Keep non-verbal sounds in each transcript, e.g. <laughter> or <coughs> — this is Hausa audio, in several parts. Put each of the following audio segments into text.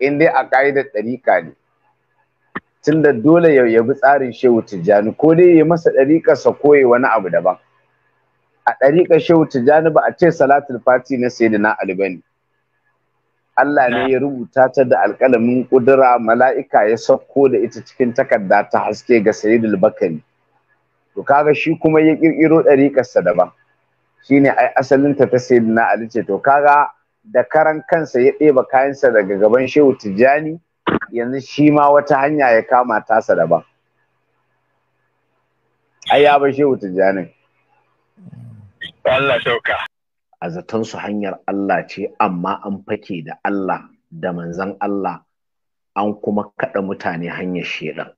in dai a ƙa'idar ɗariƙa ne tunda dole ya yabi tsarin shehu tijjani ko dai ya masa ɗariƙarsa ko ya wani abu daban a ɗariƙar shehu tijjani ba a ce salatul fati na sayyidina ali bane Allah ne ya rubuta ta da alƙalamin ƙudura mala'ika ya sauko da ita cikin takarda ta haske ga sayidul bakari to kaga shi kuma ya ƙirƙiro ɗariƙarsa daban shine ai asalinta ta sayyidina ali ce to kaga da karan kansa ya ɗeba kayansa daga gaban shehu tijjani yanzu shi ma wata hanya ya kama tasa daban ai ya bar shehu Tijjani. Allah shauka a zaton su hanyar Allah ce amma an fake da Allah da manzan Allah an kuma kaɗa mutane hanyar shedan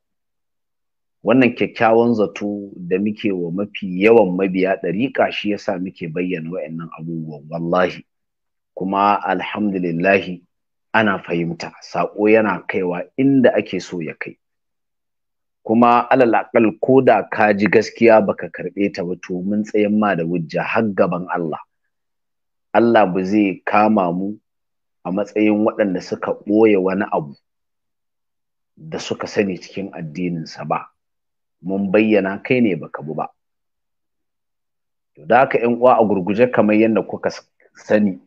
wannan kyakkyawan zato da muke wa mafi yawan mabiya ɗariƙa shi yasa muke bayyana wa'annan abubuwan wallahi kuma alhamdulillahi ana fahimta saƙo yana kaiwa inda ake so ya kai kuma alal aqal ko da ka ji gaskiya baka karɓe ta ba to mun tsayen ma da wujja har gaban Allah Allah ba zai kama mu a matsayin waɗanda suka ɓoye wani abu da suka sani cikin addininsa ba mun bayyana kai ne baka bu ba to da haka ƴan uwa a gurguje kamar yadda kuka sani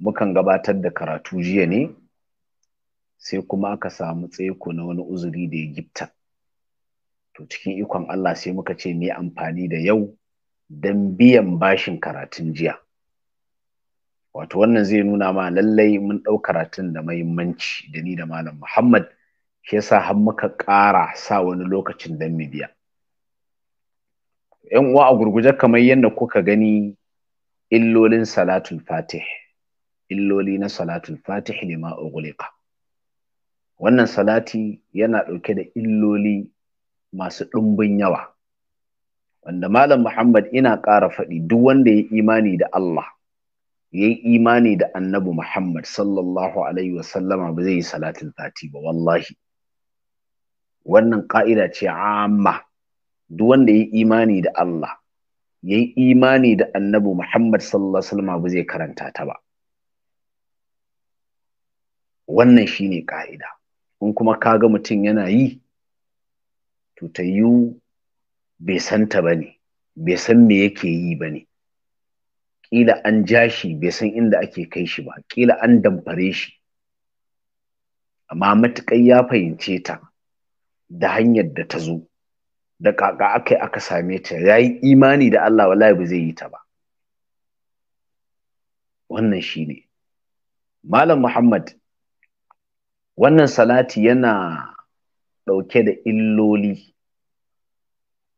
mukan gabatar da karatu jiya ne sai kuma aka samu tseko na wani uzuri da ya gifta to cikin ikon Allah sai muka ce mu amfani da yau don biyan bashin karatun jiya wato wannan zai nuna ma lallai mun ɗau karatun da mahimmanci da ni da malam Muhammad shi yasa har muka ƙara sa wani lokacin don mu biya Ƴan uwa a gurguje kamar yadda kuka gani illolin salatul fatih illoli na salatul fatih lima ughliqa wannan salati yana ɗauke da illoli masu ɗumbin yawa wanda malam muhammad ina ƙara faɗi duk wanda ya imani da Allah ya yi imani da annabi muhammad sallallahu alaihi wasallama ba zai yi salatin fati ba wallahi wannan ƙa'ida ce amma duk wanda ya yi imani da Allah ya yi imani da annabi muhammad sallallahu alaihi wasallama ba zai karanta ta ba wannan shine ka'ida in kuma ka ga mutum yana yi to ta yi bai santa ba ne bai san me yake yi ba ne ƙila an ja shi bai san inda ake kai shi ba ƙila an damfare shi amma matukai ya fahimce ta da hanyar da ta zo da kaka aka aka same ta ya yi imani da Allah wallahi ba zai yi ta ba wannan shi ne malam muhammad wannan salati yana ɗauke da illoli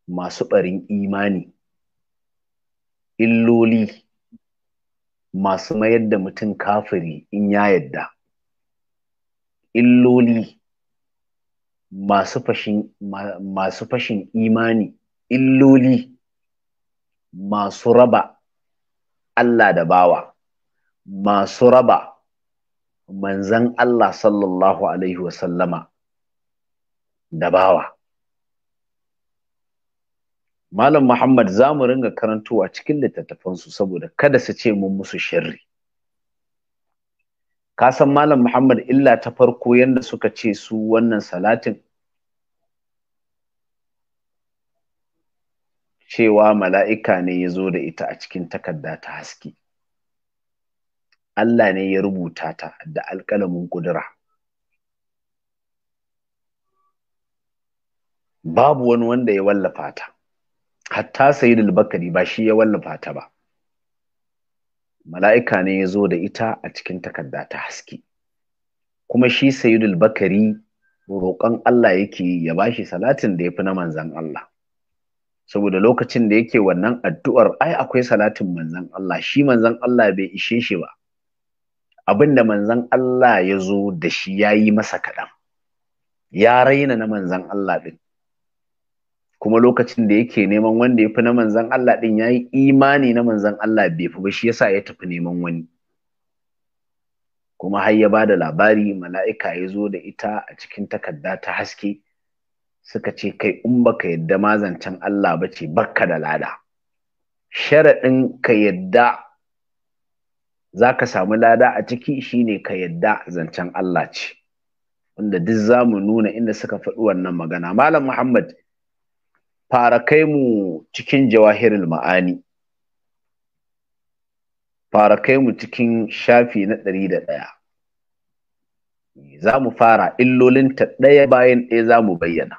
masu ɓarin imani illoli masu mayar da mutum kafiri in ya yadda illoli masu fashin masu fashin imani illoli masu raba Allah da bawa masu raba manzan Allah sallallahu alaihi wasallama da bawa Malam Muhammad za mu ringa karanto a cikin littattafansu saboda kada su ce mun musu shirri. Ka san Malam Muhammad illa ta farko yadda suka ce su wannan salatin? Cewa mala'ika ne ya zo da ita a cikin takarda ta haske. Allah ne ya rubuta ta da alƙalamin ƙudura. Babu wani wanda ya wallafa ta, hatta Sayyidul Bakari ba shi ya wallafa ta ba. Mala'ika ne ya zo da ita a cikin takarda ta haske. Kuma shi Sayyidul Bakari roƙon Allah yake ya ba shi salatin da ya fi na manzan Allah. saboda lokacin da yake wannan addu'ar ai akwai salatin manzan Allah shi manzan Allah bai ishe shi ba abinda manzan Allah ya zo da shi ya yi masa kaɗan ya raina na manzan Allah ɗin kuma lokacin da yake neman wanda ya fi na manzan Allah ɗin ya yi imani na manzan Allah bai fi ba shi yasa ya tafi neman wani kuma har ya ba da labari mala'ika ya zo da ita a cikin takarda ta haske suka ce kai in baka yadda mazancan Allah ba ce barka da lada sharaɗin ka yadda za ka samu lada a ciki shine ka yadda zancen Allah ce wanda duk za mu nuna inda suka faɗi wannan magana malam muhammad fara kai mu cikin jawahirul ma'ani fara kai mu cikin shafi na ɗari da ɗaya za mu fara illolinta ɗaya bayan ɗaya za mu bayyana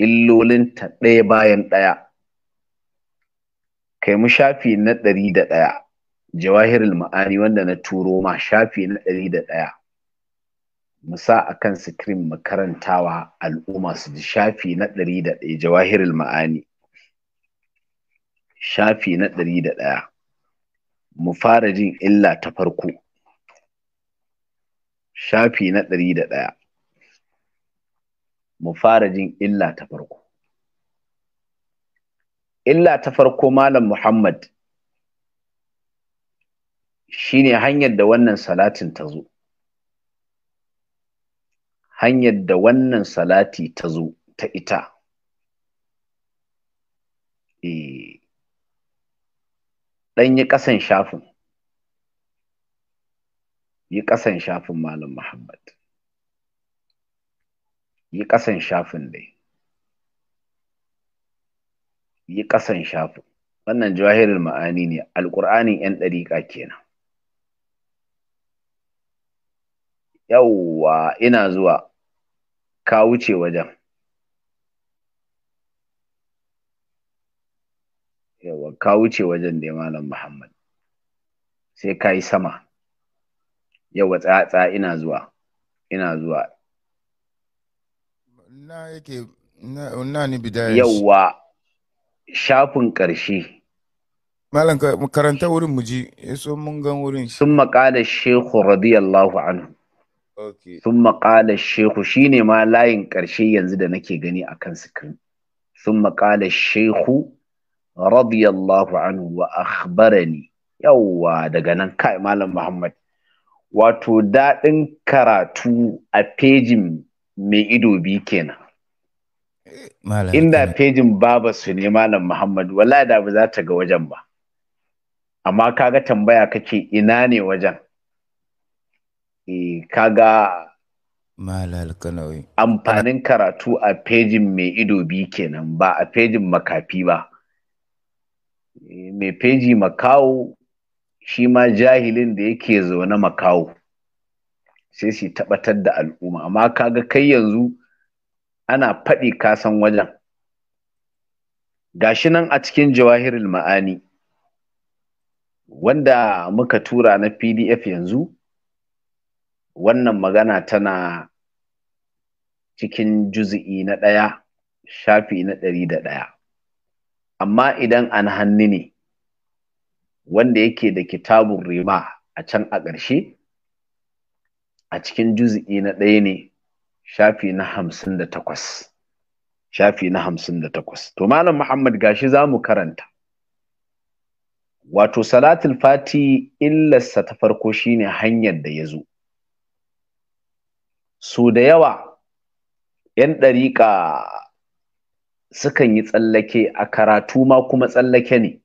illolinta ɗaya bayan ɗaya kai mu shafi na ɗari da ɗaya jawahirul ma'ani wanda na turo ma shafi na ɗari da ɗaya mu sa a kan sikirin makarantawa al'umma su ji shafi na ɗari da ɗaya jawahirul ma'ani shafi na ɗari da ɗaya mu fara jin illa ta farko shafi na ɗari da ɗaya mu fara jin illa ta farko illa ta farko malam muhammad shine hanyar da wannan salatin ta zo hanyar da wannan salati ta zo ta ita e, eh. ɗan yi ƙasan shafin yi ƙasan shafin malam muhammad yi ƙasan shafin dai yi ƙasan shafin wannan jawahirin ma'ani ne alƙur'anin 'yan ɗariƙa kenan yauwa ina zuwa ka wuce wajen yauwa ka wuce wajen da malam muhammad sai ka yi sama yawwa tsatsa ina zuwa ina zuwa yauwa shafin ƙarshe Malam karanta wurin muji ya so mun gan wurin. Sun maƙa da Shehu radiyallahu anhu. sun maƙala shehu shine ma layin ƙarshe yanzu da nake gani a kan sikirin sun maƙala shehu radiyallahu anhu wa akhbarani yawwa daga nan kai malam muhammad wato daɗin karatu a fejin mai ido bi kenan eh, inda fejin baba su ne malam muhammad wala da ba za ta ga wajen ba amma kaga tambaya kake ina ne wajen e kaga amfanin karatu a fejin mai ido bi kenan ba a fejin makafi ba e, mai feji makawo shi ma jahilin da yake zaune makawo sai su tabbatar da al'umma amma kaga kai yanzu ana faɗi kasan wajen gashi nan a cikin jawahirin ma'ani wanda muka tura na pdf yanzu wannan magana tana cikin juz'i na ɗaya shafi na ɗari da ɗaya amma idan an hannu ne wanda yake da kitabun rima a can a ƙarshe a cikin juz'i na ɗaya ne shafi na hamsin da takwas shafi na hamsin da takwas to malam muhammad gashi za mu karanta wato salatul fati illarsa ta farko shine hanyar da ya zo Su da yawa 'yan ɗariƙa sukan yi tsallake a karatu ma kuma tsallake ne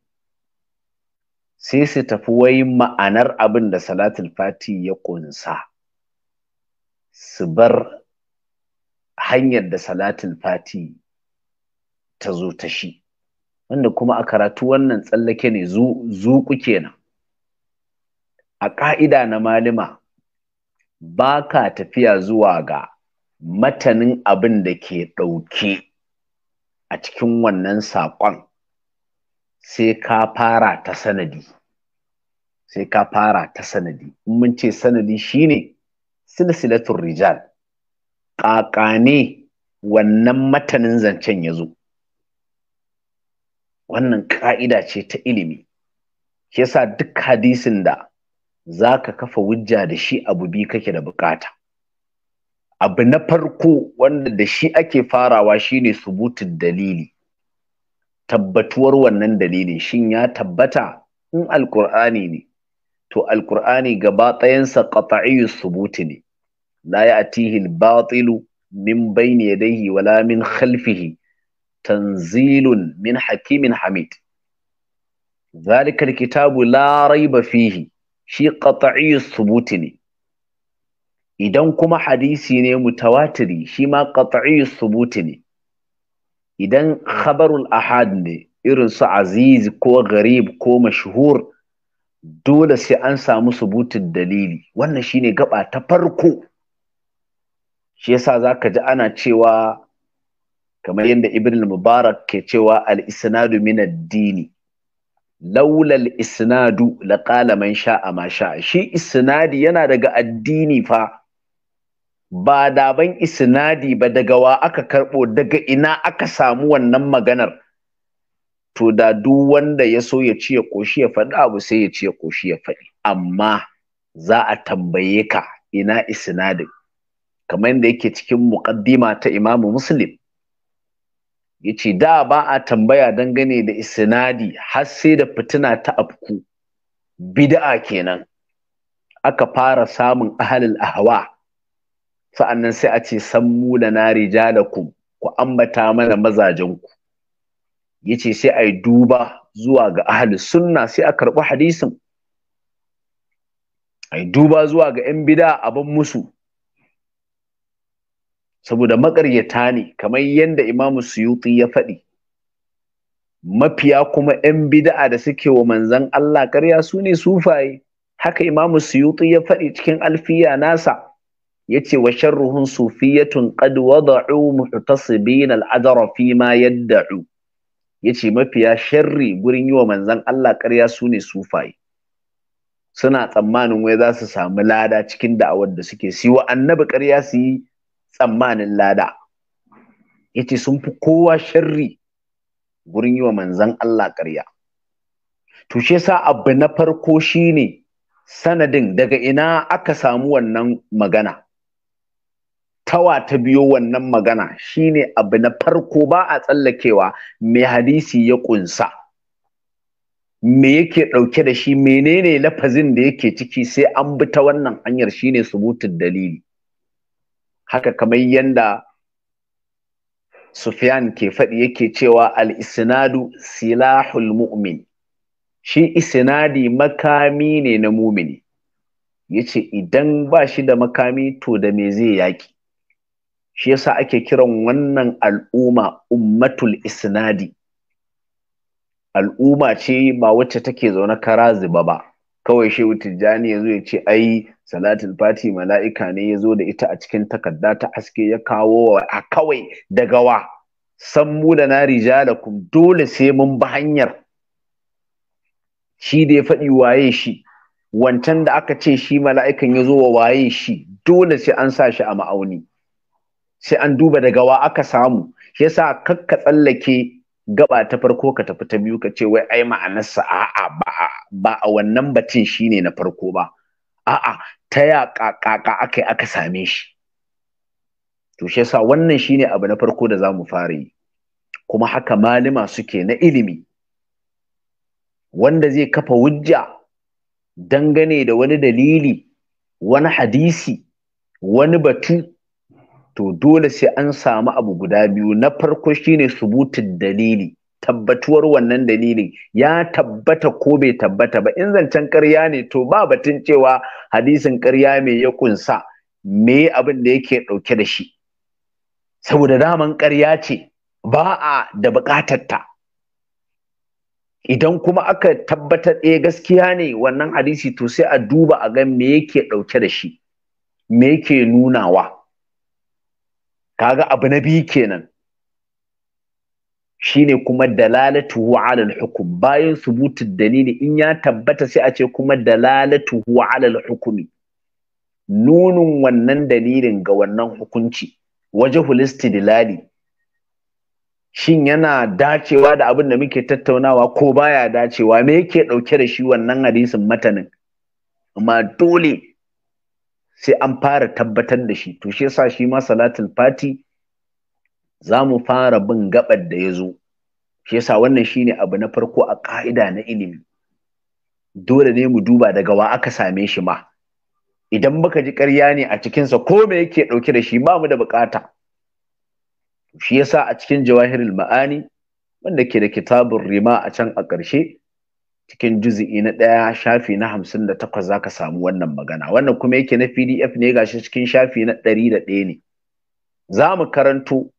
sai su tafi wai ma'anar abin da salatul fati ya ƙunsa su bar hanyar da salatul fati ta zo ta shi wanda kuma a karatu wannan tsallake ne zuƙu kenan a ƙa'ida na malima ba ka tafiya zuwa ga matanin abin da ke ɗauke a cikin wannan saƙon sai ka fara ta sanadi sai ka fara ta sanadi in mun ce sanadi shine silsilatul rijal ƙaƙane wannan matanin zancen ya zo wannan ƙa'ida ce ta ilimi shi yasa duk hadisin da za ka kafa wujja da shi abu bi kake da bukata abu na farko wanda da shi ake farawa shine subutin dalili tabbatuwar wannan dalilin shin ya tabbata in alkur'ani ne to alkur'ani gaba ɗayansa qat'iyyu subuti ne la ya'tihi al-batilu min bayni yadayhi wala min khalfihi tanzilun min hakimin hamid ذلك kitabu Larai ريب fihi. shi qat'i subuti ne idan kuma hadisi ne mutawatiri shi ma qat'i subuti ne idan khabarul ahad ne irin su Azizi ko garib ko mashhur dole sai an samu subutin dalili wannan shine gaba ta farko shi yasa zaka ji ana cewa kamar yadda ibn mubarak ke cewa al-isnadu min ad-dini laulal isnadu la qala man sha'a ma sha'a shi isnadi yana daga addini fa ba daban isnadi ba daga wa aka karɓo daga ina aka samu wannan maganar to da duk wanda ya so ya ci ya ƙoshi ya faɗi abu sai ya ci ya koshi ya faɗi amma za a tambaye ka ina isnadin kamar yadda yake cikin muqaddima ta Imam Muslim Ya ce da ba a tambaya dangane da isnadi har sai da fitina ta afku bid'a kenan aka fara samun ahalil ahwa sa'annan sai a ce na rija rijalakum ku ambata mana mazajenku ce sai a yi duba zuwa ga ahli sunna sai a karɓi hadisin yi duba zuwa ga 'yan bida abin musu saboda makaryata ne kamar yadda imamu suyuti ya faɗi mafiya kuma 'yan bida'a da suke wa manzan Allah karya su ne sufaye haka imamu suyuti ya faɗi cikin alfiya nasa ya ce wa sharruhun sufiyatun qad wada'u muhtasibin al'adara fi ma yadda'u ya ce mafiya sharri gurin yi wa manzan Allah karya su ne sufaye suna tsammanin wai za su samu lada cikin da'awar da suke si annabi karya su yi tsammanin lada yace sun fi kowa sharri gurin yi wa manzon Allah ƙarya to shi yasa abu na farko shine sanadin daga ina aka samu wannan magana tawa ta biyo wannan magana shine abu na farko ba a tsallakewa mai hadisi ya ƙunsa. me yake ɗauke da shi menene lafazin da yake ciki sai an bi ta wannan hanyar shine subutun dalili haka kamar yadda Sufyan ke faɗi yake cewa al-isnadu silahul mu'min shi isnadi makami ne na mumini yace idan ba shi da makami to da me zai yaki shi yasa ake kiran wannan al'umma ummatul isnadi al'umma ce ba wacce take zaune kara ziba ba kawai shehu tijjani ya zo ya ce ai salatul fati mala'ika ne ya zo da ita a cikin takarda ta haske ya kawo wa. a kawai daga wa san mu da na rijalakum dole sai mun ba hanyar shi da ya faɗi waye shi wancan da aka ce shi mala'ikan ya zo wa waye shi dole sai an sa shi a ma'auni sai an duba daga wa aka samu shi yasa kakka tsallake gaba ta farko ka tafi ta biyu ka ce wai ai ma'anarsa a'a ba ba a wannan batun shine na farko ba a'a ta ya kakaka aka aka same shi to shi yasa wannan shine abu na farko da zamu fara yi kuma haka malima suke na ilimi wanda zai kafa hujja dangane da wani dalili wani hadisi wani batu to dole sai an samu abu guda biyu na farko shine subutun dalili tabbatuwar wannan dalilin ya tabbata ko bai tabbata ba in zancen karya ne to ba batun cewa hadisin karya me ya kunsa me abin da yake ɗauke da shi saboda daman karya ce ba a da buƙatarta. ta idan kuma aka tabbatar ɗaya eh, gaskiya ne wannan hadisi to sai a duba a ga me yake ɗauke da shi me yake nunawa kaga abu na biyu kenan shine kuma dalalatuhu ala al-hukm bayan subutu dalili in ya tabbata sai a ce kuma dalalatuhu ala hukumi. hukmi nunun wannan dalilin ga wannan hukunci wajhul istidlali shin yana dacewa da abin da muke tattaunawa ko baya dacewa me yake dauke da shi wannan hadisin matanin amma dole sai an fara tabbatar da shi to shi yasa shi ma salatul fati za mu fara bin gabar da ya zo shi yasa wannan shine abu na farko a ka'ida na ilimi dole ne mu duba daga wa aka same shi ma idan muka ji ƙarya ne a cikinsa ko me yake ɗauke da shi ba mu da buƙata shi yasa a cikin jawahirul ma'ani wanda ke da kitabun rima a can a ƙarshe cikin juzi'i na ɗaya shafi na hamsin da takwas za samu wannan magana wannan kuma yake na pdf ne gashi cikin shafi na ɗari da ɗaya ne za mu karanto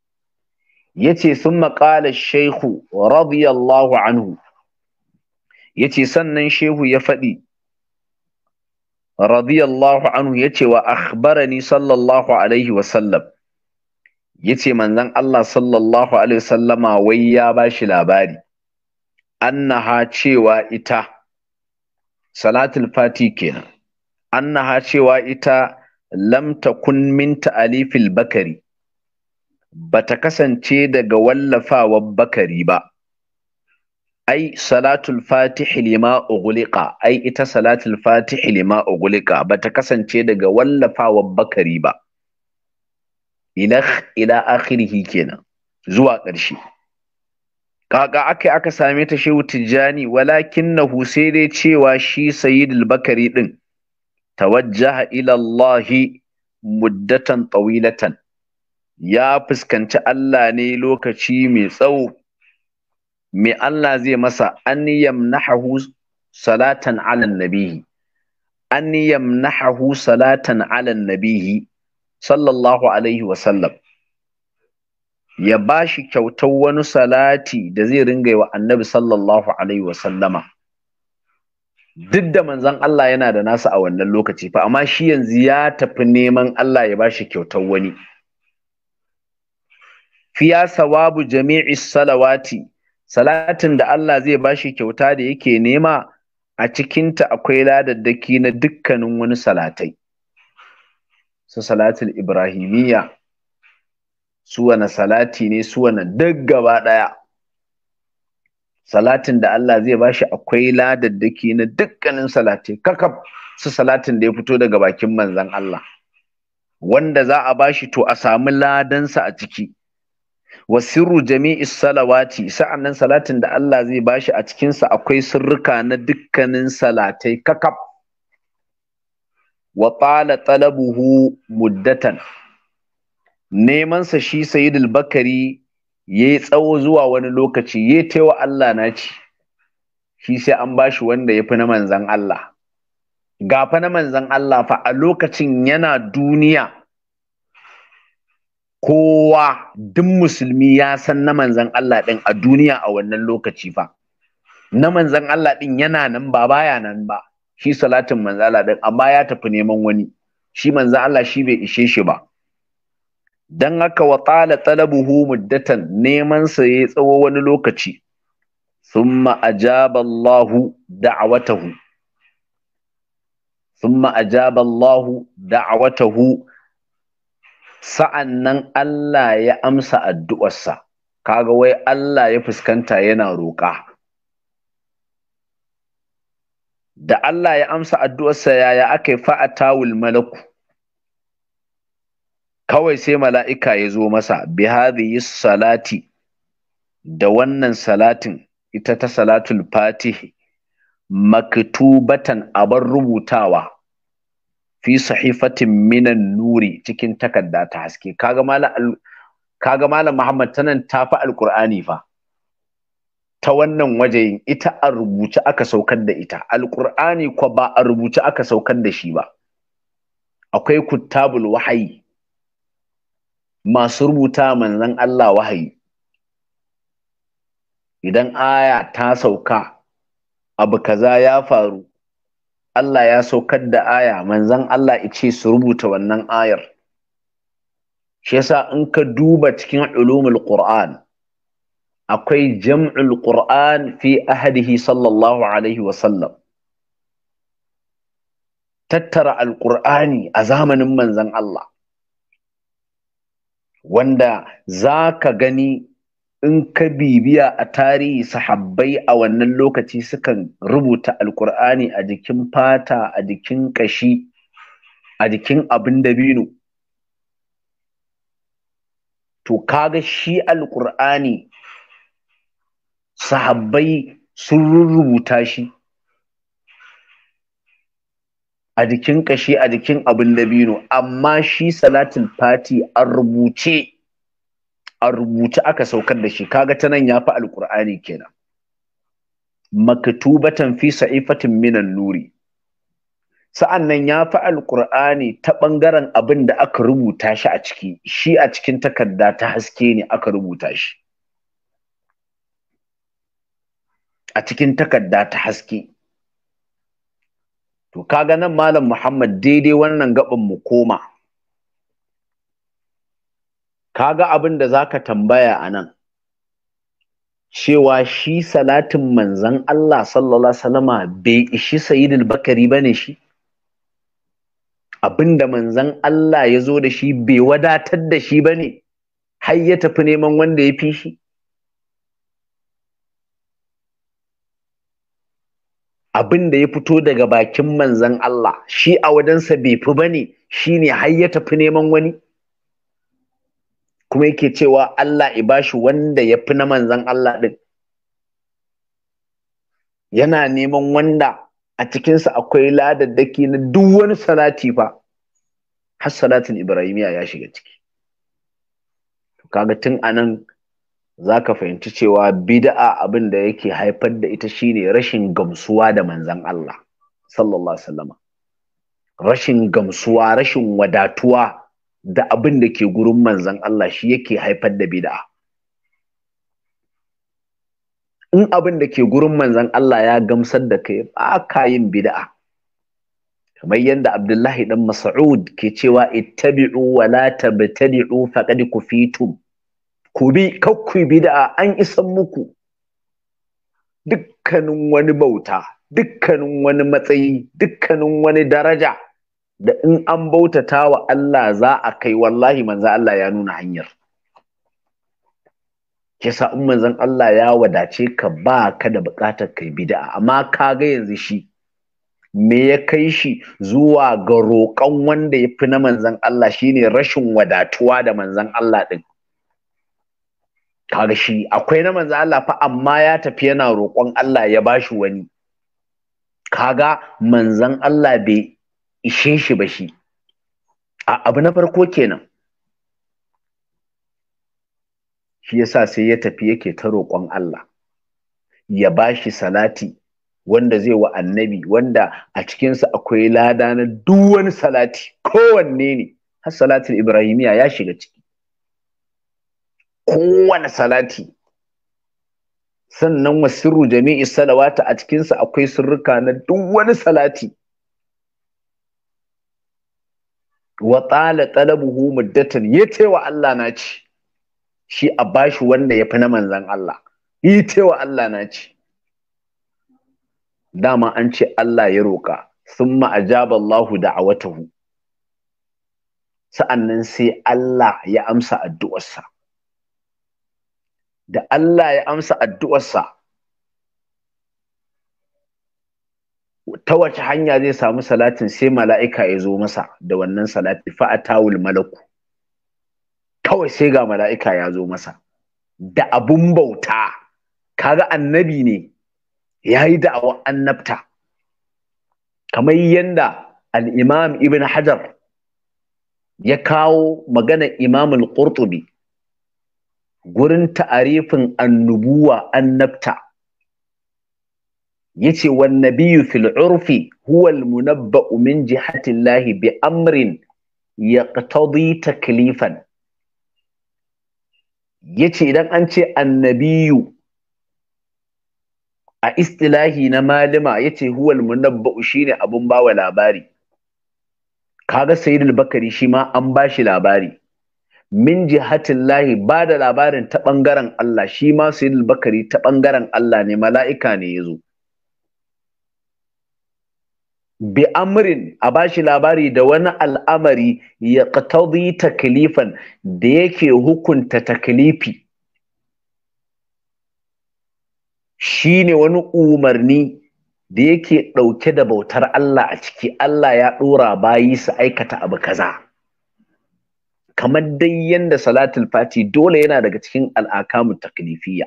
yace summa qala shaykhu radiyallahu anhu yace sannan shehu ya fadi radiyallahu anhu yace wa akhbarani sallallahu alaihi wa sallam yace manzon Allah sallallahu alaihi wasallama wai ya bashi labari annaha cewa ita salatul fati kenan annaha cewa ita lam takun min ta'alifil bakari bata kasance daga wallafawan bakari ba ai salatul fatihi lima ughliqa ai ita salatul fatihi lima ughliqa bata kasance daga wallafawan bakari ba ila ila kenan zuwa ƙarshe Ƙaƙa aka aka same ta shehu tijjani walakinnahu sai dai cewa shi sayyidul bakari din tawajjaha ila allahi muddatan tawilatan ya fuskanci Allah ne lokaci mai tsawo mai Allah zai masa an yamnahu salatan ala nabihi an yamnahu salatan ala nabihi sallallahu alaihi wa sallam ya bashi kyautar wani salati da zai ringa yi wa annabi sallallahu alaihi wa sallama duk da manzon Allah yana da nasa a wannan lokaci fa amma shi yanzu ya tafi neman Allah ya bashi kyautar wani fiya sawabu jami'i salawati salatin da Allah zai bashi kyauta da yake nema a cikinta akwai ladaddaki na dukkanin wani salatai su salatul ibrahimiyya su wani salati ne su wani duk gaba salatin da Allah zai bashi akwai ladaddaki na dukkanin salatai kakaf su salatin da ya fito daga bakin manzon Allah wanda za a bashi to a samu ladansa a ciki Wasiru sirru jami'is salawati sa'annan salatin da Allah zai bashi a cikin sa akwai sirrika na dukkanin salatai kakab wa tala talabuhu muddatan neman sa shi sayyidul bakari yayi tsawo zuwa wani lokaci yi taiwa Allah na naci shi sai an bashi wanda ya fi na manzan Allah gafa na manzan Allah fa a lokacin yana duniya kowa duk musulmi ya san na manzan Allah ɗin a duniya a wannan lokaci fa na manzan Allah ɗin yana nan ba baya nan ba shi salatin manzan Allah ɗin amma ya tafi neman wani shi manzan Allah shi bai ishe shi ba dan haka wa tala talabuhu muddatan neman sa ya tsawo wani lokaci summa ajaba Allah da'awatahu summa sa'an nan Allah ya amsa addu'arsa kaga wai Allah ya fuskanta yana roƙa da Allah ya amsa addu'arsa yaya aka yi tawul malaku kawai sai mala'ika ya zo masa bi hadhihi salati da wannan salatin ita ta salatul fatihi maktubatan abar rubutawa fi sahifatin minan nuri cikin takarda ta haske kaga malam Muhammad tanan ta fi Alƙur'ani fa ta wannan wajen ita a rubuce aka saukar da ita Alƙur'ani kwa ba a rubuce aka saukar da shi ba akwai kuttabul wahayi masu rubuta manzon Allah wahayi idan aya ta sauka abu kaza ya faru Allah ya saukar da aya manzon Allah ice su rubuta wannan ayar shi yasa in ka duba cikin ulumul qur'an akwai jam'ul qur'an fi ahadihi sallallahu alaihi wa sallam tattara alqur'ani a zamanin manzon Allah wanda za ka gani in ka bibiya a tarihi sahabbai a wannan lokaci sukan rubuta alkur'ani a jikin fata a jikin kashi a jikin abin dabino to kaga shi alkur'ani sahabbai sun rubuta shi a jikin kashi a jikin abin dabino amma shi salatul fati an rubuce a rubuce aka saukar da shi kaga ta nan ya fi alkur'ani kenan maktubatan fi sa'ifatin minan nuri sa'an nan ya fi alkur'ani ta ɓangaren abin da aka rubuta shi a ciki shi a cikin takarda ta haske ne aka rubuta shi a cikin takarda ta haske to kaga nan malam muhammad daidai wannan gaban mu koma kaga abin da zaka tambaya a nan cewa shi salatin manzan Allah sallallahu alaihi wasallama bai ishi sayyidul bakari bane shi abinda manzan Allah ya zo da shi bai wadatar da shi bane har ya tafi neman wanda ya fi shi abin da ya fito daga bakin manzan Allah shi a wajensa bai fi bane ne har ya tafi neman wani kuma yake cewa Allah ya bashi wanda ya fi na manzan Allah ɗin yana neman wanda a cikinsa akwai ladaddaki na duk wani salati fa har salatin ibrahimiya ya shiga ciki kaga tun anan zaka fahimci cewa bida'a abin da yake haifar da ita shine rashin gamsuwa da manzan Allah sallallahu alaihi wasallama rashin gamsuwa rashin wadatuwa da abin da ke gurin manzan Allah shi yake haifar da bid'a in abin da ke gurin manzan Allah ya gamsar da kai ba ka yin bid'a kamar yadda Abdullahi dan Mas'ud ke cewa ittabi'u wa la tabtadi'u faqad kufitum ku bi kakku bid'a an isan muku dukkanin wani bauta dukkanin wani matsayi dukkanin wani daraja da in an bautata wa Allah za a kai wallahi manzan Allah ya nuna hanyar kisa in manzan Allah ya wadace ka ba ka da bukatar kai bid'a amma ka ga yanzu shi me ya kai shi zuwa ga roƙon wanda ya fi na manzan Allah shine rashin wadatuwa da manzan Allah ɗin kaga shi akwai na manzan Allah fa amma ya tafi yana roƙon Allah ya bashi wani kaga manzan Allah bai ishe shi ba shi a abu na farko kenan shi yasa sai ya tafi yake ta roƙon Allah ya ba shi salati wanda zai wa annabi wanda a sa akwai lada na duk salati kowanne ne har salatul ibrahimiya ya shiga ciki kowane salati sannan wa jami'i salawata a cikinsa akwai sirrika na duk salati wa tsala talabuhu muddatan ya ce wa Allah na ci shi a bashi wanda ya fi na manzan Allah yi ce wa Allah na ci dama an ce Allah ya roƙa sun ma'ajaba Allahu da'awatahu sa'annan sai Allah ya amsa addu'arsa da Allah ya amsa addu'arsa ta wace hanya zai samu salatin sai mala'ika ya zo masa da wannan salati fa a tawul malaku kawai sai ga mala'ika ya zo masa da abun bauta kaga annabi ne ya yi da'awa annabta kamar yadda al'imam ibn hajar ya kawo magana imam al gurin ta'arifin annubuwa annabta yace wan nabiyyu fil urfi huwa al munabba'u min jihati llahi bi amrin yaqtadi taklifan yace idan an ce annabiyu a istilahi na malima yace huwa al munabba'u shine abun bawa labari kaga sayyidul bakari shi ma an bashi labari min jihatin lahi ba da labarin ta ɓangaren Allah shi ma sayyidul bakari ta ɓangaren Allah ne mala'ika ne ya zo bi amrin a bashi labari da wani al'amari ya qatadi taklifan da yake hukunta taklifi shine wani umarni da yake ɗauke da bautar Allah a ciki Allah ya ɗora bayi su aikata abu kaza kamar dai yanda salatul fati dole yana daga cikin al'akamu taklifiya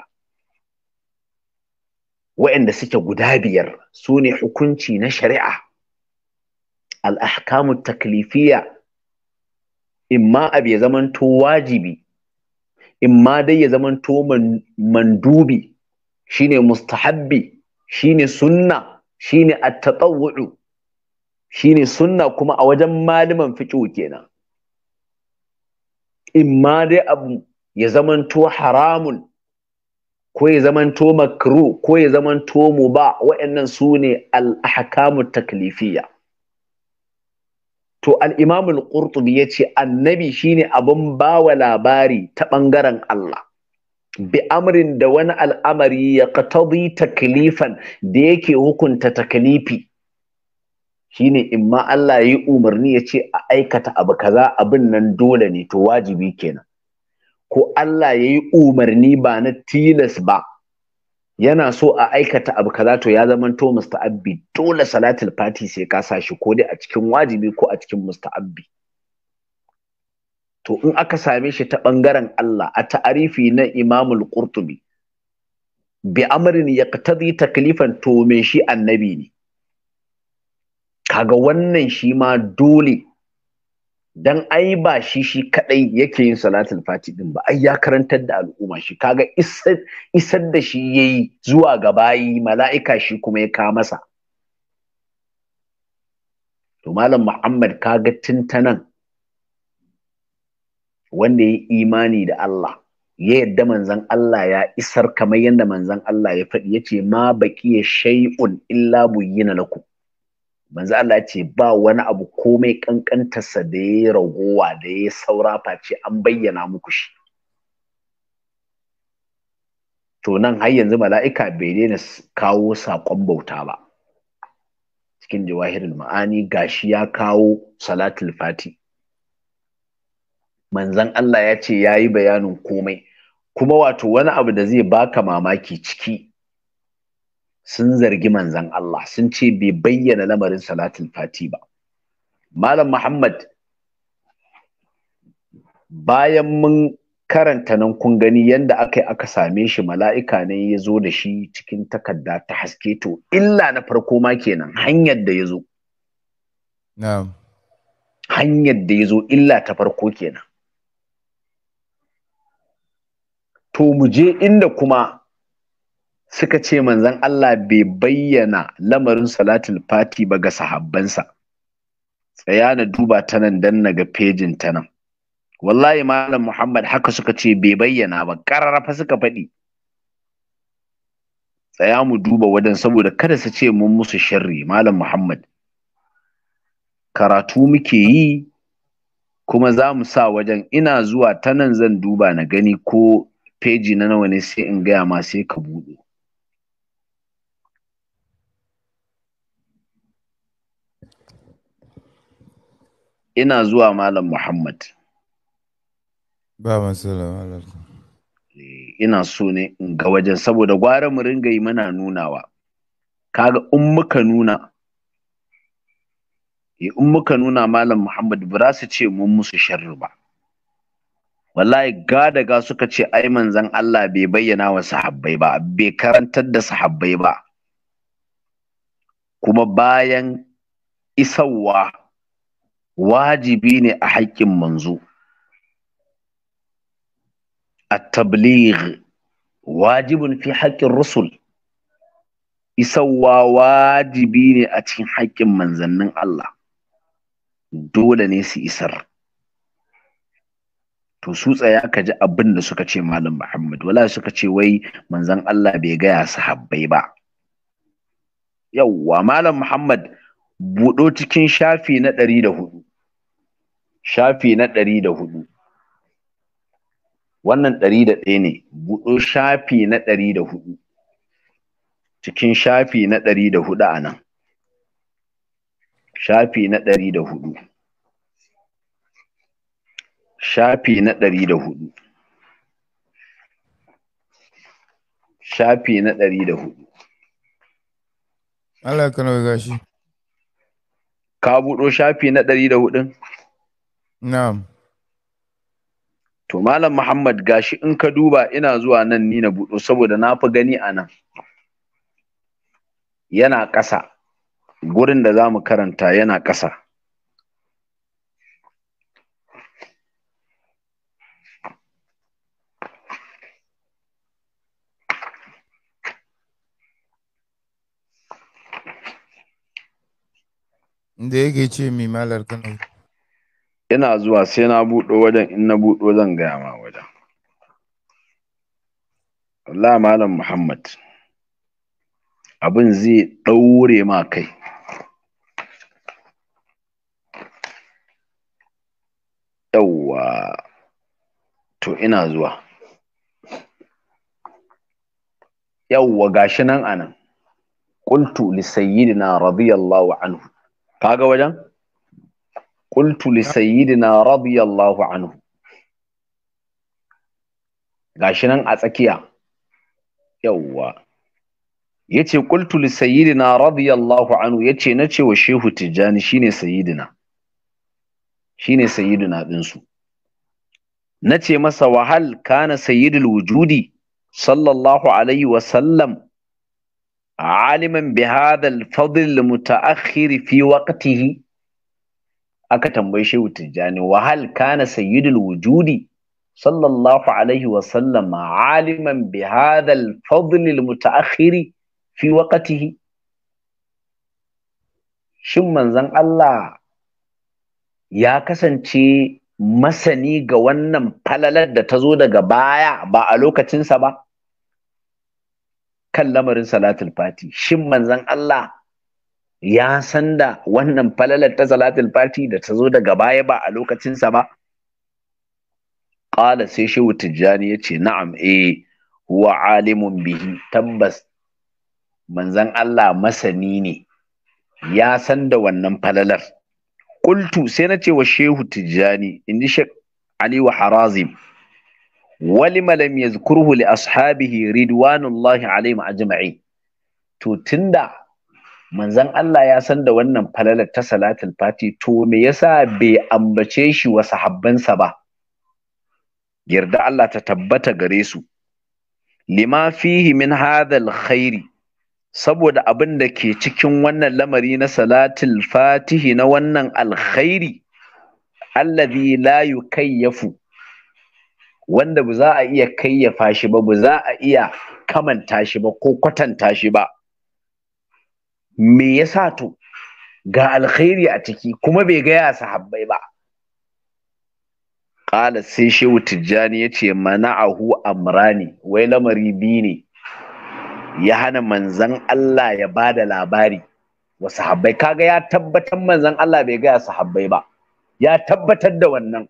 wa'anda suke guda biyar su ne hukunci na shari'a al'ahkamu taklifiya imma abu ya zamanto wajibi ma dai ya zamanto mandubi shine mustahabbi shine sunna shine at shine sunna kuma a wajen malaman fiqh kenan ma dai abu ya zamanto haramun ko ya zamanto makro ko ya zamanto muba wa'annan su ne al'ahkamun taklifiya to al'imamul qurtubi ya ce annabi shine abin wa labari ta ɓangaren Allah bi amrin da wani al'amari ya katabi taklifan da yake hukunta taklifi shine in ma Allah ya yi umarni ya ce a aikata abu kaza abin nan dole ne to wajibi kenan ko Allah ya yi umarni ba na tilas ba yana so a aikata abu kaza to ya zama to musta'abbi dole salatul fati sai ka sa shi ko dai a cikin wajibi ko a cikin musta'abbi to in aka same shi ta bangaren Allah a ta'arifi na Imamul Qurtubi bi amrin yaqtadi taklifan to me shi annabi ne kaga wannan shi ma dole dan ai ba shi shi kadai yake yin salatul fati din ba ai ya karantar da al'umma shi kaga isar da shi yayi zuwa ga bayi mala'ika shi kuma ya ka masa to malam muhammad kaga tintanan wanda ya imani da Allah ya yadda manzan Allah ya isar kamar yadda manzan Allah ya faɗi yace ma baqiya shay'un illa buyyina lakum manzo Allah ce ba wani abu komai kankantarsa da ya ragowa da ya saura face an bayyana muku shi to nan har yanzu mala'ika bai daina kawo saƙon bauta ba cikin jawahirul ma'ani gashi ya kawo salatul fati manzan Allah ya ce ya yi bayanin komai kuma wato wani abu da zai baka mamaki ciki sun zargi manzan Allah sun ce bai bayyana lamarin salatul fati ba malam muhammad bayan mun karanta nan kun gani yanda aka aka same shi mala'ika ne ya zo da shi cikin takarda ta haske to illa na farko ma kenan hanyar da ya zo hanyar da ya zo illa ta farko kenan to muje inda kuma suka ce manzan Allah bai bayyana lamarin salatul fati ba ga sahabbansa tsaya na duba ta nan dan na ga pejin ta nan wallahi malam Muhammad haka suka ce bai bayyana ba kararrafa suka faɗi tsaya mu duba wadan saboda kada su ce mun musu sharri malam Muhammad karatu muke yi kuma za mu sa wajen ina zuwa ta nan zan duba na gani ko peji na nawa ne sai in gaya ma sai ka buɗe ina zuwa malam muhammad ba eh, ina so ne in ga wajen saboda gwara mu ringa yi muna nunawa kaga in muka nuna eh, in muka nuna malam muhammad ba su ce mun musu sharri ba wallahi gadaga suka ce ai manzan Allah bai bayyana wa sahabbai ba bai karantar da sahabbai ba kuma bayan isawa wajibi ne a haƙƙin manzo a tabligh wajibin fi haƙƙin rusul isawa wajibi ne a cikin haƙƙin manzannin Allah dole ne su isar to su tsaya ka ji abin da suka ce malam Muhammad wala suka ce wai manzan Allah bai gaya sahabbai ba yauwa malam Muhammad buɗo cikin shafi na ɗari da hudu shafi na ɗari da hudu wannan ɗari da ɗaya ne buɗo shafi na ɗari da hudu cikin shafi na ɗari da hudu a nan shafi na ɗari da hudu shafi na ɗari da hudu shafi na ɗari da hudu Allah ya kana gashi ka buɗo shafi na ɗari da hudun Na'am. To Malam Muhammad gashi in ka duba ina zuwa nan ni na buɗo saboda na fi gani a nan. Yana ƙasa, gurin da za mu karanta yana ƙasa. Da yake ce mai malar Kano. ina zuwa sai na buɗo wajen in na buɗo zan gaya ma wajen Allah malam Muhammad abin zai ɗaure ma kai yawwa to ina zuwa yawwa gashi nan anan qultu li sayyidina radiyallahu anhu kaga wajen قلت لسيدنا رضي الله عنه gashi nan a tsakiya yawwa yace qultu li sayyidina radiyallahu anhu yace nace wa shehu tijani shine sayyidina shine sayyidina din su nace masa wahal kana sayyidul wujudi sallallahu alaihi wa sallam aliman bi hadha al-fadl al-muta'akhir fi waqtihi aka tambayi shehu tijjani wa hal kana sayyidul wujudi sallallahu alaihi wa sallam aliman bi hadha al fadl al mutaakhir fi waqtihi shin manzon Allah ya kasance masani ga wannan falalar da ta zo daga baya ba a lokacinsa ba kan lamarin salatul fati shin manzon Allah ya san da wannan falalar ta salatul fati da ta zo daga baya ba a lokacinsa ba qala sai shehu tijjani ya ce na'am eh huwa alimun bihi tabbas manzon Allah masani ne ya san da wannan falalar qultu sai na ce wa shehu tijjani inji shek ali wa harazim walima lam yazkurhu li ashabihi ridwanullahi alaihim ajma'in to tunda manzan Allah ya san da wannan falalar ta salatul fati to me yasa bai ambace shi wasu sahabbansa ba yarda Allah ta tabbata gare su lima fihi min hadhal khairi saboda abin da ke cikin wannan lamari na salatul fatihi na wannan alkhairi alladhi la yukayyafu wanda ba za a iya kayyafa shi ba ba za a iya kamanta shi ba ko kwatanta shi ba me yasa to ga alkhairi a ciki kuma bai gaya sahabbai ba ƙala sai shehu tijjani ya ce mana'ahu amrani wai lamari biyu ne ya hana manzan Allah ya ba da labari wa sahabbai kaga ya tabbatar manzan Allah bai gaya sahabbai ba ya tabbatar da wannan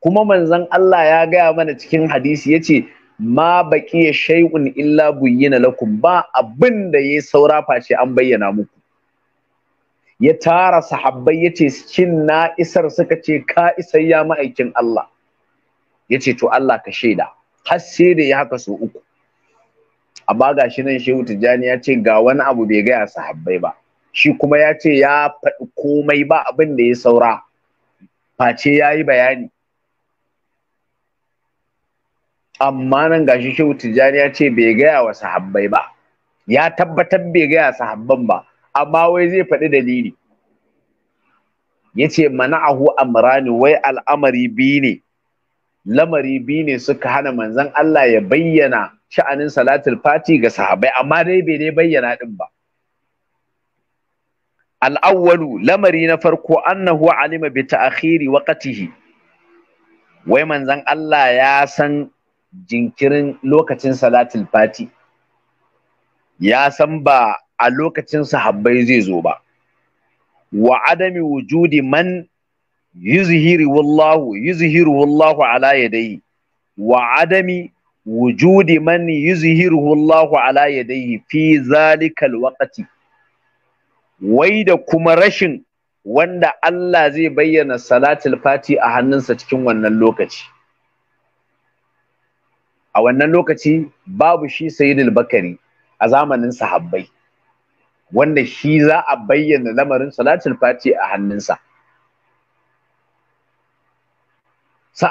kuma manzan Allah ya gaya mana cikin hadisi ya ce ma ya shay'un illa buyyina lakum ba abin da yayi saura face an bayyana muku ya tara sahabbai yace cin na isar suka ce ka isar ya ma'aikin Allah yace to Allah ka shaida har sai da ya haka so uku amma gashi shi nan shehu tijjani ya ce ga wani abu bai gaya sahabbai ba shi kuma yace ce ya faɗi komai ba abin da ya saura face ya yi bayani amma nan gashi shehu tijjani ya ce bai gaya wa sahabbai ba ya tabbatar bai gaya sahabban ba amma wai zai faɗi dalili ya ce mana'ahu amrani wai al'amari biyu ne lamari biyu ne suka hana manzon Allah ya bayyana sha'anin salatul fati ga sahabbai amma dai bai dai bayyana din ba al'awwalu lamari na farko annahu alima bi ta'khiri waqtihi wai manzon Allah ya san jinkirin lokacin salatul fati ya san ba a lokacin sahabbai zai zo ba wa adami wujudi man yuzhiru wallahu yuzhiru wallahu ala yadayhi wa adami wujudi man yuzhiru wallahu ala yadayhi fi zalikal waqti wai da kuma rashin wanda Allah zai bayyana salatul fati a hannunsa cikin wannan lokaci a wannan lokaci babu shi sayyidul bakari a zamanin sahabbai wanda shi za a bayyana lamarin salatul fati a hannunsa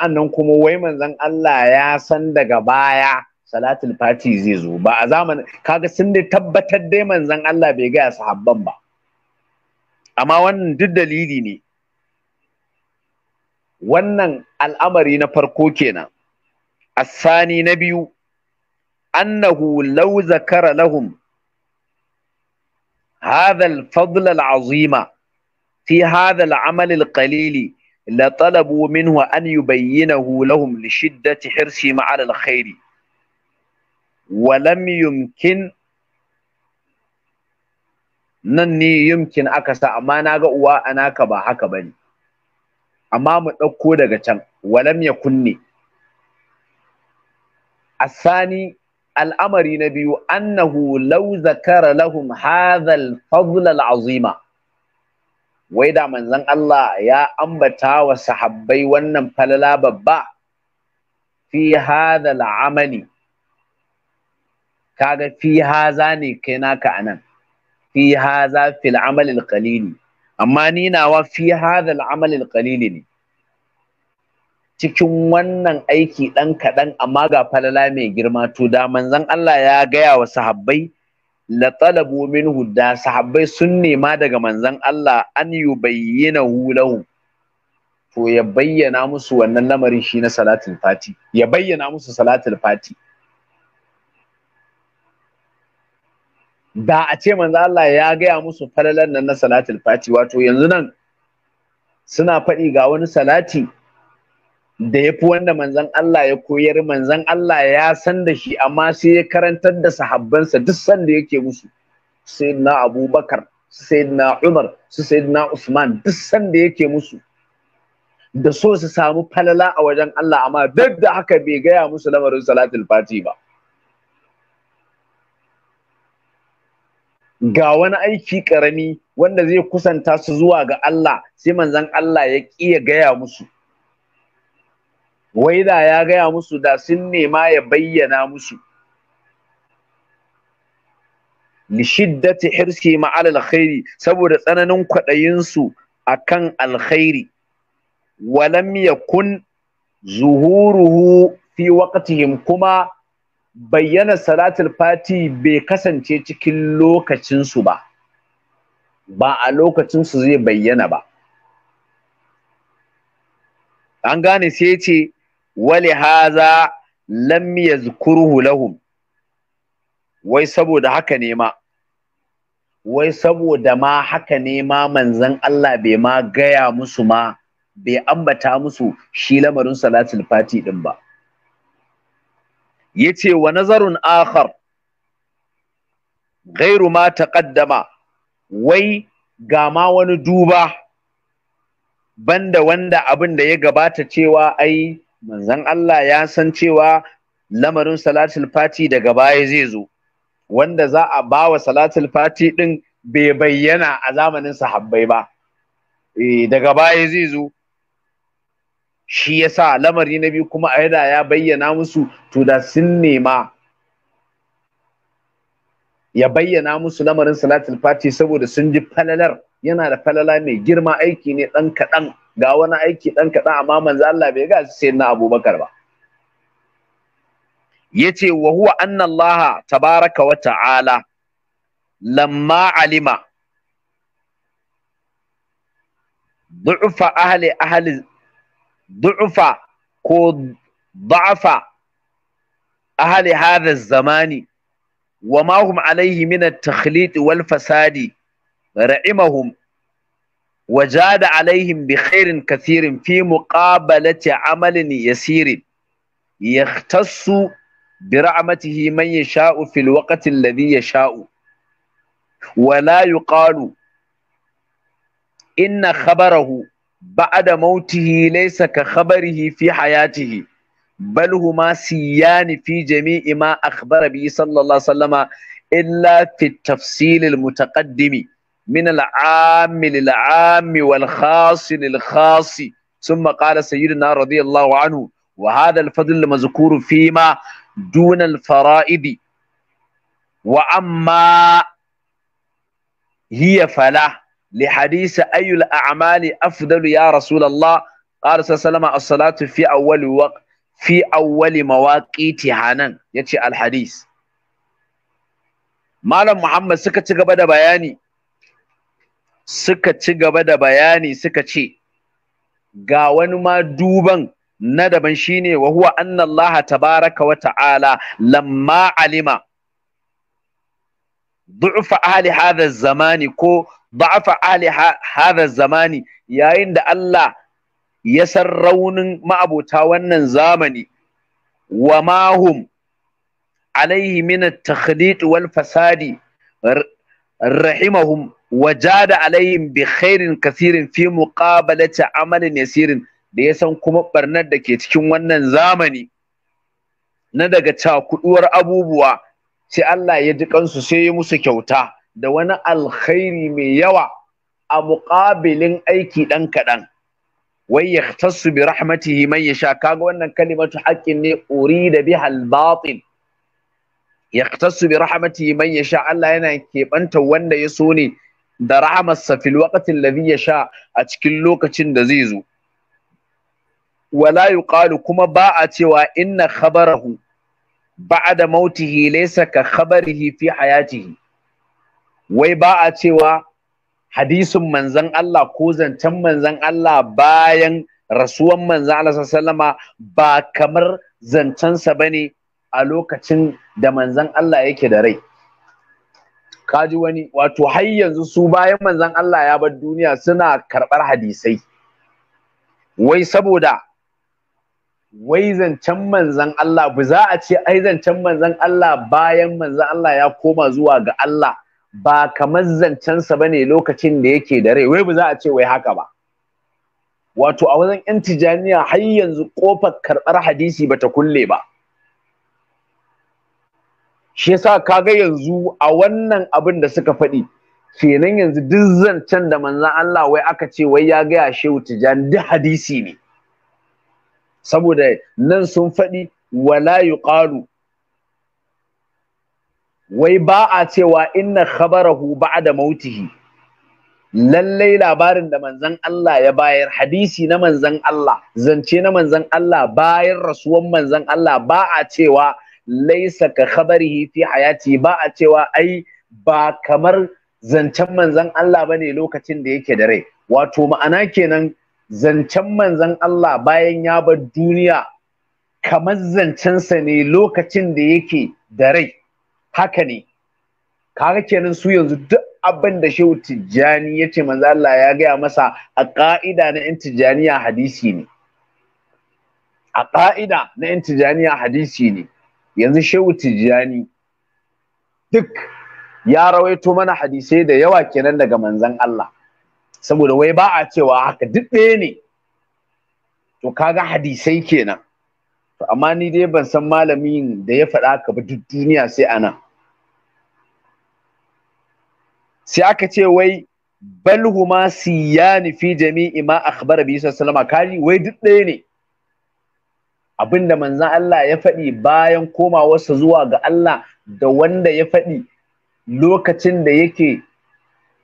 nan kuma wai manzon Allah ya san daga baya salatul fati zai zo ba a zamanin kaga sun dai tabbatar dai manzon Allah bai gaya sahabban ba amma wannan duk dalili ne wannan al'amari na farko kenan A sani na biyu annahu law zakara lahum hadha fadlal fadl al-azima fi hadha al-amal al-qalil la talabu minhu an yubayyinahu lahum li shiddati hirsi ma'al khairi. khair wa nan ne yumkin aka sa amma naga uwa anaka ba haka bane amma mu ɗauko daga can walam ya kunne A sani al'amari na biyu annahu law zakara lahum hadha al-fadl azima wai da manzon Allah ya ambata wa sahabbai wannan falala babba fi hadha al-amali kaga fi haza ne kai naka anan fi haza fil amal al-qalili amma ni nawa fi hadha al al-qalili ne cikin wannan aiki ɗan kaɗan amma ga falala mai girma to da manzan Allah ya gaya wa sahabbai la talabu minhu da sahabbai sun nema daga manzan Allah an yubayyana hulahu. to ya bayyana musu wannan lamarin shi na salatul fati ya bayyana musu salatul fati da a ce manzan Allah ya gaya musu falalan nan na salatul fati wato yanzu nan suna faɗi ga wani salati da ya fi wanda manzan Allah ya koyar manzan Allah ya san da shi amma sai ya karantar da sahabbansa duk sanda yake musu sai na abubakar sai na umar su sai usman duk sanda yake musu da so su samu falala a wajen Allah amma duk da haka bai gaya musu lamarin salatul fati ba ga wani aiki karami wanda zai kusanta su zuwa ga Allah sai manzan Allah ya ƙi ya gaya musu wai da ya gaya musu da sun nema ya bayyana musu lishiddati hirsi ma'al alkhairi saboda tsananin kwaɗayinsu akan alkhairi walam yakun zuhuruhu fi waqtihim kuma bayyana salatul fati bai kasance cikin lokacinsu ba ba a lokacinsu zai bayyana ba an gane sai ya ce wali haza lam zukuruhu lahum wai saboda haka ne ma wai saboda ma haka ne ma manzon Allah bai ma gaya musu ma bai ambata musu shi lamarin salatul fati din ba yace wa nazarun akhar Gairu ma taqaddama wai ga ma wani duba banda wanda abin da ya gabata cewa ai manzon Allah ya san cewa lamarin salatul fati daga baya zai zo wanda za a ba wa salatul fati din bai bayyana a zamanin sahabbai ba e, daga baya zai zo shi yasa lamari na biyu kuma yada ya bayyana musu to da sun nema ya bayyana musu lamarin salatul fati saboda sun ji falalar yana da falala mai girma aiki ne ɗan kaɗan ga wani aiki ɗan kaɗan amma manzo Allah bai ga sai na Abubakar ba yace wa huwa anna Allah tabaraka wa ta'ala lamma alima du'fa ahli ahli du'fa ko da'afa ahli hadha zamani wa ma hum alayhi min at-takhlit wal fasadi ra'imahum wajada alaihim bi khairin kathirin fi muqabalati amalin yasirin yahtassu bi ra'matihi man yasha'u fil waqti alladhi yasha'u wa la yuqalu inna khabarahu ba'da mautihi laysa ka khabarihi fi hayatihi بل ma siya ni fi jami'i ma به صلى الله عليه وسلم إلا في التفصيل المتقدم من العام للعام والخاص للخاص ثم قال سيدنا رضي الله عنه وهذا الفضل المذكور فيما دون الفرائض وأما هي فلا لحديث أي الأعمال أفضل يا رسول الله قال صلى الله عليه وسلم الصلاة في أول وقت في أول مواقيتها نن يتي الحديث malam muhammad suka ci gaba da bayani suka ci gaba da bayani suka ce ga wani ma duban na daban shine wa huwa anna tabaraka wa ta'ala lamma alima du'fa ahli hadha zamani ko da'afa ahli hadha zamani yayin da Allah ya san raunin ma'abota wannan zamani wa mahum alaihi min at-takhlid wal fasadi rahimahum wajada da bi khairin kasirin fi muqabalati amalin yasirin da ya san kuma barnar da ke cikin wannan zamani na daga cakuduwar abubuwa sai Allah ya ji kansu sai ya musu kyauta da wani alkhairi mai yawa a muƙabilin aiki ɗan kaɗan wai ya tasu bi rahmatihi man yasha kaga wannan kalimatu haƙƙin ne urida biha al-batil ya tasu bi rahmatihi man yasha Allah yana keɓanta wanda ya so ne da rahamarsa fil waqtin ladhi yasha a cikin lokacin da zai zo wala yuqalu kuma ba a cewa inna khabarahu ba'da mautihi laysa ka khabarihi fi hayatihi wai ba a cewa hadisin manzon Allah ko zancen manzon Allah bayan rasuwan manzon Allah sallama ba kamar zancensa bane a lokacin da manzon Allah yake da rai kaji wani wato har yanzu su bayan manzon Allah ya bar duniya suna karɓar hadisai wai saboda wai zancen manzan Allah ba za a ce ai zancen manzan Allah bayan manzan Allah ya koma zuwa ga Allah ba kamar zancensa ba ne lokacin da yake da rai wai ba za a ce wai haka ba wato a wajen yan tijaniya har yanzu ƙofar karɓar hadisi ba ta kulle ba shi yasa kaga yanzu a wannan abin da suka faɗi kenan yanzu duk zancen da manzan Allah wai aka ce wai ya gaya shehu tijani duk hadisi ne saboda nan sun faɗi wala yuqalu wai ba a cewa inna khabarahu ba'da mautihi lallai labarin da manzan Allah ya bayar hadisi na manzan Allah zance na manzan Allah bayan rasuwan manzan Allah ba a cewa laisa ka khabarihi fi hayati ba a cewa ai ba kamar zancen manzan Allah bane lokacin da yake da rai wato ma'ana kenan zancen manzan Allah bayan ya bar duniya kamar zancensa ne lokacin da yake da rai haka ne kaga kenan su yanzu duk abin da shehu tijjani ya ce Allah ya gaya masa a ƙa'ida na yan hadisi ne a na yan tijjaniya hadisi ne yanzu shehu tijjani duk ya rawaito mana hadisai da yawa kenan daga manzan Allah saboda wai ba a cewa haka duk ɗaya ne to kaga hadisai kenan to amma ni dai ban san malamin da ya faɗa ka ba duk duniya sai ana sai aka ce wai bal huma siyani fi jami'i ma akhbara bi sallallahu alaihi kaji wai duk ɗaya ne abinda manzan Allah ya faɗi bayan komawarsa zuwa ga Allah da wanda ya faɗi lokacin da yake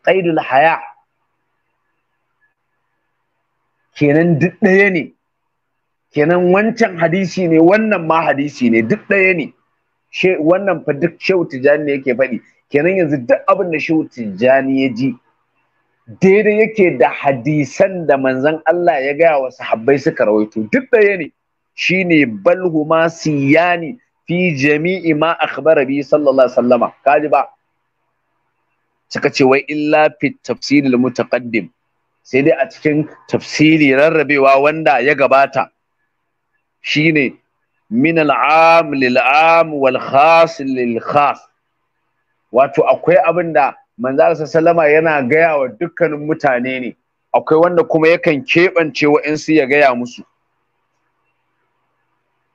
ƙaidul haya kenan duk ɗaya ne kenan wancan hadisi ne wannan ma hadisi ne duk ɗaya ne wannan fa duk shehu tijjani ne yake faɗi kenan yanzu duk abin da shehu tijjani ya ji daidai yake da hadisan da manzan Allah ya gaya wa sahabbai suka rawaito duk ɗaya ne shine bal huma siyani fi jami'i ma akhbara bi sallallahu alaihi wasallama kaji ba suka ce wai illa fi tafsiril mutaqaddim sai dai a cikin tafsiri rarrabewa wanda ya gabata shine min al'am lil am wal khas lil khas wato akwai abinda da manzo sallama yana gaya wa dukkanin mutane ne akwai wanda kuma yakan keɓance waansu ya gaya musu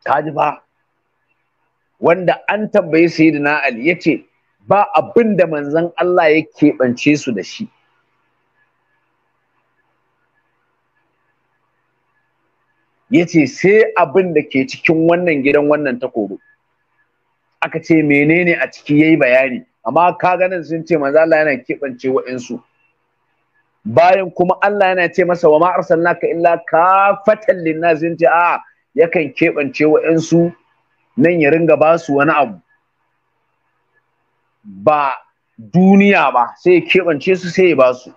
kaji ba wanda an tambayi sayyidina ali yace ba abin da manzon Allah ya keɓance su da shi yace sai abin da ke cikin wannan gidan wannan takoro aka ce menene a ciki yayi bayani amma ka ganin sun ce manzo Allah yana keɓance wa'insu bayan kuma Allah yana ce masa wa ma arsalnaka illa kafatan linnas a yakan keɓance 'yansu nan ya ringa ba su wani abu ba duniya ba sai ya keɓance su sai ya ba su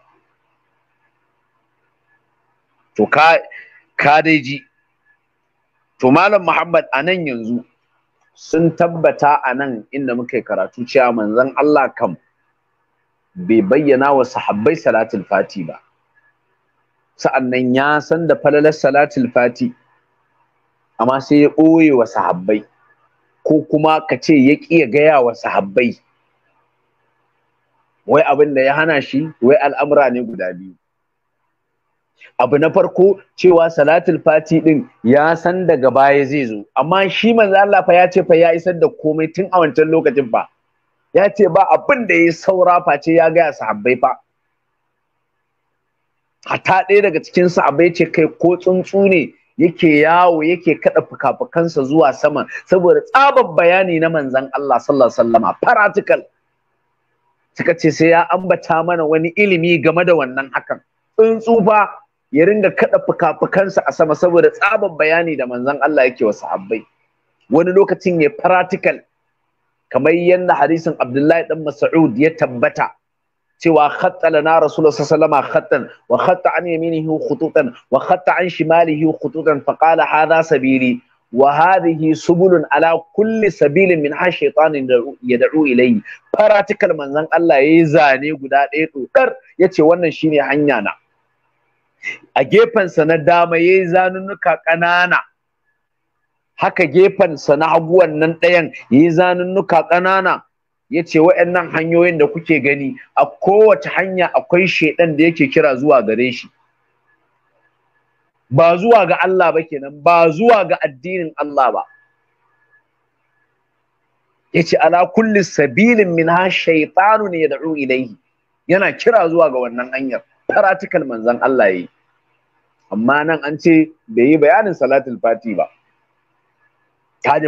to ka dai ji to malam muhammad a nan yanzu sun tabbata a nan inda muka karatu cewa manzan allah kam bai bayyana wa sahabbai salatul fati ba sa'annan ya san da falalar salatul fati amma sai ya ɓoye wa sahabbai ko kuma ka ce ya ƙi ya gaya wa sahabbai wai abin da ya hana shi wai al'amura ne guda biyu abu na farko cewa salatul fati din ya san daga baya zai zo amma shi manzo Allah fa ya ce fa ya isar da komai tun a wancan lokacin fa ya ce ba abin da ya saura face ya gaya sahabbai fa Hatta ɗaya daga cikin sahabbai ce kai ko tsuntsu ne yake yawo yake kada fuka zuwa sama saboda tsabar bayani na manzon Allah sallallahu alaihi wasallam practical suka ce sai ya ambata mana wani ilimi game da wannan hakan in tsufa ya ringa kada fuka a sama saboda tsabar bayani da manzon Allah yake wa sahabbai wani lokacin ya practical kamar yadda hadisin Abdullahi dan Mas'ud ya tabbata cewa na lana rasulullah sallallahu alaihi wasallam khattan wa khatta an yaminihi khututan wa khatta an shimalihi khututan fa qala hadha sabili wa hadhihi subulun ala kulli sabilin min ha shaytanin yad'u ilayhi practical manzon Allah yayi zane guda ɗaya dokar yace wannan shine hanya na a gefensa na dama yayi zanunnuka ƙanana haka gefen sa na hagu nan ɗayan yayi zanunnuka ƙanana ya ce wa'annan hanyoyin da kuke gani a kowace hanya akwai shaidan da yake kira zuwa gare shi ba zuwa ga Allah ba kenan ba zuwa ga addinin Allah ba ya ce ala kulli sabilin min ha ne ya da'u ilaihi yana kira zuwa ga wannan hanyar faratikal manzan Allah ya yi amma nan an ce bai yi bayanin salatul fati ba ta ji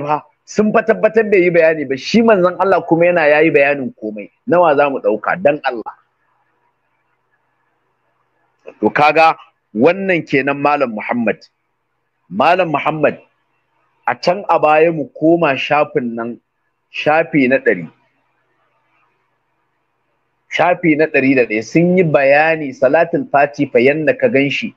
sun fa tabbatar bai yi bayani ba shi manzon Allah kuma yana yayi bayanin komai nawa zamu mu ɗauka dan Allah to kaga wannan kenan malam Muhammad malam Muhammad a can a baya mu koma shafin nan shafi na ɗari shafi na ɗari da ɗaya sun yi bayani salatin fati fa yanda ka ganshi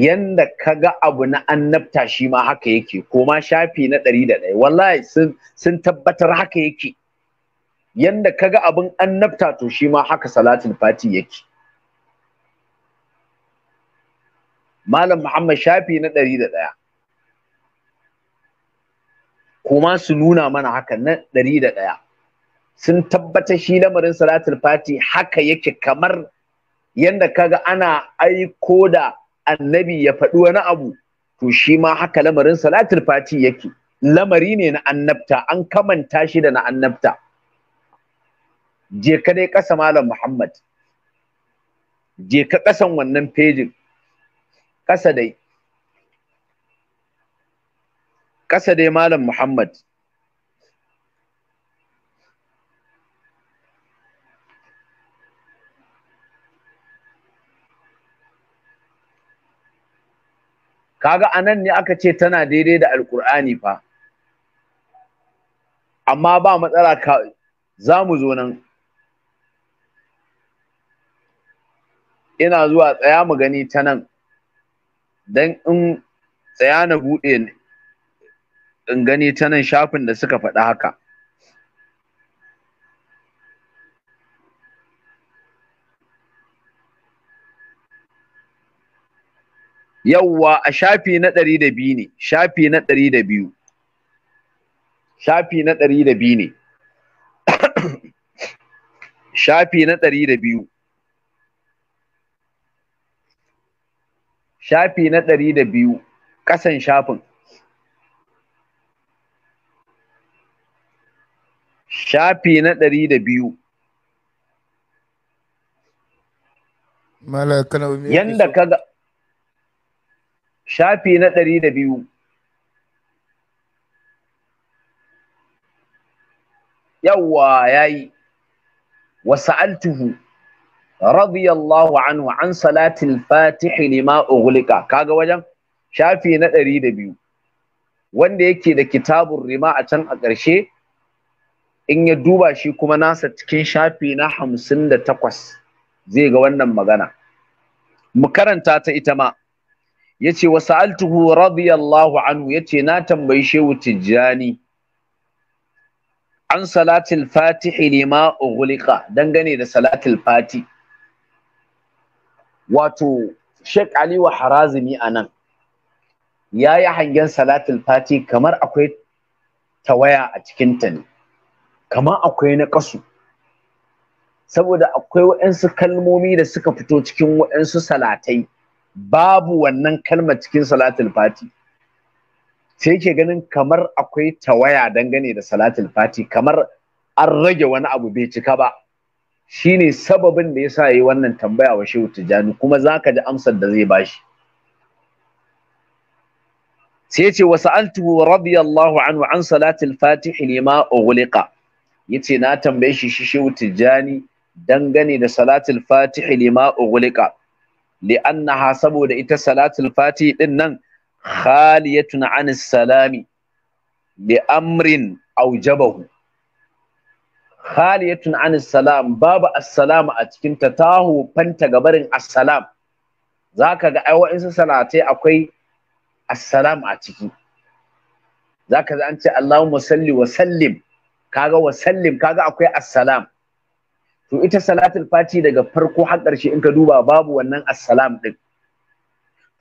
yanda kaga abu na annabta shi ma haka yake ko ma shafi na ɗari da ɗaya wallahi sun sun tabbatar haka yake yanda kaga abun abin annabta to shi ma haka salatul fati yake malam muhammad shafi na ɗari da ɗaya kuma su nuna mana haka na ɗari da ɗaya sun tabbata shi lamarin salatul fati haka yake kamar yanda kaga ana aiko da annabi ya faɗi wani abu to shi ma haka lamarin salatul fati yake lamari ne na annabta an kamanta shi da na annabta je ka dai ƙasa malam muhammad je ka ƙasan wannan fejin ƙasa dai ƙasa dai malam muhammad kaga anan ne aka ce tana daidai da alkur'ani fa amma ba matsala ka za mu zo nan ina zuwa tsaya mu gani ta nan don in tsaya na buɗe in gani ta nan shafin da suka faɗi haka yawwa a shafi na ɗari da biyu ne shafi na ɗari da biyu shafi na ɗari da biyu ne <coughs> shafi na ɗari da biyu shafi na ɗari da biyu ƙasan shafin shafi na ɗari da biyu yanda ka ga shafi na ɗari da biyu yawwa yayi wa sa'altuhu radiyallahu anhu an salatil fatih lima ughliqa kaga wajen shafi na ɗari da biyu wanda yake da kitabun rima a can a ƙarshe in ya duba shi kuma nasa cikin shafi na hamsin da takwas zai ga wannan magana mu karanta ta ita ma yace wa sa'altuhu radiyallahu anhu yace na tambayi shehu tijjani an salatul fatih lima ughliqa dangane da salatul fatih wato Sheik Ali wa Harazimi anan ya yi hangen salatul fati kamar akwai tawaya a cikinta ne kamar akwai na kasu saboda akwai waɗansu kalmomi da suka fito cikin waɗansu salatai babu wannan kalmar cikin salatul fati sai ke ganin kamar akwai tawaya dangane da salatul fati kamar an rage wani abu bai cika ba shine sababin da yasa yi wannan tambaya wa Shehu Tijani kuma zaka ji amsar da zai bashi sai yace wa sa'altuhu radiyallahu anhu an salatul fatih lima ughliqa yace na tambaye shi Shehu Tijani dangane da salatul fatih lima ughliqa li'annaha saboda ita salatul fati din nan khaliyatun anis salami bi amrin aujabahu khaliyatun anis salam babu assalamu a cikin ta tahu fanta gabarin assalam zaka ga ai wa'insu salatai akwai assalam a ciki zaka ga an ce Allahumma salli wa sallim kaga wa sallim kaga akwai assalam to ita salatul fati daga farko har ƙarshe in ka duba babu wannan assalam ɗin.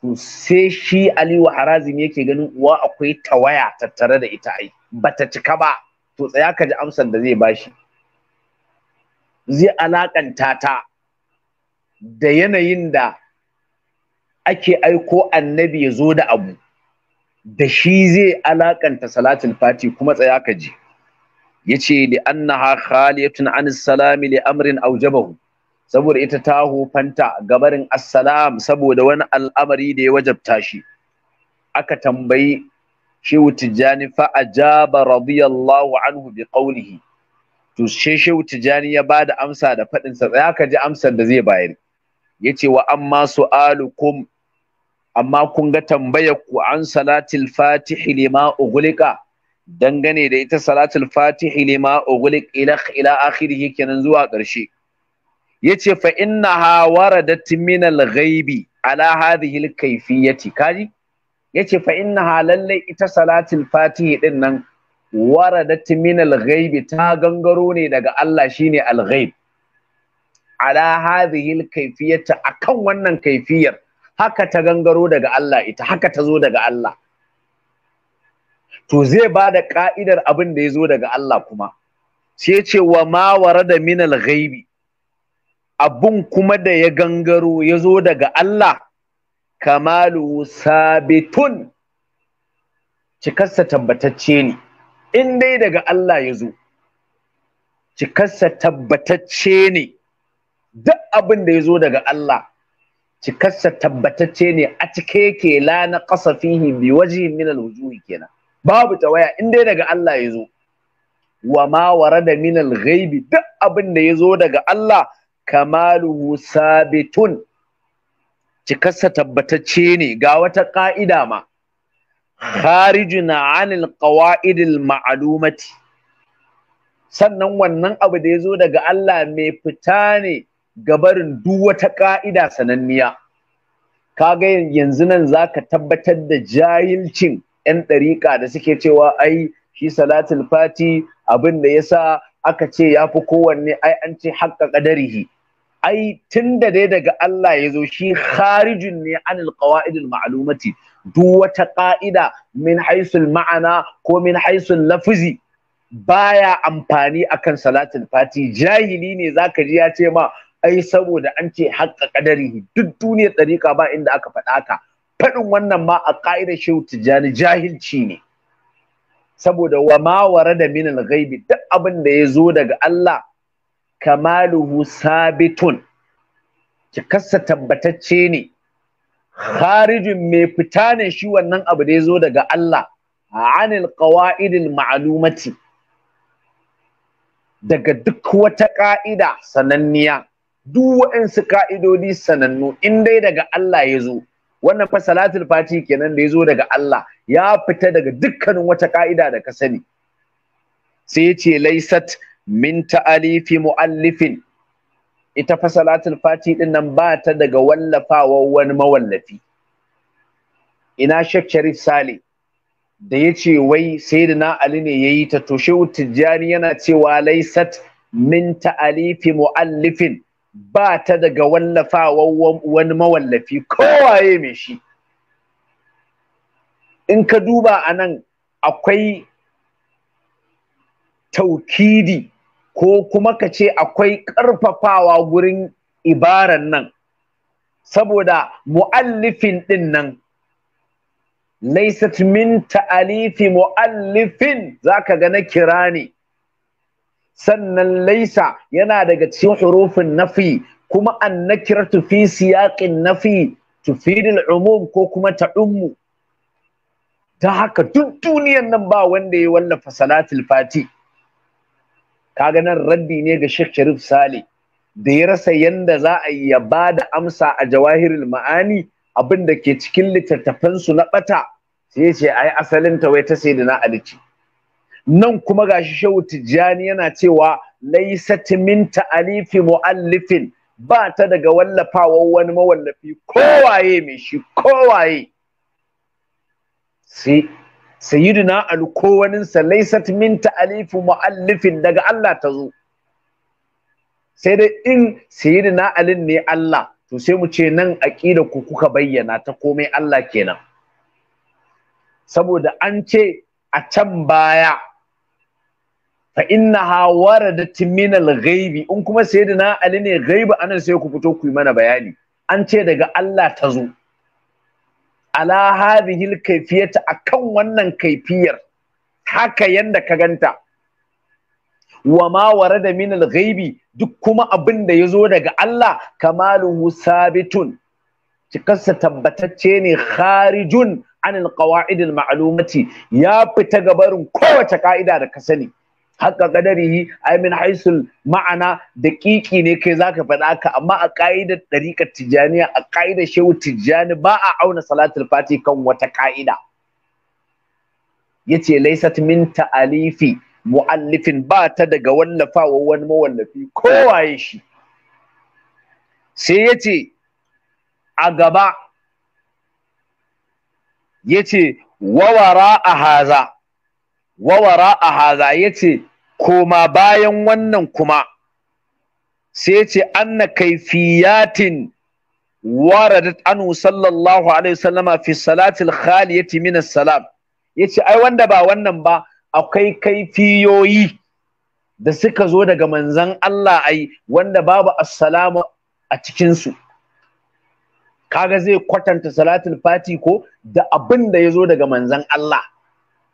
to sai shi aliyu harazim yake ganin uwa akwai tawaya tattare da ita ai bata cika ba to tsaya ka ji amsar da zai bashi zai alakanta ta da yanayin da ake aiko annabi ya zo da abu da shi zai alakanta salatul fati kuma tsaya ka ji yace li annaha khaliyatun an salami li amrin aujabahu saboda ita ta hufanta gabarin assalam saboda wani al'amari da ya wajabta shi aka tambayi shehu tijjani fa ajaba radiyallahu anhu bi qawlihi to she shehu tijjani ya bada amsa da fadin sa tsaya ka ji amsar da zai bayar yace wa amma su'alukum amma kun ga tambayar ku an salatil fatihi lima ughliqa dangane da ita salatul fatihi lima ughliq ila ila akhirih kenan zuwa ƙarshe yace fa innaha waradat min al-ghaibi ala hadhihi al-kayfiyati kaji yace fa innaha lalle ita salatul fatihi din nan waradat min al-ghaibi ta gangaro ne daga Allah shine al-ghaib ala hadhihi al-kayfiyati akan wannan kaifiyar haka ta gangaro daga Allah ita haka ta zo daga Allah to zai ba da ka'idar abin da ya zo daga Allah kuma sai ce wa mawara da minal ghaibi abun kuma da ya gangaro ya zo daga Allah kamalu sabitun cikarsa tabbatacce ne in dai daga Allah ya zo cikarsa tabbatacce ne duk abin da ya zo daga Allah cikarsa tabbatacce ne a cike yake lana na ƙasa fihi bi waje minal alwujuhi kenan babu ta waya in dai daga Allah ya zo wa ma warada min al-ghaibi duk abin da ya zo daga Allah kamaluhu sabitun cikarsa tabbatacce ne ga wata ka'ida ma kharijun anil qawaidil ma'lumati sannan wannan abu da ya zo daga Allah mai fita ne gabarin duk wata ka'ida sananniya kaga yanzu nan zaka tabbatar da jahilcin 'yan ɗariƙa da suke cewa ai shi salatul fati abin da yasa aka ce ya fi kowanne ai an ce haƙƙa ƙadarihi ai tun da dai daga Allah ya zo shi kharijun ne anil qawaidil ma'lumati duk wata ƙa'ida min haisul ma'ana ko min haisul lafzi baya amfani akan salatul fati jahili ne zaka ji ya ce ma ai saboda an ce haƙƙa ƙadarihi duk duniyar ɗariƙa ba inda aka faɗa ka faɗin wannan ma a ƙa'idar shehu tijjani jahilci ne saboda wa ma ware da al-ghaibi duk abin da ya zo daga Allah kamaluhu sabitun kassa tabbatacce ne kharijin mai fita ne shi wannan abu da ya zo daga Allah anil qawaidil ma'lumati daga duk wata ka'ida sananniya duk waɗansu ka'idodi sanannu in dai daga Allah ya zo wannan fa salatul fati kenan da ya zo daga Allah ya fita daga dukkanin wata ka'ida da ka sani sai ya ce laysat min ta'alifi mu'allifin ita fa salatul fati din nan ba ta daga wallafawa wani mawallafi ina shek Sharif Sale da ya ce wai sayyidina Ali ne yayi ta to Shehu Tijjani yana cewa laisat min ta'alifi mu'allifin ba ta daga wallafa wani mawallafi kowaye mai shi in ka duba a nan akwai taukidi ko kuma ka ce akwai ƙarfafawa gurin ibaran nan saboda mu'allifin ɗin nan laisat min ta'alifi mu'allifin zaka ga na kira ne sannan laisa yana daga cikin hurufin nafi kuma annakiratu tufi siyaƙin nafi tufidul umum ko kuma ta ummu ta haka duk duniyan nan ba wanda ya wallafa salatul fati kaga nan raddi ne ga Sheikh Sharif Sale da ya rasa yanda za a yi ya da amsa a jawahirul ma'ani abin da ke cikin littattafansu na ɓata, sai ya ce ai asalin ta wai ta sai da na ce nan kuma gashi shehu tijjani yana cewa laysat min ta'alifi mu'allifin ba ta daga wallafawa wani mawallafi kowaye mai shi kowaye sai sayyidina alkowanin sa waninsa laysat min ta'alifi mu'allifin daga Allah ta zo sai dai in sayyidina alin ne Allah to sai mu ce nan aqida ku kuka bayyana ta komai Allah kenan saboda an ce a can baya fa inna ha warada al-ghaibi in kuma sayyidina ali ne ghaibi anan sai ku fito ku yi mana bayani an ce daga Allah ta zo ala hadhihi alkayfiyata akan wannan kaifiyar haka yanda ka ganta wa ma warada min alghaibi duk kuma abin da yazo daga Allah kamaluhu sabitun cikarsa tabbatacce ne kharijun an al-qawa'id ya fita gabarin kowace ka'ida da ka sani haka kadarihi ai min haisul ma'ana daƙiƙi ne kai zaka faɗa ka amma a ƙa'idar ɗariƙar tijjaniya a ƙa'idar shehu tijjani ba a auna salatul fati kan wata ƙa'ida yace laysat min ta'alifi mu'allifin ba ta daga wallafawa wani mawallafi kowaye shi sai yace a gaba yace wawara a haza wawara a haza yace koma bayan wannan kuma sai ce anna kaifiyatin waradat anu sallallahu alaihi wasallama fi salatil khaliyati min as-salam yace ai wanda ba wannan ba akwai kaifiyoyi da suka zo daga manzan Allah ai wanda babu assalamu a cikin su kaga zai kwatanta salatul fati ko da abin da ya zo daga manzan Allah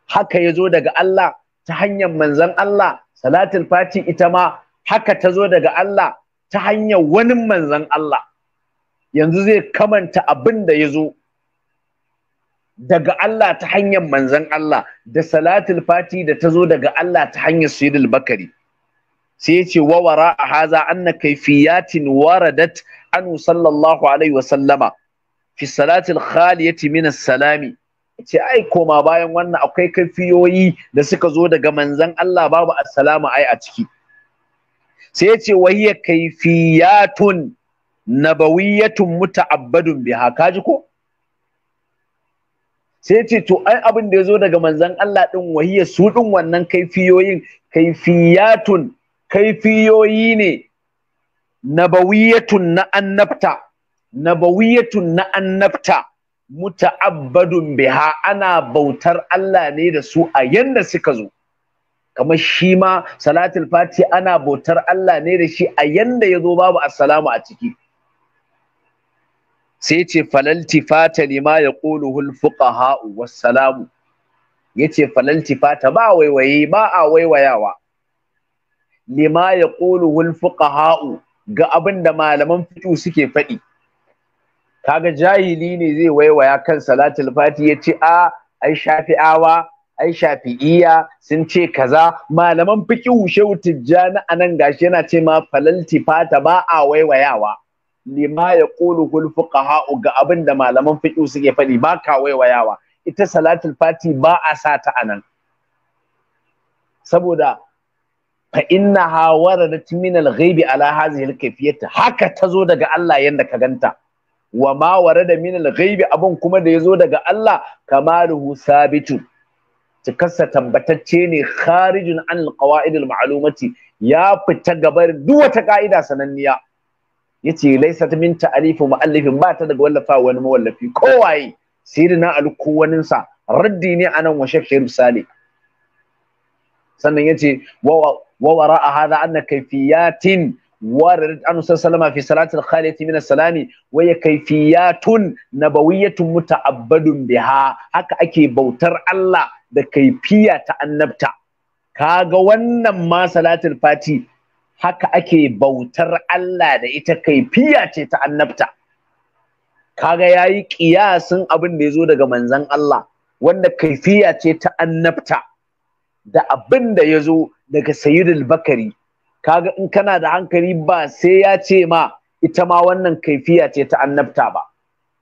haka ya zo daga Allah ta hanyar manzon Allah salatul fati ita ma haka ta zo daga Allah ta hanyar wani manzon Allah yanzu zai kamanta abin da ya zo daga Allah ta hanyar manzon Allah da salatul fati da ta zo daga Allah ta hanyar sayyidul bakari sai ya ce wa a haza anna kaifiyatin waradat anu sallallahu alaihi wa sallama fi salatil khaliyati min salami ce ai koma bayan wannan akwai kafiyoyi da suka zo daga manzan Allah babu assalamu ai a ciki sai ce wayya kaifiyatun nabawiyatun muta'abbadun biha kaji ko sai ce to ai abin da ya zo daga manzan Allah din wayya su din wannan kaifiyoyin kaifiyatun kaifiyoyi ne nabawiyatun na annabta nabawiyatun na annabta muta'abbadun biha ana bautar Allah ne da su a yanda suka zo kamar shi ma salatul fati ana bautar Allah ne da shi a yanda ya zo babu assalamu a ciki sai ce falalti fata lima ya ƙoluhul wa wassalamu ya ce falalti fata ba waiwaye ba a waiwayawa lima ya hulfuka ha'u ga abinda malaman fito suke faɗi kaga jahili ne zai waiwaya kan salatul fati ya ce a ai shafi'awa ai shafi'iya sun ce kaza malaman fiqhu shehu tijjani anan gashi yana ce ma falalti fata ba a waiwayawa lima ya qulu kul fuqaha ga abinda da malaman fiki suke faɗi ba ka waiwayawa ita salatul fati ba a sa ta anan saboda fa innaha waradat min al-ghaibi ala hadhihi al kayfiyyah haka tazo daga Allah yanda ka ganta wa ma warada min al-ghaibi abun kuma da yazo daga Allah kamaluhu Sabitu. cikarsa tabbatacce ne kharijun an al-qawaid malumati ya fita gabar duk wata ka'ida sananniya yace laysa min ta'alifu mu'allifin ba ta daga wallafa wani mawallafi kowaye sirina al-kuwanin sa raddi ne anan wa shaykh sharif sannan yace wa wara hadha anna kayfiyatin وردت عنه صلى الله عليه وسلم في صلاة الخالية من السلام وهي كيفيات نبوية متعبد بها هكا أكي da kaifiya ta annabta kaga wannan ma salatul fati haka ake bautar Allah da ita kaifiya ce ta annabta kaga yayi kiyasin abin da yazo daga manzon Allah wanda kaifiya ce ta annabta da abin da yazo daga sayyidul bakari kaga in kana da hankali ba sai ya ce ma ita ma wannan kaifiya ce ta annabta ba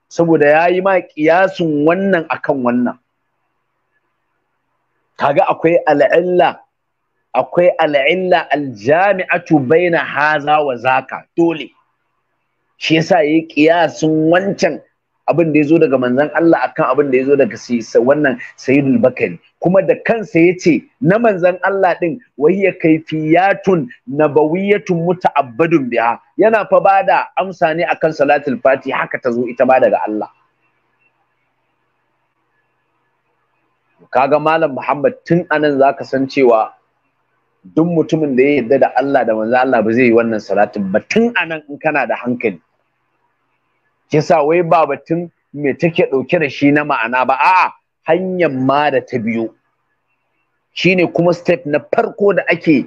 saboda ya yi ma kiyasun wannan akan wannan kaga akwai al'illa akwai al'illa aljami'atu baina haza wa zaka dole shi yasa yayi ƙiyasin wancan abin da yazo daga manzon Allah akan abin da yazo daga wannan sayyidul bakari kuma da kansa ya ce na manzan Allah ɗin wai ya wahiya kaifiyatun muta abadun biha yana fa ba da amsa ne akan salatul fati haka ta zo ita ma daga Allah kaga malam Muhammad tun anan ka san cewa duk mutumin da ya yarda da Allah da manzan Allah ba zai yi wannan salatin ba tun anan in kana da hankali kisa wai ba batun me take ɗauke da shi na ma'ana ba a'a hanyar ma da ta biyu. shine kuma step na farko da ake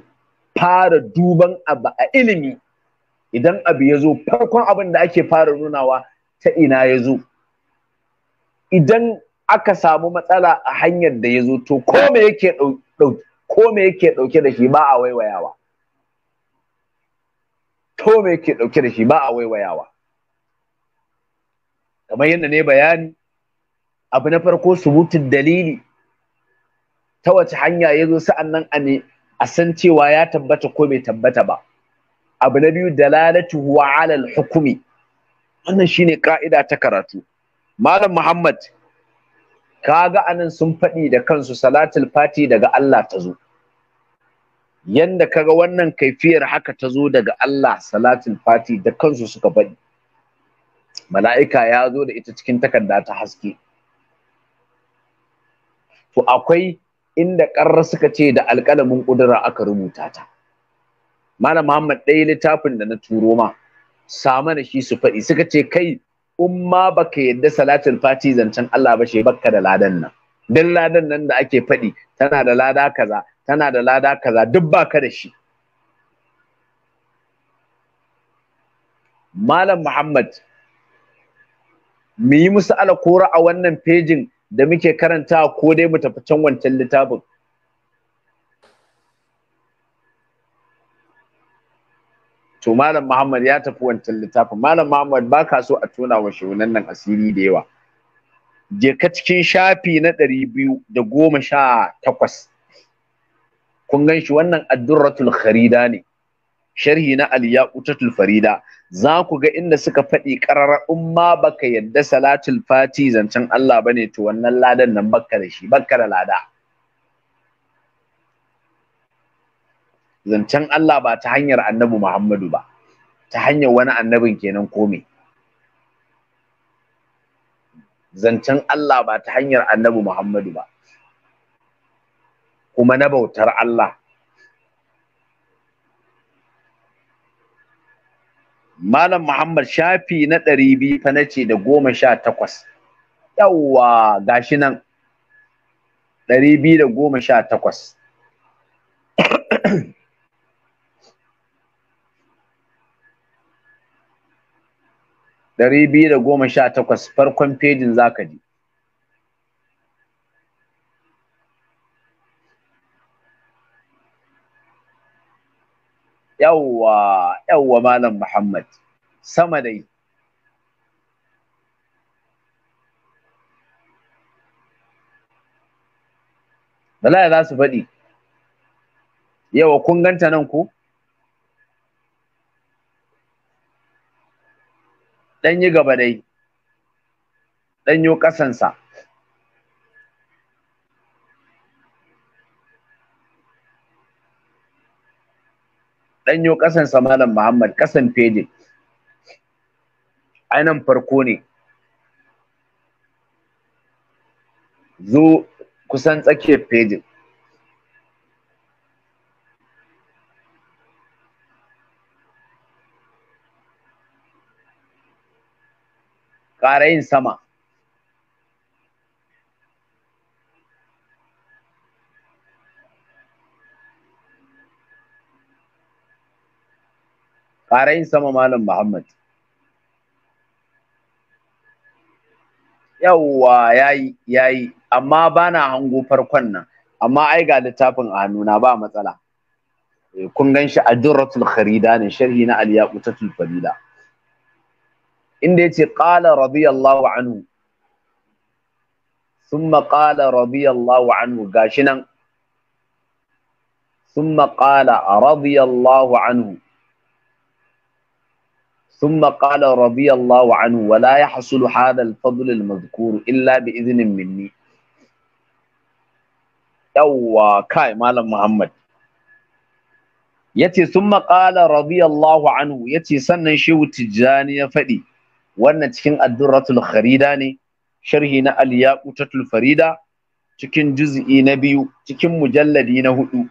fara duban abu a ilimi idan abu ya zo farkon abin da ake fara nunawa ta ina ya zo idan aka samu matsala a hanyar da ya zo to ko me yake dauke da shi ba a waiwayawa to me yake dauke da shi ba a waiwayawa kamar yadda ne bayani abu na farko subutun dalili ta wace hanya ya zo sa'an nan a ne a san cewa ya tabbata ko bai tabbata ba abu na biyu dalalatu wa alal hukumi wannan shine ka'ida ta karatu malam muhammad kaga anan sun faɗi da kansu salatul fati daga Allah ta zo yanda kaga wannan kaifiyar haka ta zo daga Allah salatul fati da kansu suka faɗi mala'ika ya zo da ita cikin takarda ta haske to akwai inda ƙarar suka ce da alƙalamin ƙudura aka rubuta ta malam muhammad ɗaya littafin da na turo ma samu na shi su faɗi suka ce kai umma baka yadda salatul fati zancen Allah ba shi bakka da ladan nan duk ladan nan da ake faɗi tana da lada kaza tana da lada kaza duk baka da shi malam muhammad mu yi musu alakora a wannan fejin da muke karanta ko dai mu tafi can wancan littafin to malam muhammad ya tafi wancan littafin malam muhammad ba ka so a tona wa shunan nan asiri da yawa je ka cikin shafi na ɗari biyu da goma sha takwas kun gan shi wannan addurratul kharida ne sharhi na al-yaqutatul farida za ku ga inda suka faɗi ƙarara in ma baka yadda salatul fati zancen Allah bane to wannan ladan nan bakka da shi bakka da lada zancen Allah ba ta hanyar annabi Muhammadu ba ta hanyar wani annabin kenan ko zancen Allah ba ta hanyar annabi Muhammadu ba kuma na bautar Allah Malam Muhammad shafi na ɗari biyu fa na da goma sha takwas. Yawwa gashi nan ɗari biyu da goma sha takwas. Ɗari biyu da goma sha takwas farkon fejin za ka ji. yawwa yawwa malam muhammad sama dai bala za su faɗi yawa kun ganta nan ku? Dan yi gaba dai dan yi ƙasansa danyo ƙasan sa malam Muhammad kasan fejin ainihin farko ne zo kusan tsakiyar fejin ƙara yin sama ƙara yin sama malam muhammad yawwa yayi yayi amma bana hango farkon nan amma ai ga littafin a hannuna ba matsala eh, kun gan shi a durratul kharida ne sharhi na al-yaqutatul falila inda yace qala anu anhu ƙala Rabi radiyallahu anhu gashi nan thumma Rabi radiyallahu anhu ثم قال رضي الله عنه ولا يحصل هذا illa bi إلا بإذن مني yawwa kai malam muhammad yace sun maƙala radiyallahu anhu yace sannan shehu tijjani ya faɗi wannan cikin addurratul kharida ne sharhi na al-yaqutatul farida cikin juz'i na biyu cikin mujalladi na hudu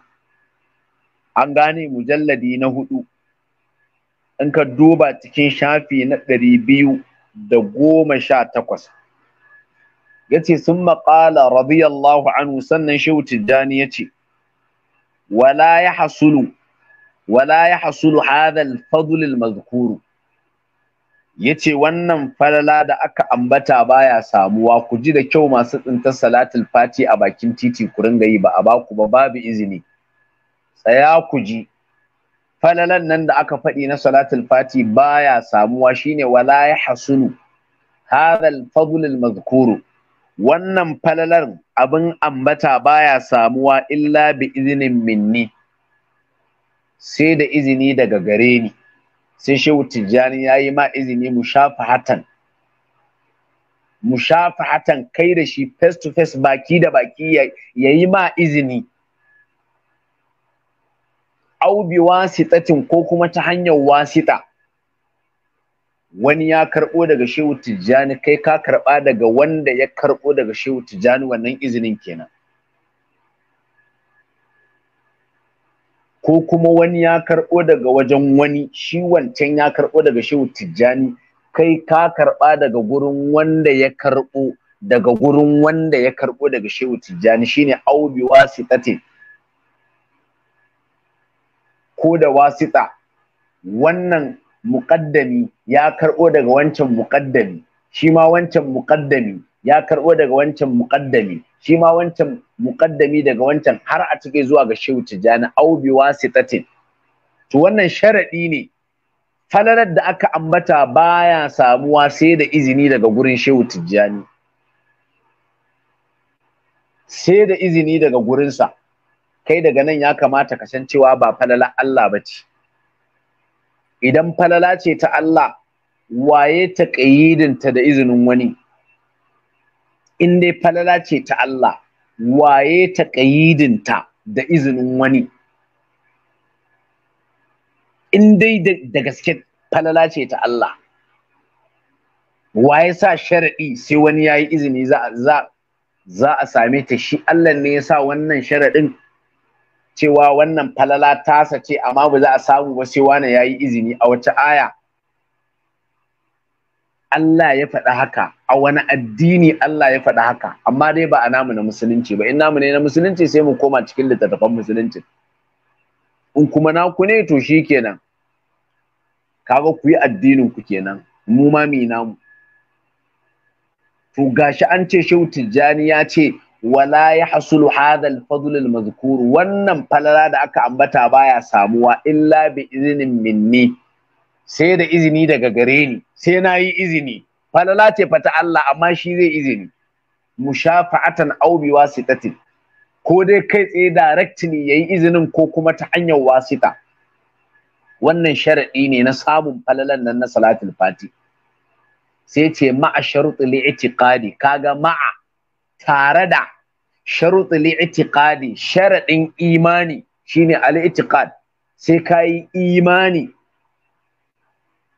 an gane mujalladi na hudu in ka duba cikin shafi na ɗari biyu da goma sha takwas ya ce sun maƙala radiyallahu anhu sannan shehu tijjani ya ce wala ya hasulu wala ya hasulu hadal fadulil mazkuru ya ce wannan falala da aka ambata baya samuwa ku ji da kyau masu tsintar salatul fati a bakin titi ku ringa ba a baku ba babu izini tsaya ku ji falalan nan da aka faɗi na salatul fati baya samuwa shine wala ya hasulu hadal fadlul mazkuru wannan falalar abin ambata baya samuwa illa bi izinin minni sai da izini daga gare ni sai shehu tijjani yayi ma izini mushafahatan mushafahatan kai da shi face to face baki da baki yayi ma izini Aubi wasitatin ko kuma ta hanyar wasita wani ya karɓo daga shehu tijjani kai ka karɓa daga wanda ya karɓo daga shehu tijjani wannan izinin kenan ko kuma wani ya karɓo daga wajen wani shi wancan ya karɓo daga shehu tijjani kai ka karɓa daga gurin wanda ya karɓo daga gurin wanda ya karɓo daga shehu tijjani shine aubi wasitatin ko da wasita wannan muƙaddami ya karɓo daga wancan muƙaddami shi ma wancan muƙaddami ya karɓo daga wancan muƙaddami shi ma wancan muƙaddami daga wancan har a cike zuwa ga shehu tijjani au bi wasitatin to wannan sharaɗi ne falalar da aka ambata baya samuwa sai da izini daga gurin shehu tijjani sai da izini daga gurinsa kai daga nan ya kamata ka san cewa ba falala Allah ba ce idan falala ce ta Allah waye ta ƙayyidinta da izinin wani in dai falala ce ta Allah waye ta ƙayyidinta da izinin wani in dai da gaske falala ce ta Allah waye sa sharaɗi sai wani ya yi izini za a same ta shi Allah ne ya sa wannan sharaɗin cewa wannan falala ta sace amma ba za a samu ba sai wani yayi izini a wace aya Allah ya faɗa haka a wani addini Allah ya faɗa haka amma dai ba a namu na musulunci ba in namu ne na musulunci sai mu koma cikin littattafan musulunci in kuma naku ne to shikenan kaga ku yi addinin ku kenan mu ma mi namu to gashi an ce shehu tijjani ya ce wala ya hasulu hadal fadlul mazkur wannan falala da aka ambata baya samuwa illa bi izinin minni sai da izini daga gare ni sai na yi izini falala ce fata Allah amma shi zai izini mushafa'atan aw bi wasitatin ko dai kai tsaye directly yayi izinin ko kuma ta hanyar wasita wannan sharadi ne na samun falalan nan na salatul fati sai ce ma'a sharuɗi li'itiqadi kaga ma'a tare da sharuɗi li'itiqadi sharaɗin imani shine al itiƙad sai kayi imani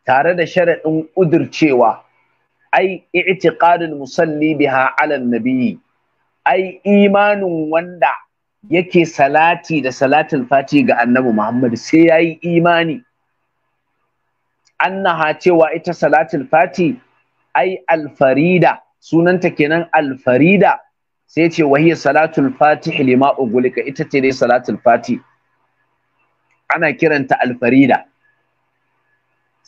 tare da sharaɗin ƙudurcewa ai itiƙadin musalli biha ala nabiyyi ai imanin wanda yake salati da salatul fati ga annabi Muhammad sai yayi imani annaha cewa ita salatul fati ai alfarida sunanta kenan alfarida sai ce hiya salatul fatih lima ugulika ita ce dai salatul fatih ana kiranta alfarida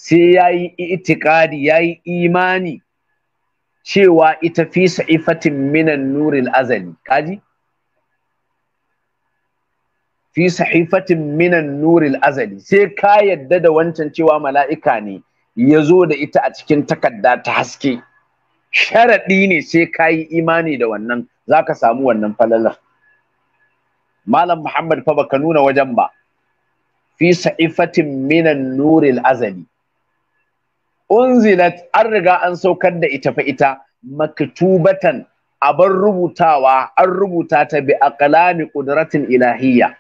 sai ya yi itikadi ya yi imani cewa ita fi sa'ifatin minan nuril azali kaji fi sa'ifatin minan nuril azali sai ka yadda da wancan cewa mala'ika ne ya zo da ita a cikin takarda ta haske sharaɗi ne sai ka yi imani da wannan za ka samu wannan falalar malam muhammad fa ka nuna wajen ba fi sa'ifatin minan nuril azali unzilat an riga an saukar da ita fa ita maktubatan abar rubutawa an rubuta ta bi aqlami qudratin ilahiyya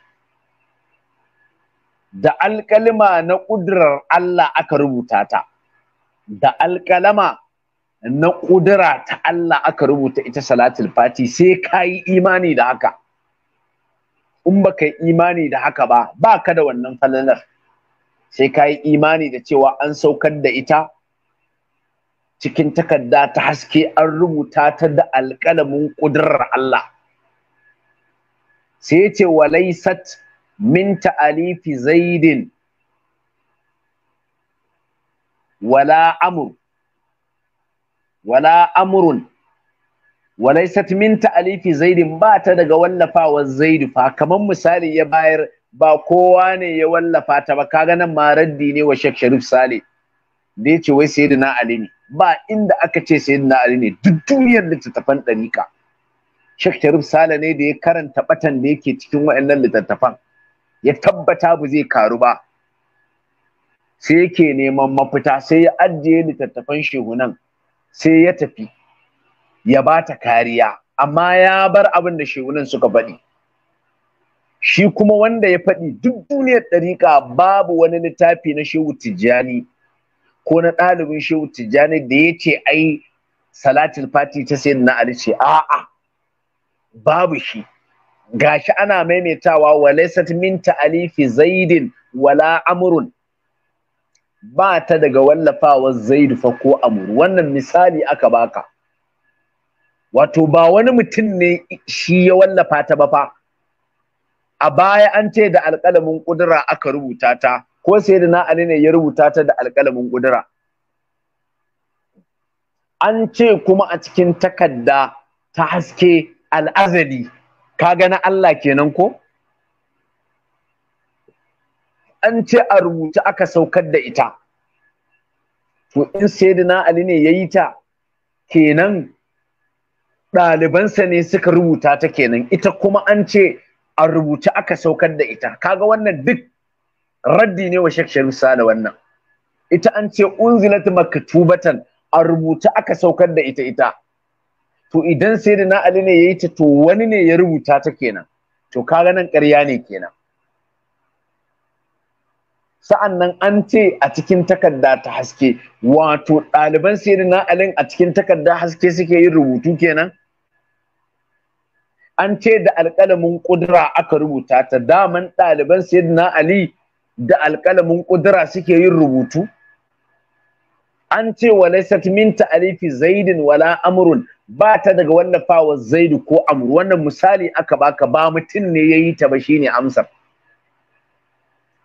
da alkalima na ƙudurar Allah aka rubuta ta da alkalama na ƙudura ta Allah aka rubuta ita salatul fati sai ka yi imani da haka in ba ka yi imani da haka ba ba ka da wannan falalar sai ka yi imani da cewa an saukar da ita cikin takarda ta haske an rubuta ta da alƙalamin ƙudurar Allah sai ce walaisat min ta'alifi zaidin wala amur wala amrun walaysat min ta'alifi zaidin ba ta daga wallafawa zaidu fa kamar misali ya bayar ba kowa ne ya wallafa ta ba kaga nan ma ne wa Sheikh Sharif Sale da ce wai sayyidina Ali ne ba inda aka ce sayyidina Ali ne duk duniyar littattafan ɗarika Sheikh Sharif Sale ne da ya karanta batan da yake cikin waɗannan littattafan ya tabbata ba zai karu ba sai yake neman mafita sai ya ajiye littattafan shehunan sai ya tafi ya ba ta kariya amma ya bar abin da shehunan suka faɗi shi kuma wanda ya faɗi duk duniyar ɗariƙa babu wani littafi na shehu tijjani ko na ɗalibin shehu tijjani da ya ce ai salatul fati ta sayin na ali ce a'a babu shi gashi ana maimaitawa wa laysat min ta'alifi zaidin wala amrun ba ta daga wallafawa zaidu fa ko amur wannan misali aka baka wato ba wani mutum ne shi ya wallafa ta ba fa a baya an ce da alƙalamin ƙudura aka rubuta ta ko sai da na'ani ne ya rubuta ta da alƙalamin ƙudura an ce kuma a cikin takarda ta haske al'azali kaga na Allah kenan ko an ce a rubuta aka saukar da ita to in sayyidina ali ne yayi ta kenan ɗalibansa ne suka rubuta ta kenan ita kuma an ce a rubuta aka saukar da ita kaga wannan duk raddi ne wa Sheikh Sharif Sale wannan ita an ce unzilat maktubatan a rubuta aka saukar da ita ita to idan sayyidina Ali ne yayi ta to wani ne ya rubuta ta kenan to kaga nan ƙarya ne kenan sa'an nan an ce a cikin takarda ta haske wato ɗaliban na alin a cikin takarda haske suke yin rubutu kenan an ce da alƙalamin ƙudura aka rubuta ta daman ɗaliban na ali da alƙalamin ƙudura suke yin rubutu an ce wa laysat min zaidin wala Amurun ba ta daga wallafawa zaidu ko amru wannan misali aka baka ba mutum ne ya yi ta ba shine amsar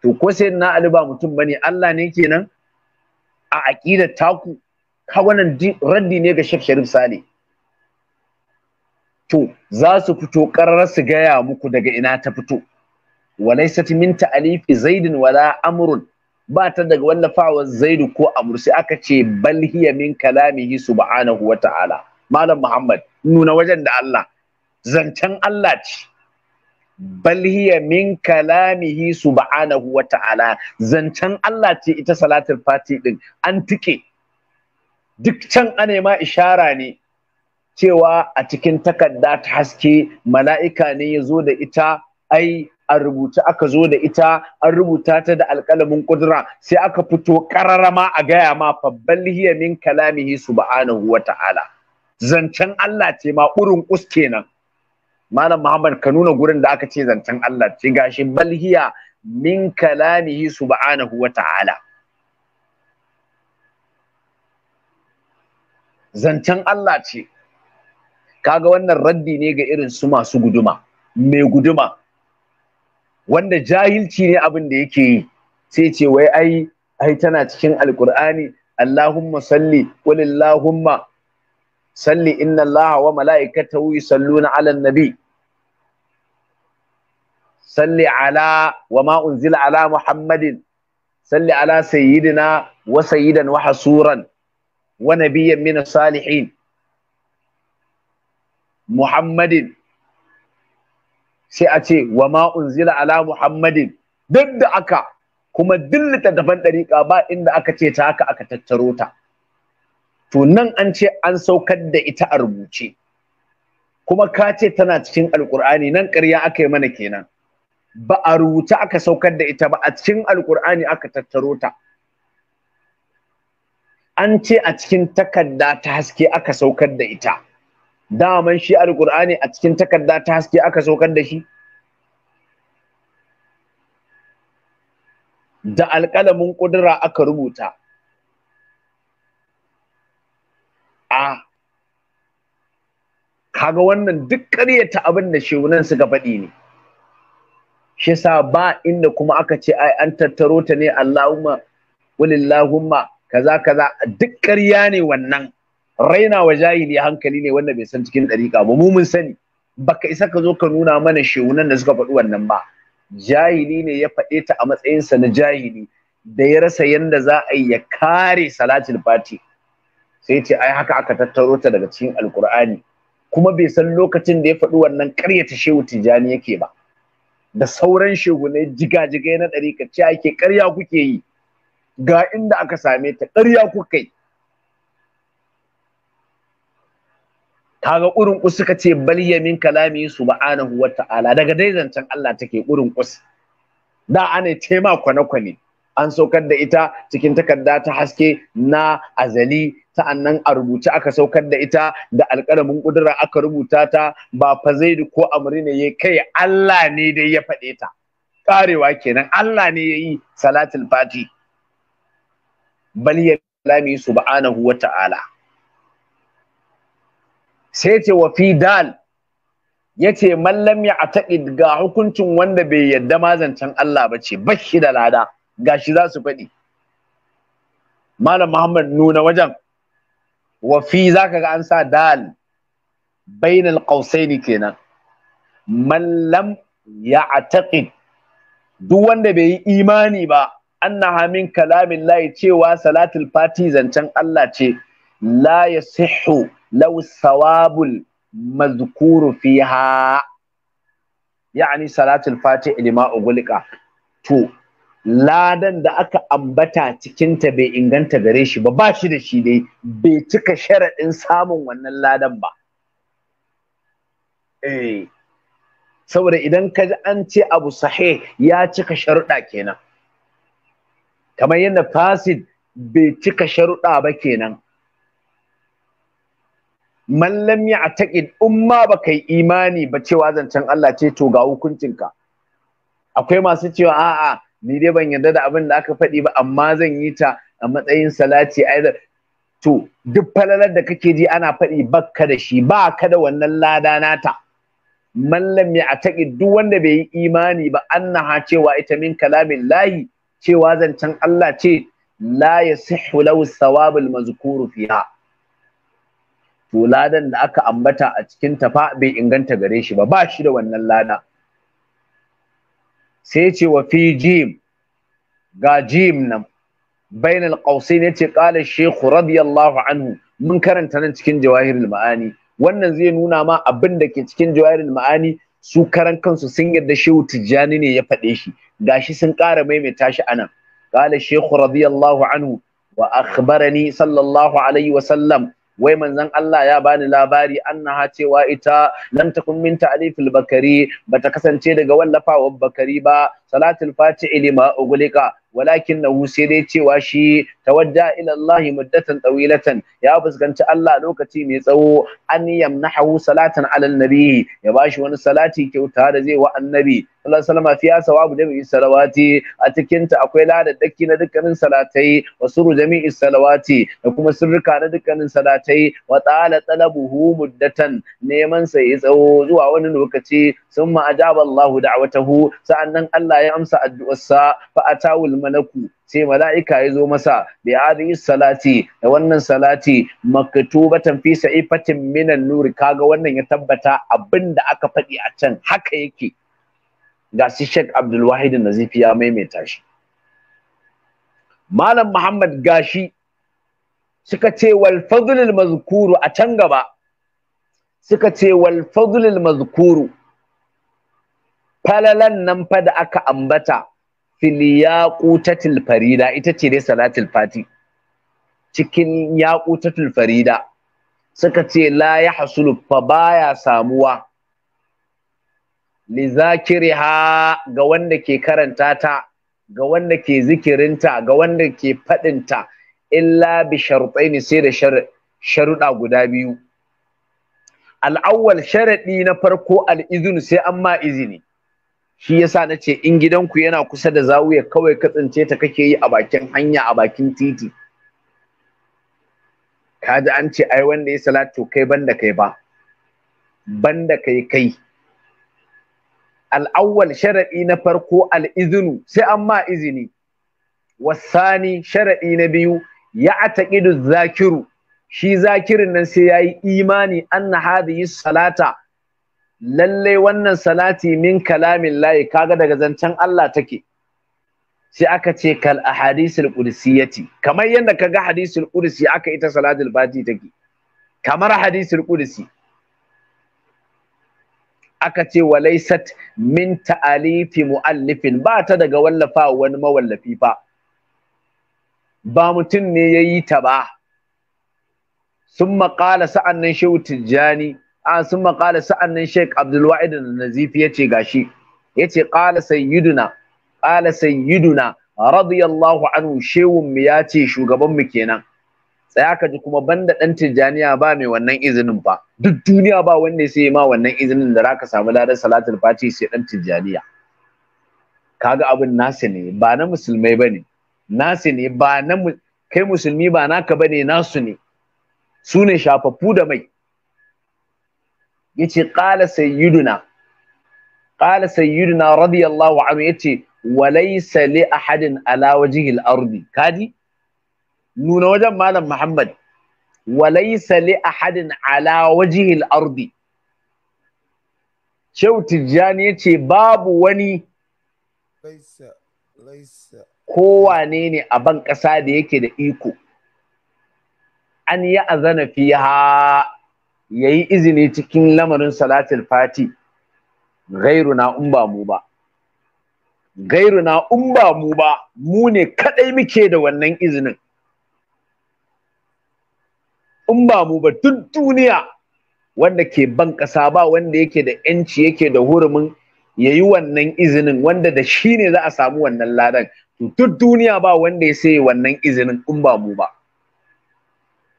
to ko sai na ali ba mutum bane Allah ne kenan a aqida taku ka wannan raddi ne ga Sheikh Sharif Sale to za su fito karar su gaya muku daga ina ta fito walaysat min ta'alifi zaidin wala amrun ba ta daga wallafawa zaidu ko amr sai aka ce bal hiya min kalamihi subhanahu wa ta'ala malam muhammad nuna wajen da Allah zancen Allah ce Hmm. bal hiya min kalamihi subhanahu wa ta'ala zancen Allah ce ita salatul fati din an tike duk can anema ma ishara ne cewa a cikin takarda ta haske mala'ika ne ya zo da ita ai an rubuta aka zo da ita an rubuta ta da alƙalamin kudura sai aka fito ƙararama a gaya ma fabbal hiya min kalamihi subhanahu wa ta'ala zancen Allah ce ma urin us kenan malam muhammad ka nuna gurin da aka ce zancen Allah ce gashi balhiya min kalamihi subhanahu wa ta'ala zancen Allah ce kaga wannan raddi ne ga irin su masu guduma mai guduma wanda jahilci ne abin da yake yi sai ce wai ai ai tana cikin alkur'ani Allahumma salli lillahumma salli inna allaha wa mala'ikatahu yusalluna 'alan nabi salli ala wa ma unzila ala muhammadin salli ala sayyidina wa sayyidan wa hasuran wa nabiyyan min salihin muhammadin sai a ce wa ma unzila ala muhammadin duk da aka kuma duk littattafan ɗariƙa ba inda aka ce ta haka aka tattaro ta to nan an ce an saukar da ita a rubuce kuma ka ce tana cikin alkur'ani nan ƙarya aka yi mana kenan ba a rubuta aka saukar da ita ba a cikin alkur'ani aka tattaro ta an ce a cikin takarda ta haske aka saukar da ita daman shi alkur'ani a cikin takarda ta haske aka saukar da shi da alƙalamin ƙudura aka rubuta a kaga wannan duk ƙaryata abin da shehunan suka faɗi ne shi yasa ba inda kuma aka ce ai an tattaro ta ne Allahumma walillahumma kaza kaza duk ƙarya ne wannan raina wa jahili hankali ne wanda bai san cikin ɗariƙa ba mu mun sani baka isa ka zo ka nuna mana shehunan da suka faɗi wannan ba jahili ne ya faɗe ta a matsayinsa na jahili da ya rasa yanda za a yi ya kare salatul fati sai ce ai haka aka tattaro ta daga cikin alkur'ani kuma bai san lokacin da ya faɗi wannan ƙaryata shehu tijjani yake ba da sauran shehunai jigajigai na ka ce ake ƙarya kuke yi ga inda aka same ta ƙarya kuke yi kaga ƙurin kus suka ce bal yamin kalami subhanahu wata'ala daga dai zancen Allah take ƙurin kus da ana tema kwane-kwane an saukar da ita cikin takarda ta haske na azali sa'annan a rubuce aka saukar da ita da alƙalamin ƙudura aka rubuta ta ba fa da ko amri ne ya kai Allah ne dai ya faɗe ta karewa kenan Allah ne ya yi salatul fati bal ya lami subhanahu wa ta'ala sai ce wa fi dal ya ce mallam ya ga hukuncin wanda bai yadda mazancan Allah ba ce bashi da lada gashi za su faɗi malam muhammad nuna wajen wa fi zaka ga an sa dal bainal qausaini kenan man lam ya'taqid duk wanda bai yi imani ba annaha min kalamin layi cewa salatul fati zancen Allah ce la sihu law sawabul mazkuru fiha Ya'ani salatul fati lima ughliqa to ladan da aka ambata cikinta bai inganta gare shi ba ba shi da shi dai bai cika sharaɗin samun wannan ladan ba eh saboda idan ka ji an ce abu sahi ya cika sharuɗa kenan kamar yadda fasid bai cika sharuɗa ba kenan mallam ya taƙid in ma ba kai imani ba cewa zancen Allah ce to ga hukuncinka akwai masu cewa a'a ni dai ban yarda da abin da aka faɗi ba amma zan yi ta a matsayin salati aizar to duk falalar da kake ji ana faɗi bakka da shi ba ka da wannan lada nata mallam ya ataki duk wanda bai yi imani ba annaha cewa ita min kalamin lahi cewa zancen Allah ce la yasihhu lahu thawabul mazkuru fiha to ladan da aka ambata a cikin tafa bai inganta gare shi ba ba shi da wannan lada sai ce wa fi jim ga jim nan bainal qausain yace qala shaykhu radiyallahu anhu mun karanta nan cikin jawahirin ma'ani wannan zai nuna ma abin da ke cikin jawahirin ma'ani su karan kansu sun yarda shehu tijjani ne ya faɗe shi gashi sun ƙara maimaita shi anan qala shaykhu radiyallahu anhu wa akhbarani sallallahu alaihi wa sallam wai manzon Allah ya bani labari annaha cewa ita lam takun min ta'lifil bakari bata kasance daga wallafawar bakari ba salatul fati'i lima ughliqa walakin nahu sai dai cewa shi tawajja ila Allah muddatan tawilatan ya fuskanci Allah lokaci mai tsawo an yamnahu salatan ala nabi ya bashi wani salati kyauta da zai wa annabi sallallahu alaihi wasallam fiya sawabu jami'i salawati a cikin ta akwai ladaddaki na dukkanin salatai wa suru jami'i salawati da kuma sirrika na dukkanin salatai wa tsala talabuhu muddatan neman sa ya tsawo zuwa wani lokaci sun ma ajaba Allah da'watahu sa'annan Allah ya amsa addu'ar addu'arsa fa atawul malaku sai mala'ika ya zo masa bi hadhihi salati da wannan salati maktubatan fi sa'ifatin minan nuri kaga wannan ya tabbata abinda aka faɗi a can haka yake ga shi Sheikh Abdul Wahid Nazifi ya maimaita shi Malam Muhammad Gashi suka ce wal fadlul mazkuru a can gaba suka ce wal fadlul mazkuru falalan nan fa da aka ambata fil yaqutatil farida ita ce dai salatul fati cikin yaqutatul farida suka ce la yahsulu fa baya samuwa lizakiriha ga wanda ke karanta ta ga wanda ke zikirinta ga wanda ke faɗinta illa bi sharuɗaini sai da sharuɗa guda biyu al'awwal sharaɗi na farko al'izinu sai an ma izini shi yasa na ce in gidanku yana kusa da zawiya kawai ka tsince ta kake yi a bakin hanya a bakin titi kaji an ce ai wanda ya salatu kai banda kai ba banda kai kai al'awwal sharaɗi na farko al'izinu sai an ma izini wasani sharaɗi na biyu ya ataƙidu zakiru shi zakirin nan sai ya yi imani anna hadhihi salata lallai wannan salati min kalamin layi kaga daga zancen Allah take sai aka ce kal ahadisul qudsiyati kamar yadda kaga hadisul qudsi aka ita salatul fati take kamar hadisul qudsi aka ce walaisat min ta'alifi mu'allifin ba ta daga wallafa wani mawallafi fa ba mutum ne ya yi ta ba sun maƙala Sa'annan shehu tijjani a sun maƙala sa'an sheik abdulwa'id nazifi ya ce gashi ya ce ƙala sayyiduna ƙala sayyiduna radiyallahu anhu shehun mu ya shugaban mu kenan tsaya ka ji kuma banda dan tijjaniya ba mai wannan izinin ba duk duniya ba wanda sai ma wannan izinin da zaka samu ladan salatul fati sai dan tijjaniya kaga abin nasi ne ba na musulmai bane nasi ne ba na kai musulmi ba naka bane nasu ne su ne shafaffu da mai yace qala sayyiduna qala sayyiduna radiyallahu anhu yace walaysa li ahadin ala wajhi al-ardi kadi nuna wajen malam muhammad walaysa li ahadin ala wajihil ardi Shehu Tijjani ya ce babu wani kowa ne a ban ƙasa da yake da iko an yi azana fiha ya yi izini cikin lamarin salatul fati gairu na umba mu ba gairu na umba mu ba mu ne kaɗai muke da wannan izinin in ba mu ba duk duniya wanda ke ban ƙasa ba wanda yake da ‘yanci yake da hurumin ya yi wannan izinin wanda da shi ne za a samu wannan ladan to duk duniya ba wanda ya sai wannan izinin in ba mu ba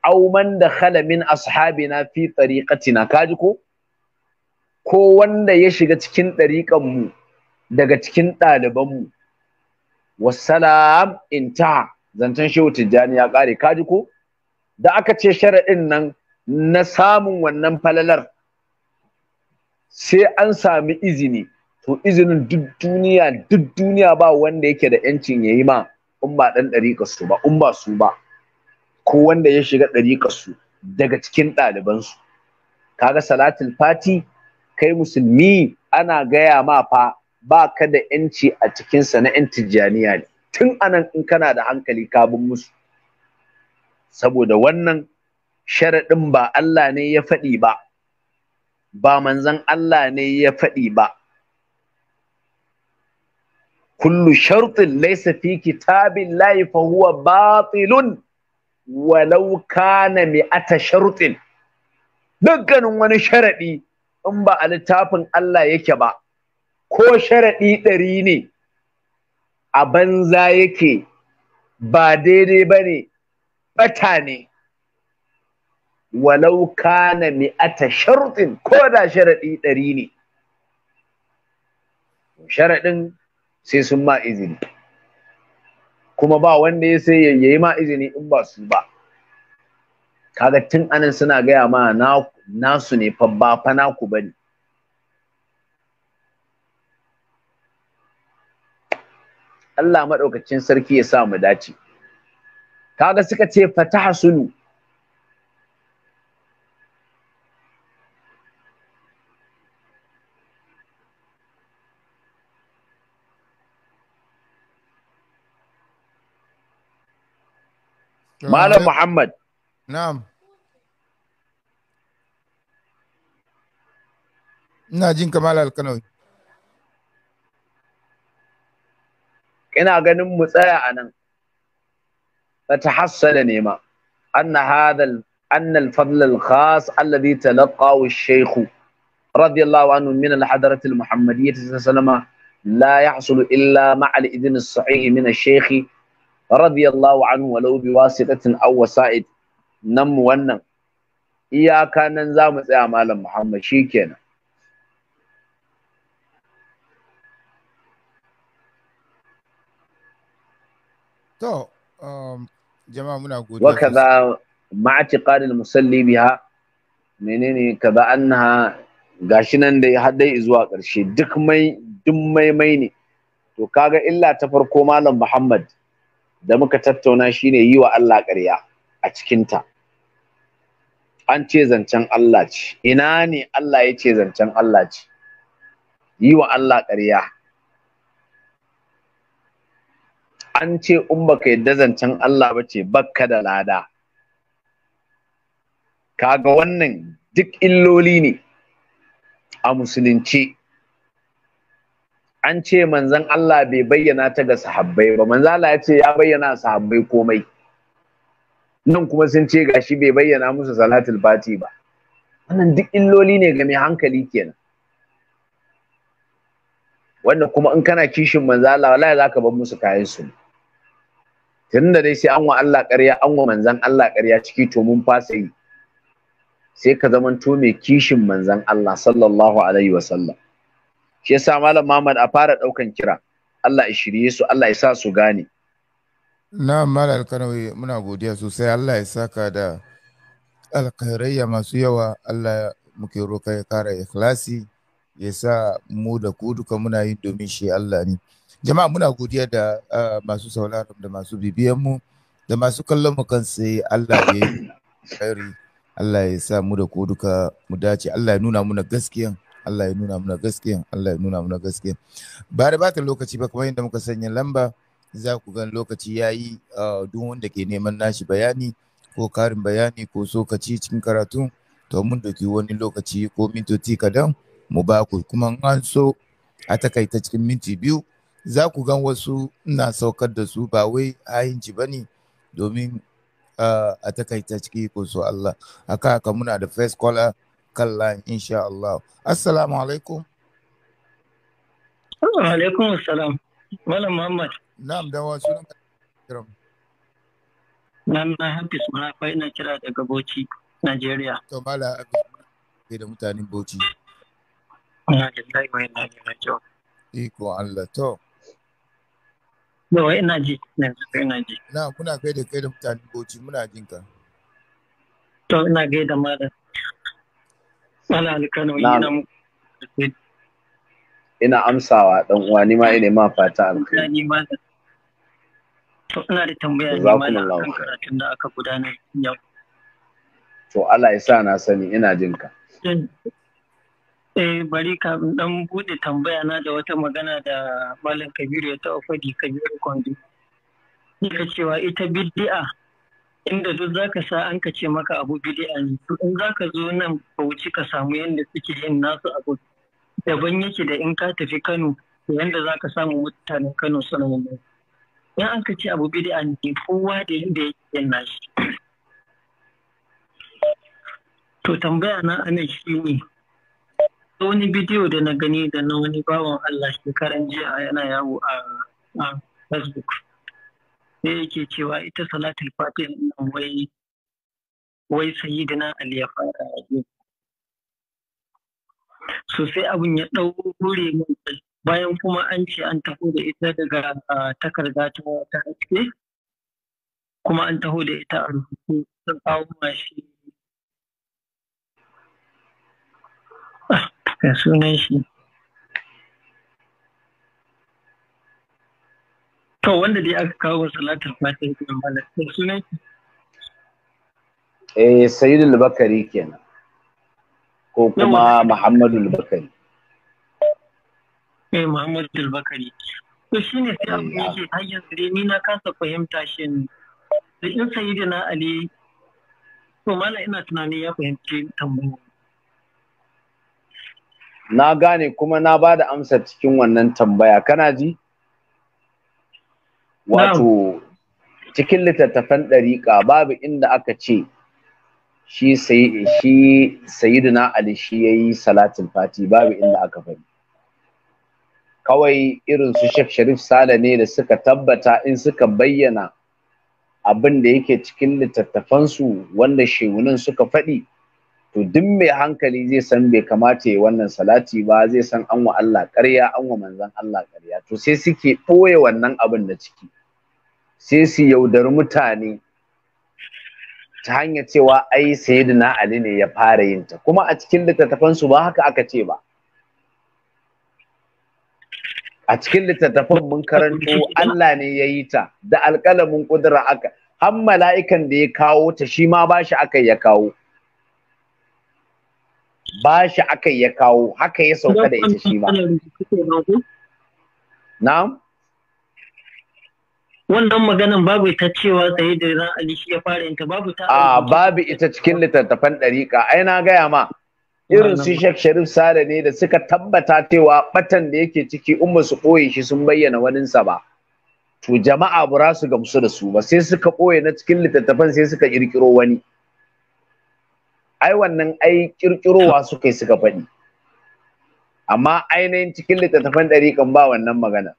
au man dakhala min ashabina fi tariqatina kaji ko ko wanda ya shiga cikin ɗariƙan mu daga cikin ɗaliban mu wassalam intaha zancen shehu tijjani ya ƙare kaji ko da aka ce sharaɗin nan na samun wannan falalar sai an sami izini to izinin duk duniya duk duniya ba wanda yake da yancin ya yi ma in ba ɗan ɗariƙar su ba in ba su ba ko wanda ya shiga ɗariƙar su daga cikin ɗalibansu kaga salatul fati kai musulmi ana gaya ma fa ba ka da yanci a cikinsa na yan tijjaniya ne tun anan in kana da hankali ka bin musu saboda wannan sharaɗin ba Allah ne ya faɗi ba ba manzan Allah ne ya faɗi ba kullu shartin laysa fi kitabillahi fa huwa batilun walau kana mi'ata shartin dukkanin wani sharaɗi in ba a littafin Allah yake ba ko sharaɗi ɗari ne a banza yake ba daidai ba ne bata ne walau kana ata ko da sharaɗi ɗari ne sharaɗin sai sun ma izini kuma ba wanda ya sai ya yi ma izini in ba su ba kaga tun anan suna gaya ma nasu ne fa ba fa naku bane Allah maɗaukacin sarki ya sa mu dace. kaga suka ce fataha fatahsulu Malam Muhammad. Na'am. Ina jin kamar alkanawi. Ina ganin mu tsaya a nan. فتحصل نيما أن هذا أن الفضل الخاص الذي تلقاه الشيخ رضي الله عنه من الحضرة المحمدية صلى الله عليه وسلم لا يحصل إلا مع الإذن الصحيح من الشيخ رضي الله عنه ولو بواسطة أو وسائد نم ونم iyaka nan za mu tsaya malam muhammad shikenan to um jama'a muna godiya wa kaza ma'atiqad al-musalli biha menene kaza annaha gashi nan dai har dai zuwa karshe duk mai duk mai mai ne to kaga illa ta farko malam Muhammad da muka tattauna shine yi wa Allah ƙarya a cikinta an ce zancen Allah ce ina ne Allah ya ce zancen Allah ce yi wa Allah ƙarya an ce in baka yadda zancen Allah ba ce baka da lada kaga wannan duk illoli ne a musulunci an ce manzan Allah bai bayyana ta ga sahabbai ba manzan Allah ya ce ya bayyana sahabbai komai nan kuma sun ce gashi bai bayyana musu salatul Bati ba wannan duk illoli ne ga mai hankali kenan Wannan kuma in kana kishin manzan Allah wallahi zaka bar musu kayan su tunda dai sai an wa Allah ƙarya an wa manzan Allah ƙarya ciki to mun fasa yi sai ka zamanto mai kishin manzan Allah sallallahu alaihi wa sallam shi yasa malam Muhammad a fara ɗaukan kira Allah ya shirye su Allah ya sa su gane na'am malam Alkanawi muna godiya sosai Allah ya saka da alkhairayya masu yawa Allah muke roƙa ya kara ikhlasi ya sa mu da ku duka muna yi domin shi Allah ne Jama'a muna godiya da eh, masu sauraron da masu mu da masu kallon mu kan sai Allah ya yi Allah ya sa mu da ko duka mu dace Allah ya nuna muna gaskiyan Allah ya nuna muna gaskiyan Allah ya nuna muna gaskiyan ba da bata lokaci ba kamar yadda muka sanya lamba za ku gan lokaci ya yi eh, duk wanda ke neman nashi bayani ko karin bayani ko sokaci cikin karatu to mun doki wani lokaci ko mintoti kadan mu ba ku kuma an so a takaita cikin minti biyu za ku gan wasu ina saukar da su ba wai hayinci ba ne domin a takaita ciki ko su Allah A haka muna da first caller kalla line insha Allah assalamu alaikum assalamu alaikum assalam malam muhammad na'am da wasu na kiran na na hafiz marafa ina kira daga bauchi Najeriya. to mala abin da mutanen bauchi na da tsayi mai na kyau iko Allah to Yawa ina ji, ina ji. Na kuna kai da kai da mutane Bauchi muna jin ka. To ina gai da malam. Malam Alkano ina mu. Ina amsawa dan uwa ni ma ina ma fata alkhairi. To ina da tambaya ne malam kan karatun da aka gudanar yau. To Allah ya sa na sani ina jin ka. Eh bari kafin dan bude tambaya na da wata magana da Malam Kabiru ya taɓa faɗi Kabiru Kwando. Ina cewa ita bid'a inda duk zaka sa an ka ce maka abu bid'a ne. In zaka zo nan ka wuce ka samu yadda suke yin nasu abu daban yake da in ka tafi Kano da yadda zaka samu mutanen Kano suna yin in an ka ce abu bid'a ne kowa da yadda yake yin nashi. To tambaya na anan shi ne wani bidiyo da na gani da na wani bawan Allah shekaran jiya yana yawo a Facebook. Ne yake cewa ita salatul fatih nan wai wai sayyidina Ali ya fara yi. So sai abin ya ɗaure mun bayan kuma an ce an taho da ita daga takarda ta ta haske kuma an taho da ita a rubutu sun kawo mashi ah, ya sunan shi to wanda dai aka kawo salatar fatiha kenan malam ya sunan shi eh sayyidul bakari kenan ko kuma Muhammadu bakari eh Muhammadu bakari to shine sai abu yake har yanzu dai ni na kasa fahimta shi da in sayyidina ali to malam ina tunani ya fahimci tambayar na gane kuma na ba da amsa cikin wannan tambaya kana ji wato cikin littattafan ɗariƙa babu inda aka ce shi sai na ali shi yi salatin fati babu inda aka bari. kawai irin su shek Sharif Sale ne da suka tabbata in suka bayyana abin da yake cikin littattafansu wanda shehunan suka faɗi to duk mai hankali zai san bai kamata ya wannan salati ba zai san an wa Allah ƙarya an wa manzon Allah ƙarya to sai suke ɓoye wannan abin da ciki sai su yaudari mutane ta hanyar cewa ai sayyidina Ali ne ya fara yin ta kuma a cikin littattafan su ba haka aka ce ba a cikin littattafan mun karanto Allah ne ya yi ta da alƙalamin ƙudura aka har mala'ikan da ya kawo ta shi ma ba shi aka ya kawo ba shi aka ya kawo haka ya sauka da ita shi ba na'am wannan maganan babu ita cewa tsaye da ran ali shi ya fara yanka, babu ta a ah, babu ita cikin littattafan dariƙa, ai na gaya ma irin su shek Sharif sare ne da suka tabbata cewa batan da yake ciki in ba su ɓoye shi sun bayyana waninsa ba to jama'a ba su gamsu da su ba sai suka ɓoye na cikin littattafan sai suka ƙirƙiro wani ai wannan ai kirkirowa suka suka faɗi amma ainihin cikin littattafan ɗariƙan ba wannan magana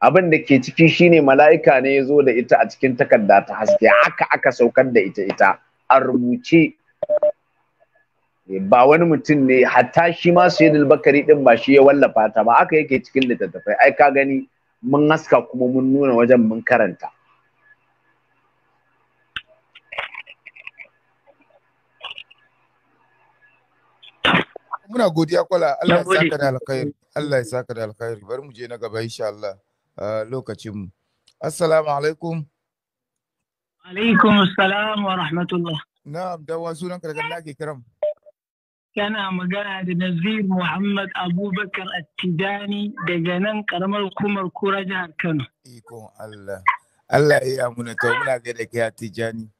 abin da ke ciki shine mala'ika ne ya zo da ita a cikin takarda ta haske aka aka saukar da ita ita a rubuce ba wani mutum ne hatta shi ma su yi bakari ɗin ba shi ya wallafa ta ba haka yake cikin littattafai ai ka gani mun haska kuma mun nuna wajen mun karanta muna godiya kwala Allah ya saka da alkhairi Allah ya saka da alkhairi bari mu je na gaba insha Allah lokacin mu assalamu alaikum alaikum assalam wa rahmatullah na'am da wa sunan ka daga nake kiram Kana magana da Nazir Muhammad Abubakar Attijani daga nan karamar kumar kura jihar Kano iko Allah Allah ya yi amuna to muna ga da kai Attijani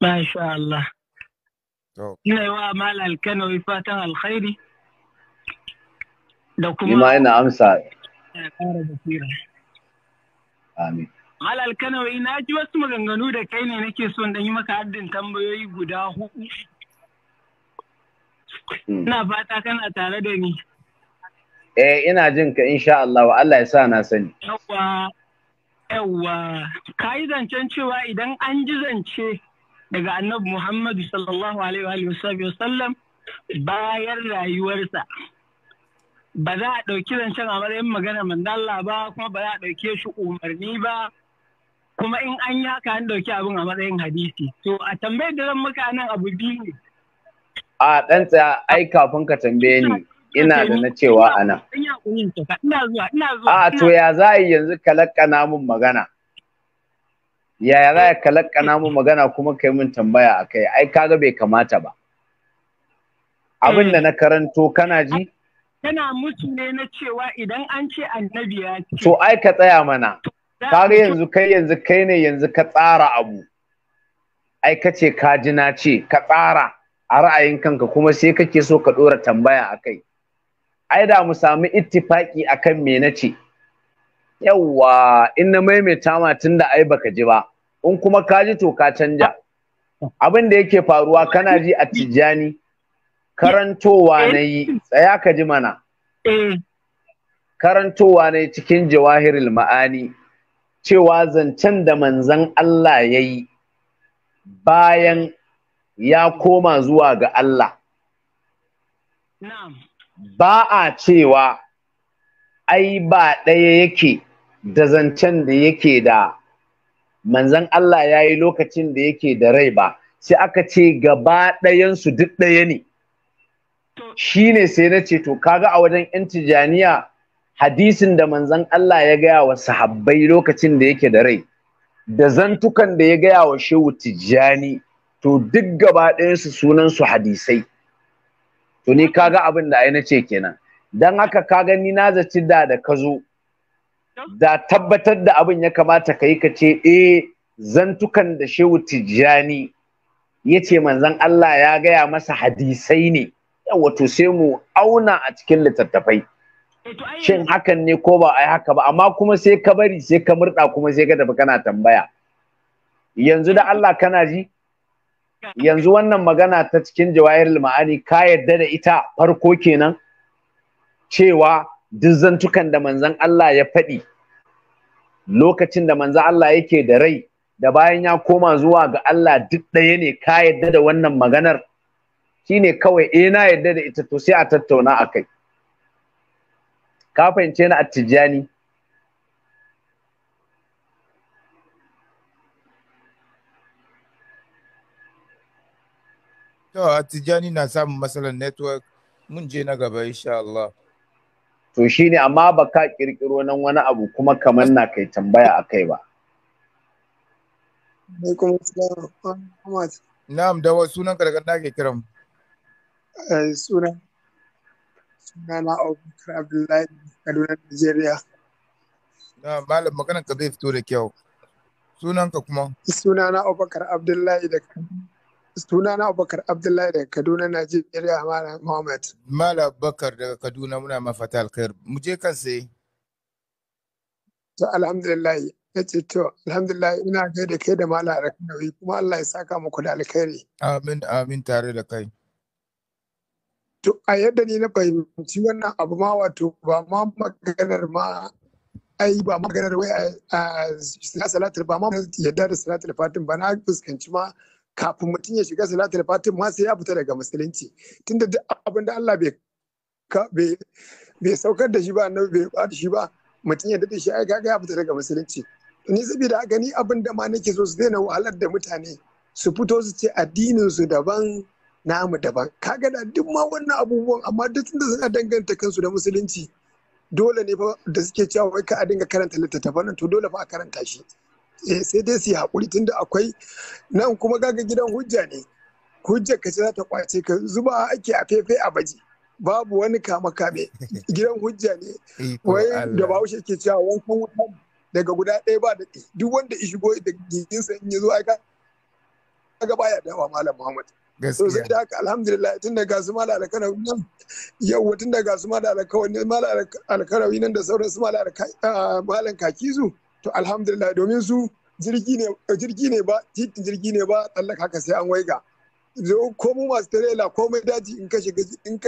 Masha Allah Ina yi wa Mal fatan alkhairi da kuma Ima ina amsa. Amin. Mala Alkanawi na ji wasu maganganu da kai ne nake son dan yi maka haddin tambayoyi guda hudu. Ina fata kana tare da ni. Eh ina jin ka insha Allah wa Allah ya sa na sani. Yawwa yawwa ka yi zancen cewa idan an ji zance daga annabi Muhammadu sallallahu alaihi wasallam bayan rayuwarsa. Ba za a ɗauki zancen a matsayin magana mandalla ba kuma ba za a ɗauke shi umarni ba kuma in an yi haka an ɗauki abin a matsayin hadisi. To a tambayar da zan maka nan abu biyu ne. A ɗan tsaya ai kafin ka tambaye ni ina da na cewa a nan. Ina zuwa ina zuwa. A to ya za yi yanzu ka lakkana mun magana. yaya za ka lakana mu magana kuma kai min tambaya akai kai ai kaga bai kamata ba abin da hmm. na karanto kana ji tana mutu ne na cewa idan an ce annabi ya ce to ai ka tsaya mana kaga yanzu kai yanzu kai ne yanzu ka tsara abu ai ka ce ka ji na ce ka tsara a ra'ayin kanka kuma sai kake so ka dora tambaya akai kai ai da mu samu ittifaki akan me na ce yawwa in na maimaita ma tun da ai baka ji ba in kuma ka ji to ka canja abin da yake faruwa kana ji a tijjani karantowa na yi tsaya ka ji mana eh. karantowa na yi cikin jawahirul ma'ani cewa zancen da manzan Allah ya yi bayan ya koma zuwa ga Allah ba a cewa ai ba ɗaya yake da zancen da yake da manzan Allah ya yi lokacin da yake da rai ba sai aka ce gaba ɗayansu duk ɗaya ne shi ne sai na ce to kaga a wajen 'yan tijaniya hadisin da manzan Allah ya gaya wa sahabbai lokacin da yake da rai da zantukan da ya gaya wa shehu Tijani to duk gaba ɗayansu sunansu hadisai to ni kaga abin da ai na ce kenan don haka kaga ni na zaci da da ka zo da tabbatar da abin ya kamata ka yi ka ce eh zantukan da shehu tijjani ya ce manzan Allah ya gaya masa hadisai ne wato sai mu auna a cikin littattafai eh, shin hakan ne ko ba a yi haka ba amma kuma sai ka bari sai ka murɗa kuma sai ka tafi kana tambaya yanzu da Allah kana ji yanzu wannan magana ta cikin jawahir ma'ani ka yarda da ita farko kenan cewa duk zantukan da manzan Allah ya faɗi lokacin da manzan Allah yake da rai da bayan ya koma zuwa ga Allah duk ɗaya ne ka yadda da wannan maganar shine kawai eh na yadda da ita to sai a tattauna a kai.' ka fahimce na attijani To attijani na samun matsalar network mun je na gaba insha Allah to shine amma ba ka kirkiro nan wani abu kuma kamar na kai tambaya a kai ba na'am da wasu nan daga na ke kiran eh, Suna na abubakar abdullahi kaduna nigeria Na'am malam maganar ka zai fito da kyau sunanka kuma sunana abubakar abdullahi da kaduna suna na abubakar abdullahi daga kaduna a malam muhammad malam abubakar daga kaduna muna mafata alkhair mu je kan sai to alhamdulillah ya ce to alhamdulillah ina kai da kai da malam rakanawi kuma allah ya saka muku da alkhairi amin amin tare da kai to a yadda ni na fahimci wannan abu ma wato ba ma maganar ma ai ba maganar wai a salatul ba ma yadda da salatul fatin ba na fuskanci ma kafin mutum ya shiga salatul fatin ma sai ya fita daga musulunci tunda duk abin da Allah bai saukar da shi ba annabi bai ba shi ba mutum ya dade shi a kaga ya fita daga musulunci ni saboda haka ni abin da ma nake so su daina wahalar da mutane su fito su ce addinin su daban namu daban kaga da duk ma wannan abubuwan amma duk tunda suna danganta kansu da musulunci dole ne fa da suke cewa wai ka a dinga karanta littattafan to dole fa a karanta shi eh sai dai su yi haƙuri tunda akwai nan kuma gaga gidan hujja ne hujjar ka ce za ta kwace ka zuba ake a fefe a baji babu wani kama kame gidan hujja ne wai da bahaushe ke cewa wankan wutan daga guda ɗaya ba da duk wanda ishi shigo da gijinsa in ya zo aika ga baya dawa malam muhammad gaskiya sai da haka alhamdulillah tun da gasu mala alkarawi nan yau tun da gasu mala alkarawi nan da sauran su mala alkarawi ah, malam kakizu to alhamdulillah domin su jirgi ne ba titin jirgi ne ba tsallaka haka sai an waiga ko mu masu tarela komai daji in ka shiga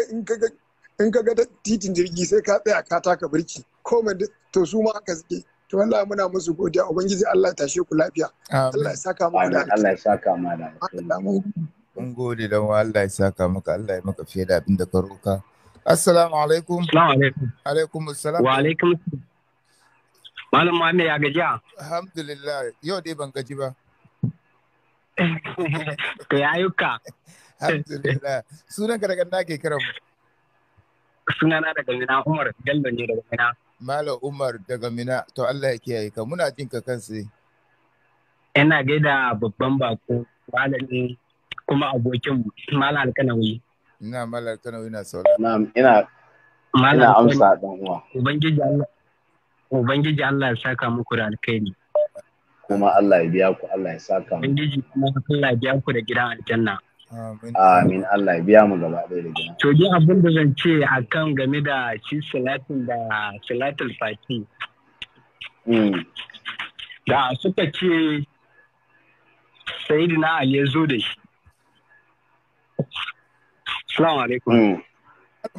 in ka ga titin jirgi sai ka tsaya ka taka birki komai to su ma haka suke to wallahi muna musu godiya ubangiji Allah ya tashe ku lafiya Allah ya saka mu da Allah ya saka mu da mun gode dan Allah ya saka maka Allah ya maka fiye da abin da ka roka assalamu alaikum assalamu alaikum alaikum assalam wa alaikum assalam Malam Muhammad ya gajiya? Alhamdulillah, yau dai ban gaji ba. <laughs> Ka ya ayyuka. Alhamdulillah. Sunan ka daga na ke kira mu. Sunana daga Mina Umar Gallo ne daga Mina. Malam Umar daga Mina, to Allah ya kiyaye ka muna jin ka kansu. Ina gaida babban bako malami kuma abokin Malam Alkanawi. Ina Malam Alkanawi na saurara. ina ina amsa dan uwa. Ubangiji Allah Ubangiji Allah ya saka muku da alkhairi. Kuma Allah ya biya ku Allah ya saka mu. Ubangiji kuma Allah ya biya ku da gidan aljanna. Amin Allah ya biya mu gaba ɗaya da gidan. To abin da zan ce a kan game da shi salatin da salatul fati. Hmm. Da suka ce Sayyidina Ali ya zo da shi. Salamu alaikum. Hmm.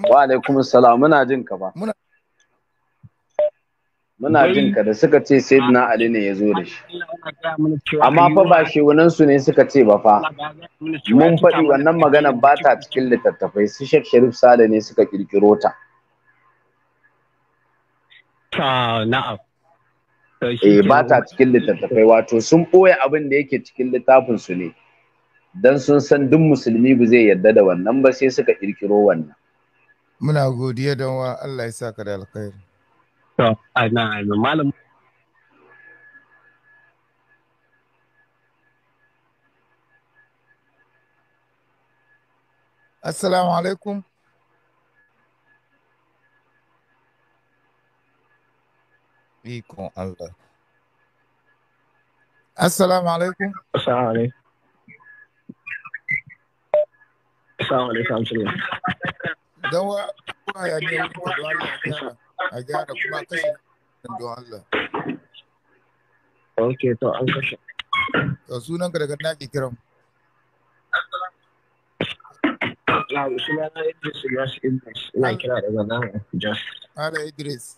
Wa alaikum assalam muna jin ka ba. Muna muna jin ka da suka ce sayyidina ali ne ya zo da shi amma fa ba shi wannan su ne suka ce ba fa mun faɗi wannan maganar ba ta cikin littattafai su shek sharif sale ne suka kirkiro ta na'am eh ba ta cikin littattafai wato sun boye abin da yake cikin littafin su ne dan sun san duk musulmi ba zai yarda da wannan ba sai suka kirkiro wannan muna godiya don wa Allah ya saka da alkhairi So, ay, na, ano, malam. Assalamu alaikum. Ikon Allah. Assalamu alaikum. Assalamu alaikum. Assalamu alaikum. Don wa ya ne wani a gyara kuma kashe don Allah ok to an kashe to sunan ka daga naki kiran Na suna na Idris Ilyas Ilyas ina kira daga nan Jos. Ala Idris.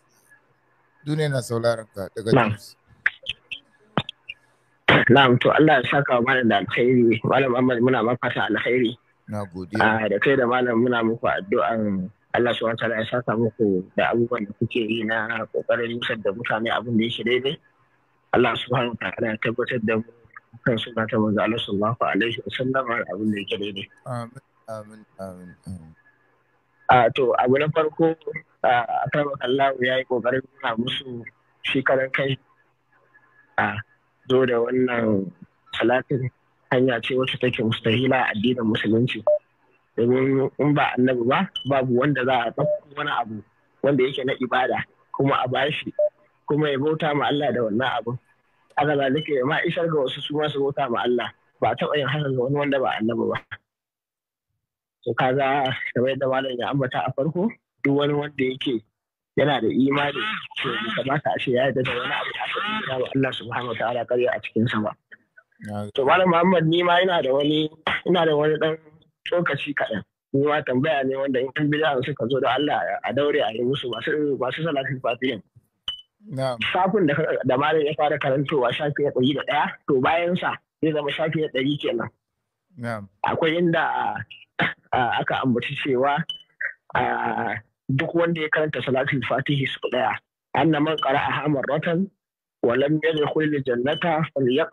Duniya na sauraron ka daga Jos. Na'am to Allah ya saka malam da alkhairi. Malam Ahmad muna maka fata alkhairi. Na gode. Ah, da kai da malam muna muku addu'an Allah subhanahu wataala ya saka muku da abubuwan da kuke yi na kokarin nusar da mutane abin da yake daidai Allah subhanahu wataala ya tabbatar da mu kan suna ta manzo Allah sallallahu alaihi wasallam abin da yake daidai amin amin amin a to abu na farko a kan Allah ya yi kokarin nuna musu shi kai a zo da wannan salatin hanya ce wacce take mustahila a addinin musulunci domin in ba annabi ba babu wanda za a ɗauko wani abu wanda yake na ibada kuma a bashi kuma ya bauta ma Allah da wannan abu? haka zalika ya ma isar ga wasu su masu bauta ma Allah ba a taɓa yin haka ga wani wanda ba annabi ba to kaga kamar yadda malam ya ambata a farko duk wani wanda yake yana da imani to kamata a ce ya yarda da wani abu da aka yi Allah subhanahu wataala karya a cikin sama? to malam Muhammad ni ma ina da wani ina da wani dan tsokaci kaɗan. Ni ma tambaya ne wanda in bid'a suka zo da Allah a daure a yi musu masu salatin fatihin. Safin da malam ya fara karantowa shafi ya ɗari da ɗaya to bayan sa zai zama shafi ya ɗari kenan. Akwai inda aka ambaci cewa duk wanda ya karanta salatin fatihi su ɗaya. Anna man a hamar ratan wa lam kulli jannata ya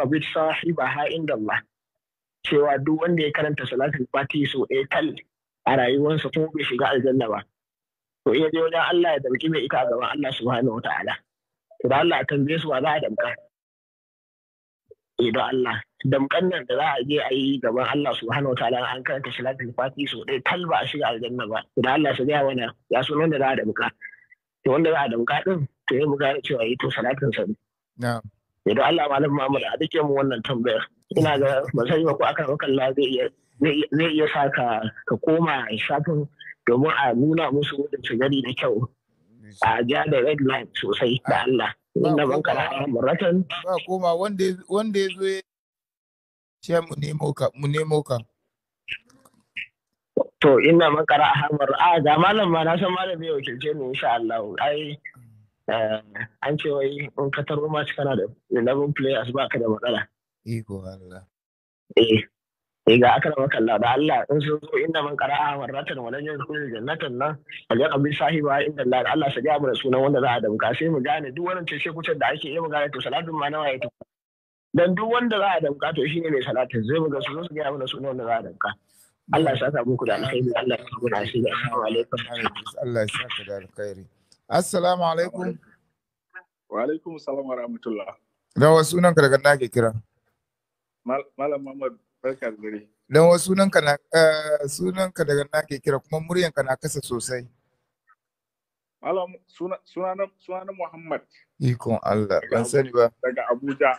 ba ha inda Allah. cewa duk wanda ya karanta salatul fati so ɗaya tal a rayuwarsa kuma bai shiga aljanna ba to iya je wajen Allah ya damki mai ita a gaban Allah subhanahu wa ta'ala to da Allah kan je su wa za a damka idan eh, Allah damkan nan da za a je a yi gaban Allah subhanahu Ta'ala an karanta salatul fati so ɗaya tal ba a shiga aljanna ba idan Allah su gaya wani ya so wanda za a damka to wanda za a damka din to ya buga da cewa yi to salatin sa ne idan eh, Allah malam Muhammad a dake mu wannan tambayar ina ga ba sani ba ko aka kalla zai iya zai iya sa ka ka koma shafin domin a nuna musu da gari da kyau a ja da red line sosai da Allah inda ban kana maratan ba koma wanda wanda ya zo ya mu nemo ka mu nemo ka to ina man kara hamar a ga malam ma na san malam bai wakilce ni insha Allah ai eh, an ce wai in ka taro ma kana da 11 players ba ka da matsala Iko Allah. Eh, eh ga aka rama kalla da Allah in sun zo inda man qara'a warratan walan yadkhul jannatan nan alyaqa bi sahiba inda Allah Allah sa mana sunan wanda za a damka sai mu gane duk wannan cece kucin da ake yi mu gane to salatu ma nawa ya dan duk wanda za a damka to shine mai salatin zai mu ga su zo su gaya mana sunan wanda za a damka Allah ya saka muku da alkhairi Allah ya saka da assalamu alaikum Allah ya saka da alkhairi assalamu alaikum wa alaikum assalam wa rahmatullah da wasu nan daga nake kira Malam Muhammad barkar da Dan wa sunanka na eh, ka daga na ke kira kuma muryanka na kasa sosai. Malam sunan sunan Muhammad. Ikon Allah ban sani ba. Daga Abuja.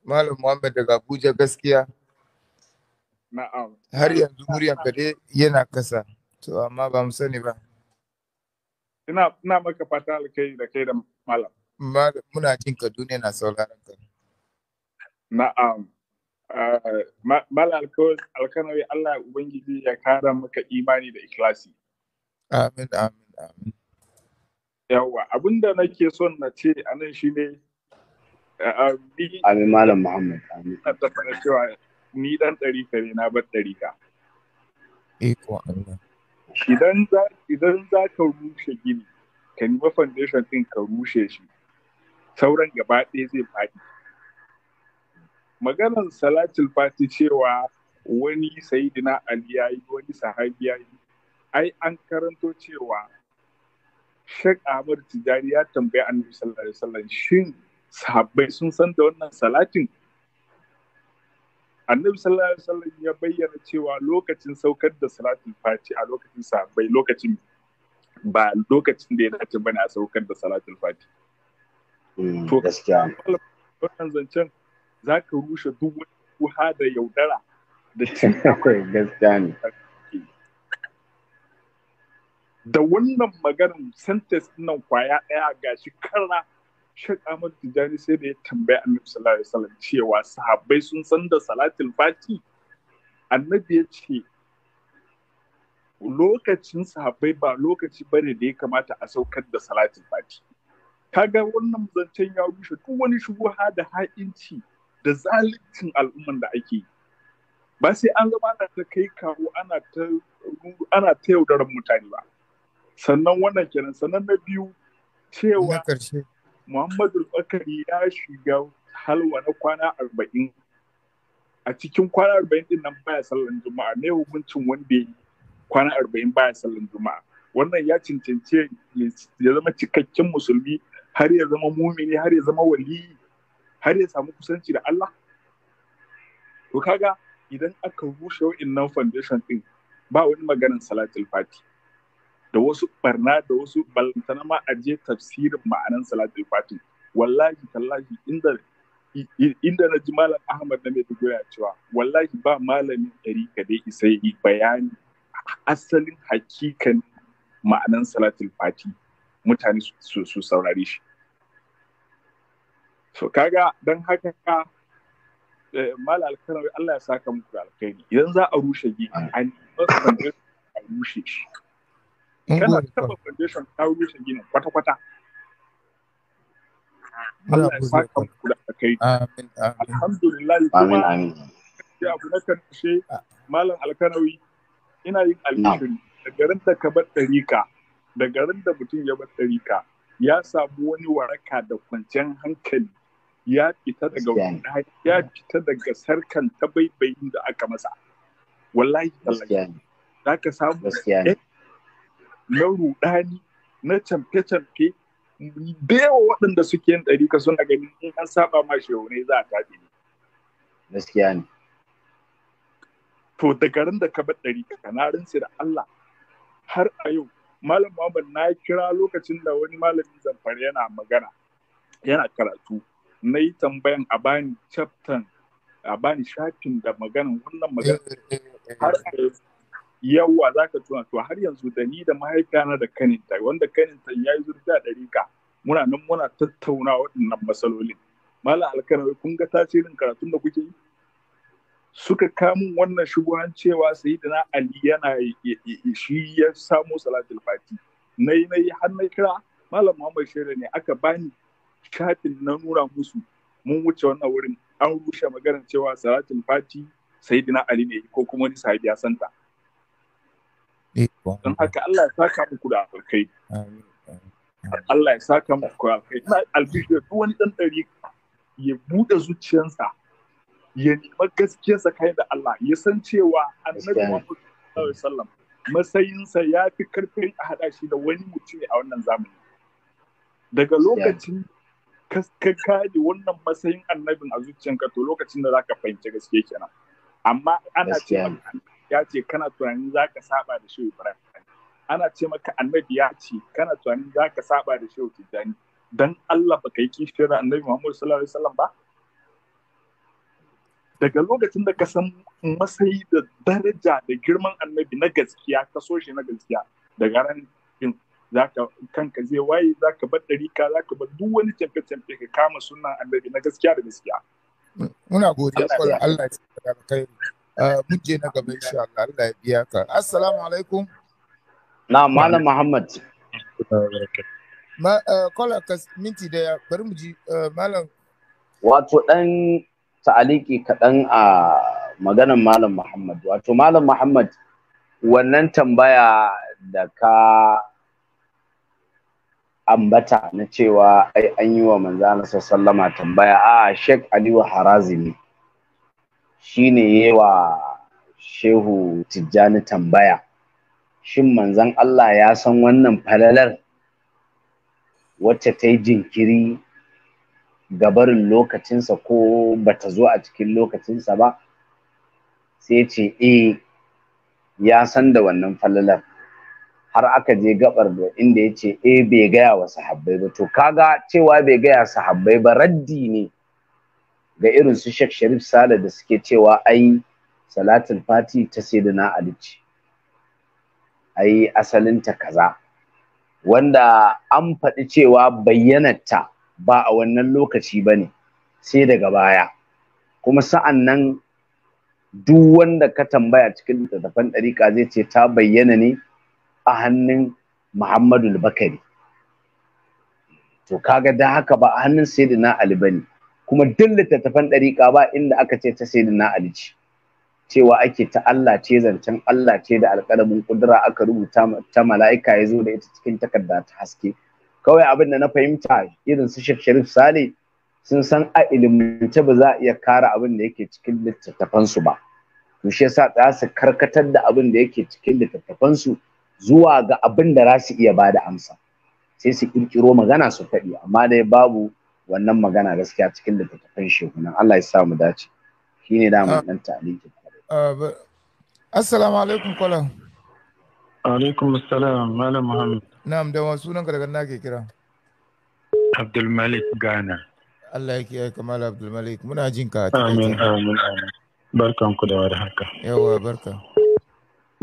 Malam Muhammad daga Abuja gaskiya. Na'am. Har yanzu muryanka dai yana kasa. To amma ba mu sani ba. Ina ina maka fata alkai da kai da malam. Malam muna jin ka duniya na sauraron ka. Na'am. Mala alkanawi Allah Ubangiji ya kara maka imani da ikilasi. Amin, amin, amin. Yawwa, abinda nake son na ce a nan shi ne, Amin, Malam Muhammad, amin. Na tafa cewa ni ɗan ɗarika ne na bar ɗarika. Iko Allah. Idan za ka rushe gini, ka nima foundation ɗin ka rushe shi, sauran gaba ɗaya zai faɗi. maganar salatul fati cewa wani sayidina ali ya yi wani sahabi ya yi ai an karanto cewa Sheikh Ahmad tijari ya tambaya Annabi sallallahu alaihi wasallam shin sahabbai sun san da wannan salatin Annabi sallallahu alaihi wasallam ya bayyana cewa lokacin saukar da salatul fati a lokacin sahabbai lokacin ba lokacin da ya dace bane a saukar da salatul fati hmm, to gaskiya wannan zancen za ka rushe duk wani kuha da yaudara da <laughs> akwai gaskiya ne da wannan maganar sentence nan kwaya ɗaya ga shi kara Sheikh Tijani sai da ya tambaya Annabi sallallahu alaihi wasallam cewa sahabbai sun san da salatul fati Annabi ya ce lokacin sahabbai ba lokaci bane da ya kamata a saukar da salatul fati kaga wannan zancen ya rushe duk wani shubuha da ha'inci da zaluncin al'umman da ake yi ba sai an zama ana ta kai kawo ana ta yaudarar mutane ba sannan wannan kenan sannan na biyu cewa muhammadu bakari ya shiga halwa na kwana arba'in a cikin kwana arba'in din nan baya sallan juma'a ne hukuncin wanda kwana arba'in baya sallan juma'a wannan ya cancanci ya zama cikakken musulmi har ya zama mumini har ya zama waliyi har ya samu kusanci da Allah to kaga idan aka rushe wa'innan foundation ɗin ba wani maganin salatul fati da wasu barna da wasu balantana ma a je tafsirin ma'anan salatul fati wallahi tallahi inda inda na ji malam ahmad na mai goya cewa wallahi ba malamin ɗari ka dai isa yi bayani asalin hakikan ma'anan salatul fati mutane su saurare shi so kaga don haka eh, mala alkarawi Allah ya saka muku alkhairi idan za a rushe gini an a rushe shi kana taba foundation ta rushe gini kwata kwata Allah ya saka muku da alkhairi alhamdulillah amin sai abu na karshe ah. malam alkarawi ina yin alkhairi da garin da ka bar ɗarika da garin da mutum ya bar ɗarika ya samu wani waraka da kwanciyar hankali ya fita daga ya fita daga sarkan tabaibayin da aka masa wallahi za ka samu eh, na rudani na camfe-camfe da yawa waɗanda suke yin ɗarika suna ganin in an saba ma shehune za a tafi ne gaskiya ne to daga ran da ka bar ɗari ka na da Allah har a yau malam Muhammad na kira lokacin da wani malamin zamfara yana magana yana karatu na yi tambayan a bani chapter a bani shafin da maganan wannan magana eh, eh, eh, har yawa za ka tuna to har yanzu da ni da mahaifiyana da kaninta wanda kaninta ya yi zurfi a ɗarika muna nan muna tattauna waɗannan matsalolin malam alkanar kun ga tasirin karatun da kuke yi suka kamun wannan shugaban cewa na ali yana shi ya samo salatul fati na yi har na kira malam muhammad shaida ne aka bani shafin na nura musu mun wuce wannan wurin an rushe maganar cewa saratin fati sai dina ali ne ko kuma wani sahibi ya santa eh, don haka Allah ya saka muku da alkai Allah ya saka muku da alkai ina albishir duk wani dan dari ya bude zuciyarsa ya nima gaskiyarsa kai da Allah ya san cewa annabi Muhammad sallallahu alaihi masayinsa matsayinsa ya fi karfin a haɗa shi da wani mutum a wannan zamani daga lokacin ka kare wannan matsayin annabin a zuciyanka to lokacin da zaka fahimci gaske kenan amma ana ce ya ce kana tunanin zaka saba da shehu ibrahim ana ce maka annabi ya ce kana tunanin zaka saba da shehu tijjani dan Allah baka yi kishiyar annabi Muhammad sallallahu alaihi wasallam ba daga lokacin da ka san matsayi da daraja da girman annabi na gaskiya ka so shi na gaskiya daga ran zaka kanka zai waye zaka bar ɗarika zaka bar duk wani canfe canfe ka kama suna annabi na gaskiya da gaskiya muna godiya ko Allah ya kai ah, mun je na gaba insha Allah Allah ya biya ka assalamu alaikum na malam Muhammad ma kola eh, ka minti da bari mu ji eh, malam wato dan ta'aliki kaɗan a maganan malam Muhammad wato malam Muhammad wannan tambaya da ka ambata na cewa ai an yi wa manzana sallama tambaya a ah, Sheikh Aliyu Harazimi shine yayi wa Shehu Tijjani tambaya shin manzan Allah ya san wannan falalar wacce ta yi jinkiri gabarin lokacinsa ko bata zo a cikin lokacinsa ba sai ce eh ya san da wannan falalar har aka je gabar da inda ya eh bai gaya wa sahabbai ba to kaga cewa bai gaya sahabbai ba raddi ne ga irin su Sheikh Sharif Sale da suke cewa ai salatul fati ta sayyidina Ali ce ai ta kaza wanda an faɗi cewa bayyanarta ba a wannan lokaci ba ne sai daga baya kuma sa'an nan duk wanda ka tambaya cikin littattafan ɗariƙa zai ce ta bayyana ne a hannun Muhammadu Bakari to kaga da haka ba a hannun Sayyidina Ali bane kuma duk littattafan ɗariƙa ba inda aka ce ta Sayyidina Ali ce cewa ake ta Allah ce zancen Allah ce da alƙalamin kudura aka rubuta ta mala'ika ya zo da ita cikin takarda ta haske kawai abin da na fahimta irin su Sheikh Sharif Sale sun san a ilimance ba za a iya kara abin da yake cikin littattafansu ba to shi yasa za su karkatar da abin da yake cikin littattafansu zuwa ga abin da za su iya ba da amsa sai su kirkiro magana su faɗi amma dai babu wannan magana gaskiya cikin da littattafan shekunan Allah ya sa mu dace shine da mun ah. dan ta'aliki ah, assalamu alaikum kola alaikum assalam malam muhammad na'am da wasu nan daga na ke kira abdul malik gana Allah ya kiyaye kamal abdul malik muna jin ka amin amin amin barkanku da warhaka yawa barka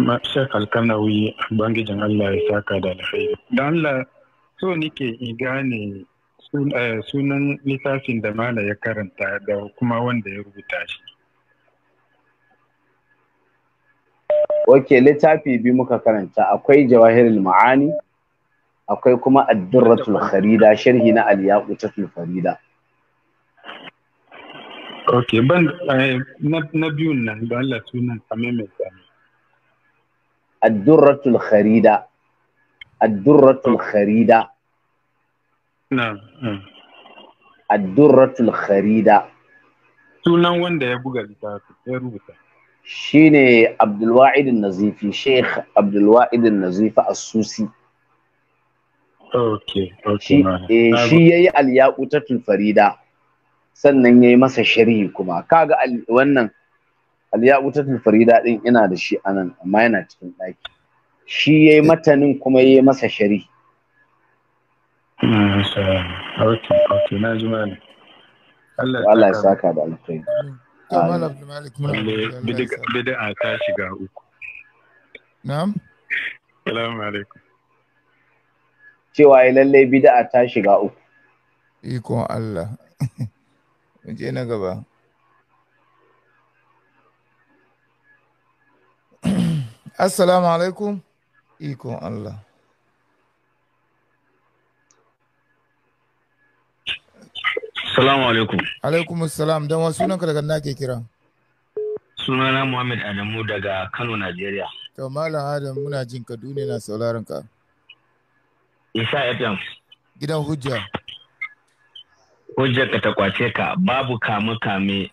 Shek Alkanawi Bangijin Allah ya saka da alkhairi. Da Allah so nike in gane eh, sunan littafin da Mala ya karanta da kuma wanda ya rubuta shi. Ok, littafi biyu muka karanta akwai jawahirul ma'ani akwai kuma addurratul farida sharhi na aliyaqutatul farida. Ok, ban eh, na biyun nan don Allah sunan kamar mai addurratul kharida addurratul kharida na'am addurratul kharida sunan wanda ya buga littafi ya rubuta shine abdulwa'id an-nazifi sheikh abdulwa'id an-nazifi as-susi okay okay shi yayi al-yaqutatul farida sannan yayi masa sharhi kuma kaga wannan aliya'utatul farida din ina da shi anan amma yana cikin ɗaki shi yayi matanin kuma yayi masa shari Allah ya saka da alkhairi bid'a ta shiga uku na'am Salamu alaikum cewa lalle bid'a ta shiga uku ikon Allah <laughs> je na gaba assalamu alaikum ikon Allah Assalamu alaikum. Alaikum salam don wasu nan daga na ke kira. Sunana Muhammad Adamu daga Kano, Najeriya. To Malam Adam muna jin Kaduna na sauraron ka. Isa FM. Gidan hujja. hujjar ka ta kwace ka babu kame kame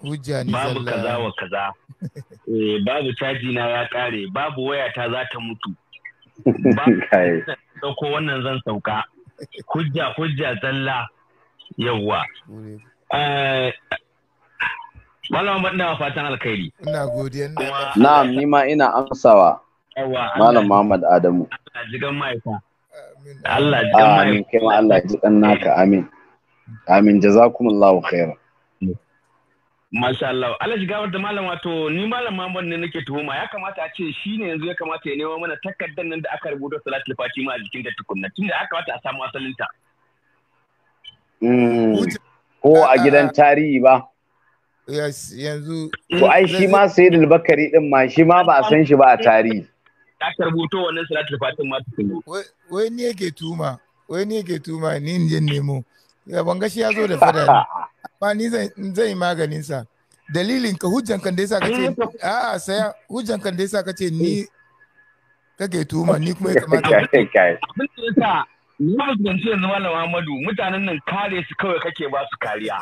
babu kaza wa kaza <laughs> eh, babu caji na ya kare babu waya ta za ta mutu dauko <laughs> <laughs> wannan zan sauka hujja hujja zalla yawwa eh, Malam Baɗina wa fatan alkhairi. Ina godiya. Na'am, ni ma ina amsawa. Malam Muhammad Adamu. Allah jigan mahaifa. Allah jigan Amin, kai ma Allah jigan naka, amin. amin jazakumullahu khaira. Masha Allah. Allah shiga da malam wato ni malam Muhammad ne nake tuhuma ya kamata a ce shi ne yanzu ya kamata ya nemo mana takardar nan da aka rubuta salatul fatima a jikin ta tukunna tunda ya kamata a samu asalin ta. Hmm. Ko a gidan ah. tarihi ba. Yes, yanzu. To ai shi ma Sayyidul Bakari din ma shi ma ba a san shi ba a tarihi. Ta rubuto wannan salatul fatima tukunna. Wai ni yake tuhuma? Wai ni yake tuhuma ni ne nemo. ya ban shi ya zo da fada amma ni zai maganin sa dalilin ka hujjan kan da yasa kace <laughs> a'a saya hujjan kan da yasa kace ni kake tuma ni kuma ya kamata <laughs> ni ba su yanzu yanzu malam Ahmadu mutanen nan kare su kawai kake ba su kariya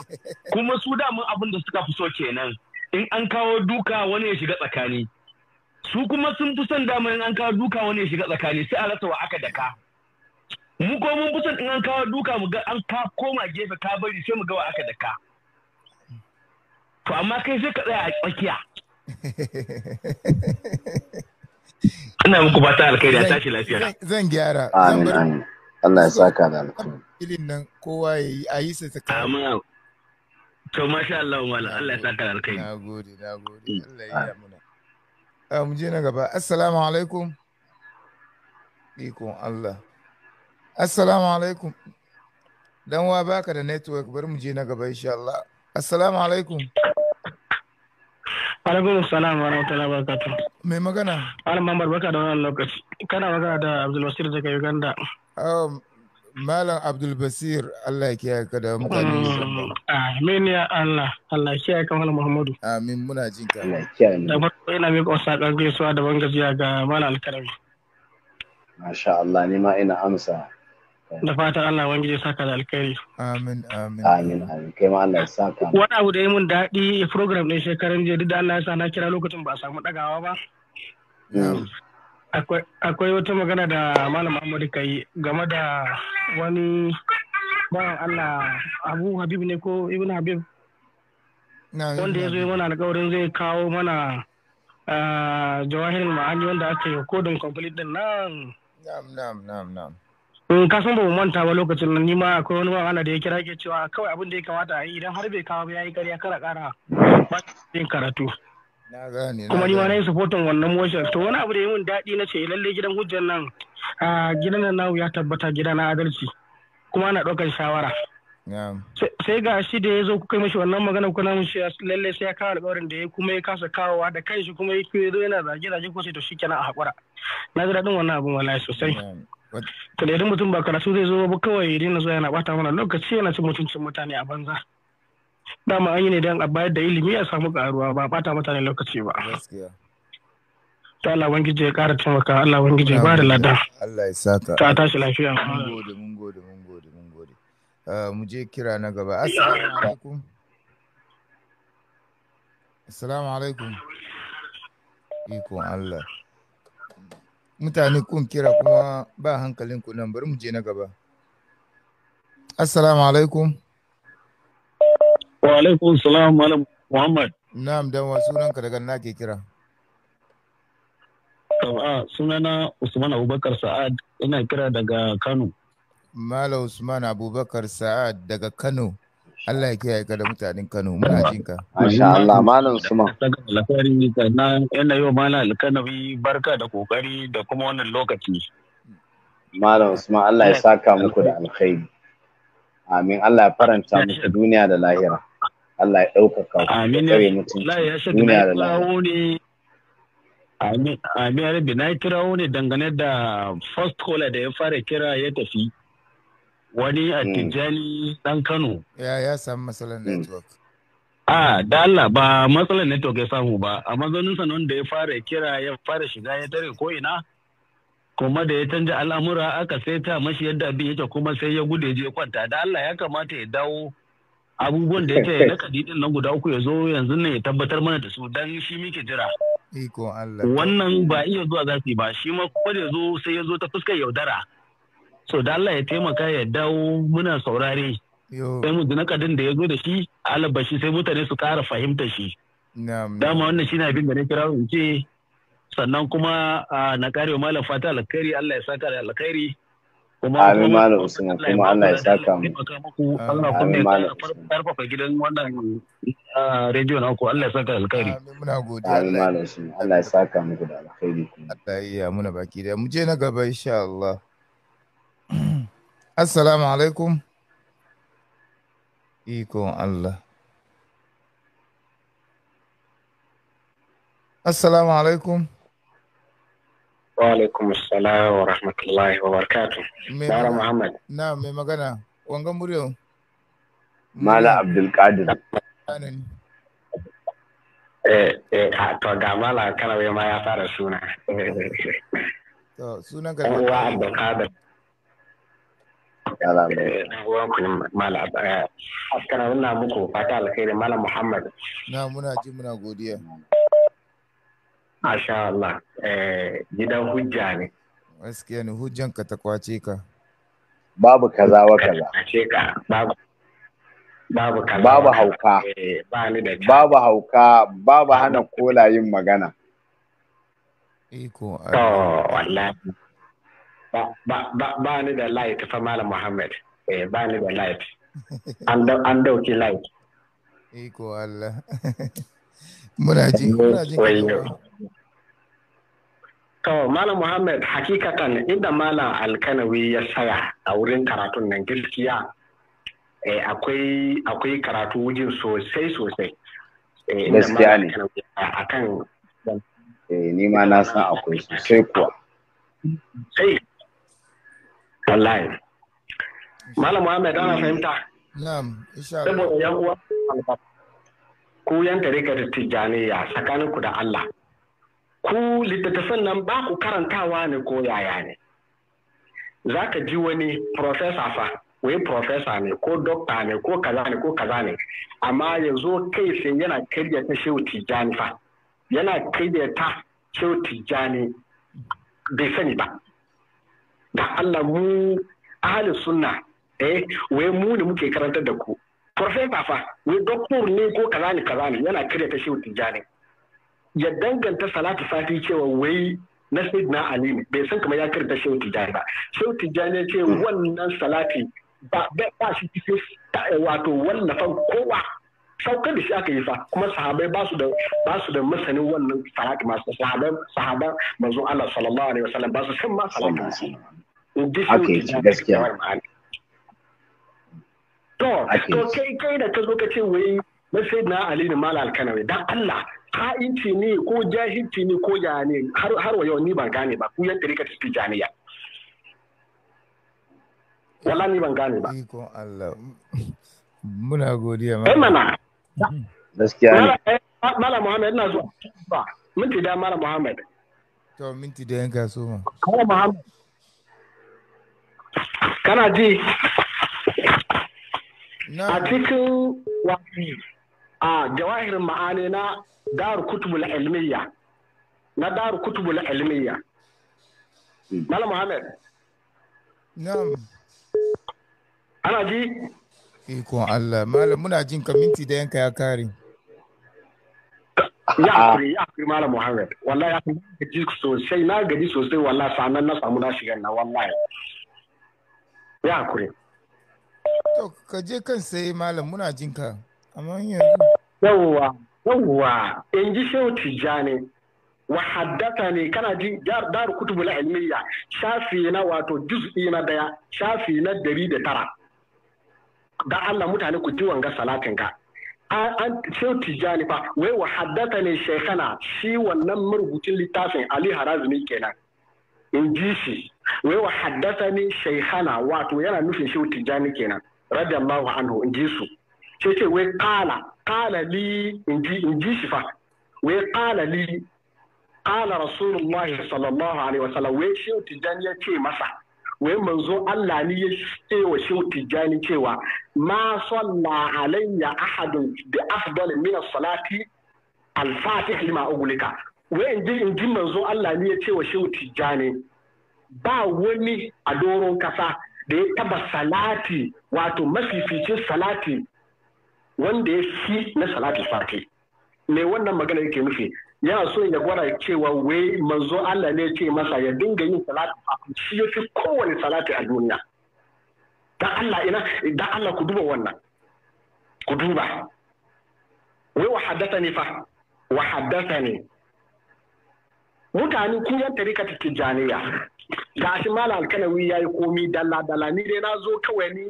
kuma su damun abin da suka fi so kenan in an kawo duka wani ya shiga tsakani su kuma sun fi son damun in an kawo duka wani ya shiga tsakani sai a rasa wa aka daka mu ko mun fi son in an kawo duka mu ga an ka koma gefe ka bari sai mu ga wa aka daka to amma kai sai ka tsaya a tsakiya <laughs> ina muku fata alkhairi a tashi lafiya zan gyara amin amin Allah ya saka da alkhairi ilin nan kowa ya yi a yi sa ta amin to masha Allah wala Allah ya saka da alkhairi nagode nagode mm, Allah ya yi muna ah, mu je na gaba assalamu alaikum ikon Allah Assalamu alaikum. Dan wa baka da network bari mu je na gaba insha Allah. Assalamu alaikum. Alaikum salam wa rahmatullahi wa barakatuh. Mai magana? Malam Mambar baka da wannan lokaci. Kana magana da Abdul Basir daga Uganda. Oh, Malam Abdul Basir Allah ya kiyaye ka da mutane. Mm, amin ya Allah. Allah ya kiyaye ka Malam Muhammadu. Amin muna jin ka. Da farko ina kosa kan gaisuwa da ban ga Malam Alkarami. Masha Allah ni ma ina amsa. da fatan Allah wani ya saka da alkhairi. Amin, amin. Amin, amin. Kai ma Allah ya saka. Wani abu da yi mun daɗi program ɗin shekarun jiya duk da Allah ya sa na kira lokacin ba a samu ɗagawa ba. Mm. Akwai wata magana da Malam Ahmadu kai game da wani bawan Allah Abu Habib ne ko Ibn Habib. Wanda ya zo mana alkawarin zai kawo mana ah, jawahirin ma'ani wanda aka yi kodin complete din nan. Nam, nam, nam, nam. in mm, ka san ba manta ba lokacin nan nima akwai wani wahala da ya kira ke cewa kawai abin da ya kamata a yi idan har bai kawo ya yi ƙarya kara kara ba yin karatu kuma nima na yi supportin wannan motion to wani abu da ya mun daɗi na ce lalle gidan hujjar nan a gidan nan nawu ya tabbata gida na adalci kuma ana ɗaukar shawara sai ga shi da ya zo kuka mashi wannan magana kuna mashi lalle sai ya kawo alƙawarin da ya kuma ya kasa kawowa da kanshi kuma ya zo yana zage zage ko sai to kenan a haƙura na ji daɗin wannan abin wallahi sosai to idan mutum ba karatu zai zo ba kawai ya daina zuwa yana bata mana lokaci yana cin mutuncin mutane a banza dama an yi ne don a bayar da ilimi a samu karuwa ba bata mutane lokaci ba Ta Allah wangije ya kara taimaka Allah wangije ya bada lada Allah ya saka ta tashi lafiya mun gode mun gode mun gode mun gode ah, mu je kira na gaba assalamu alaikum assalamu alaikum ikon Allah mutane kun kira kuma ba hankalin ku nan bari mu je na gaba assalamu alaikum wa alaikum salam malam muhammad na'am dan wa sunan ka daga nake kira Tawa sunana Usman Abubakar Sa'ad ina kira daga Kano Malam Usman Abubakar Sa'ad daga Kano Allah ya kiyaye ka da mutanen Kano muna jin ka. Masha Allah malam Suma. Alkhairi sannan yana yau malam Alkanawi barka da kokari da kuma wannan lokaci. Malam Suma Allah ya saka muku da alkhairi. Amin Allah ya faranta muku duniya da lahira. Allah ya ɗaukaka ku. Amin ya duniya da lahira. Amin ya rabi na kira ne dangane da first caller da ya fara kira ya tafi. wani a hmm. Tijjani ɗan Kano. Ya ya samu matsalar hmm. network. A da Allah ba matsalar network ya samu ba, a mazauninsa nan da ya fara kira ya fara shiga ya tare ko'ina, kuma da ya canja al'amura aka sai ta mashi yadda abin yake kuma sai ya gude je kwanta da Allah ya kamata ya dawo abubuwan da yake na kadidin nan guda uku ya zo yanzu ne ya tabbatar mana da su dan shi muke jira. Wannan ba iya zuwa za ba shi ma kuma da zo sai ya zo ta fuskar yaudara. so da Allah ya taimaka ya dawo muna saurare sai mu kadin da ya zo da shi shi sai mutane su kara fahimta shi dama wannan na abin da na kira in ce sannan kuma na wa malam fata alkhairi Allah ya saka da alkhairi kuma amin malam usman kuma Allah ya saka mu Allah kuma ya karfafa gidan wannan radio na ku Allah ya saka alkhairi muna godiya amin malam usman Allah ya saka mu da alkhairi Allah ya muna baki da mu je na gaba insha Allah Assalamu alaikum. Ikon Allah. Assalamu alaikum. Wa alaikum assalam wa rahmatullahi wa barakatu. Bara Muhammad. Na mai magana. Wangan muryo. Mala Abdulkadir. Eh, eh, to ga mala kalawe ma ya fara suna. To sunan ka. Wa Abdulkadir. Askana eh, muna eh, muku fata alkhairi Malam Muhammad. Na muna ji muna godiya. Masha Allah, eh, gidan hujja ne. Gaskiya ne hujjan ka ta kwace ka. Babu kaza wa kaza. ka, babu. Babu kaza. Babu hauka. Babu hauka, babu hana kola yin magana. Iko. To, wallahi. ba ni da light fa malam muhammad eh ba ni da light an dauki light iko allah <laughs> muna ji muna ji To, Malam Muhammad hakikatan inda Malam Alkanawi ya saya a wurin karatun nan gaskiya eh, akwai karatu wujin sosai sosai. Eh, gaskiya ne. A kan. Eh, ni ma na san akwai sosai kuwa. Sai wallahi malam muhammad ana fahimta na'am insha Allah saboda yan uwa ku yan tarikar tijjaniya tsakanin ku da Allah ku littattafan nan ba ku karantawa ne ko yaya ne za ka ji wani profesa fa wai profesa ne ko dokta ne ko kaza ne ko kaza ne amma yanzu kai sai yana ta shehu tijani fa yana ta shehu tijani bai sani ba da Allah mu ahli sunna eh wai mu ne muke karantar da ku professor fa wai doctor ne ko kaza ne kaza ne yana kare ta shehu tijani ya danganta salatu safi cewa wai na sayyidina ali ne bai san kamar ya kare ta shehu tijani ba shehu tijani ya ce hmm. wannan salati ba ba shi cikin wato wallafan kowa saukar da shi aka yi fa kuma sahabai ba su da ba su da masanin wannan salati masu sahaban sahaban manzon Allah sallallahu alaihi wasallam ba su san ma salati haka yake gaskiya to to kai kai da ka zo ka ce wai masai na ali ne malal kanawe dan Allah ha'inci ne ko jahilci ne ko ya ne har har wa yau ni ban gane ba ku yan tarika tijaniya Wala ni ban gane ba iko Allah muna godiya ma eh, mana gaskiya ne Mala eh, Muhammad ina zuwa minti da Mala Muhammad to minti da yanka so ma Mala Muhammad kana ji a cikin wani a jawahir ma'ani na daru kutubul ilmiya na daru kutubul ilmiya Malam Muhammad na'am ana ji ikon Allah Mala muna jin ka minti da yanka ya kare ya akuri ya akuri malam Muhammad wallahi ya gaji sosai na gaji sosai wallahi sanan na samu na shiga na wallahi ya hakuri to ka je kan sai malam muna jin ka amma yanzu yawwa yawwa in ji shehu tijjani wa haddata ne kana ji daru kutubu ilmiya shafi na wato juz'i na daya shafi na dari da tara da Allah mutane ku ji wanga salatin ka an shehu tijjani fa wai wa haddata ne shekana shi wannan marubucin littafin Ali Harazmi kenan in ji shi wai wa haddasa ne shaihana wato yana nufin shehu tijjani kenan radiyallahu anhu in ji su sai ce wai qala qala li in ji shi fa wai qala li qala rasulullahi hmm. sallallahu alaihi sallam. wai shehu tijjani ya ce masa wai manzo Allah ne ya ce wa shehu tijjani cewa ma salla alayya ahadun bi afdal min as-salati al-fatih lima ugulika wai in ji in ji manzo Allah ne ya ce wa shehu tijjani ba wani a doron kasa da ya taba salati wato mafificin salati wanda ya fi na salati fati me wannan magana yake nufi yana so ya gwada cewa wai manzo Allah ne ce masa ya dinga yin salati a shi ya fi kowane salati a duniya Da Allah ina da Allah ku duba wannan ku duba wai wa ne fa wa ne. mutane ku yan tarikatu tijaniya ga shi mala alkalawi ya yi komi dalla dalla ni dai na zo kawai ni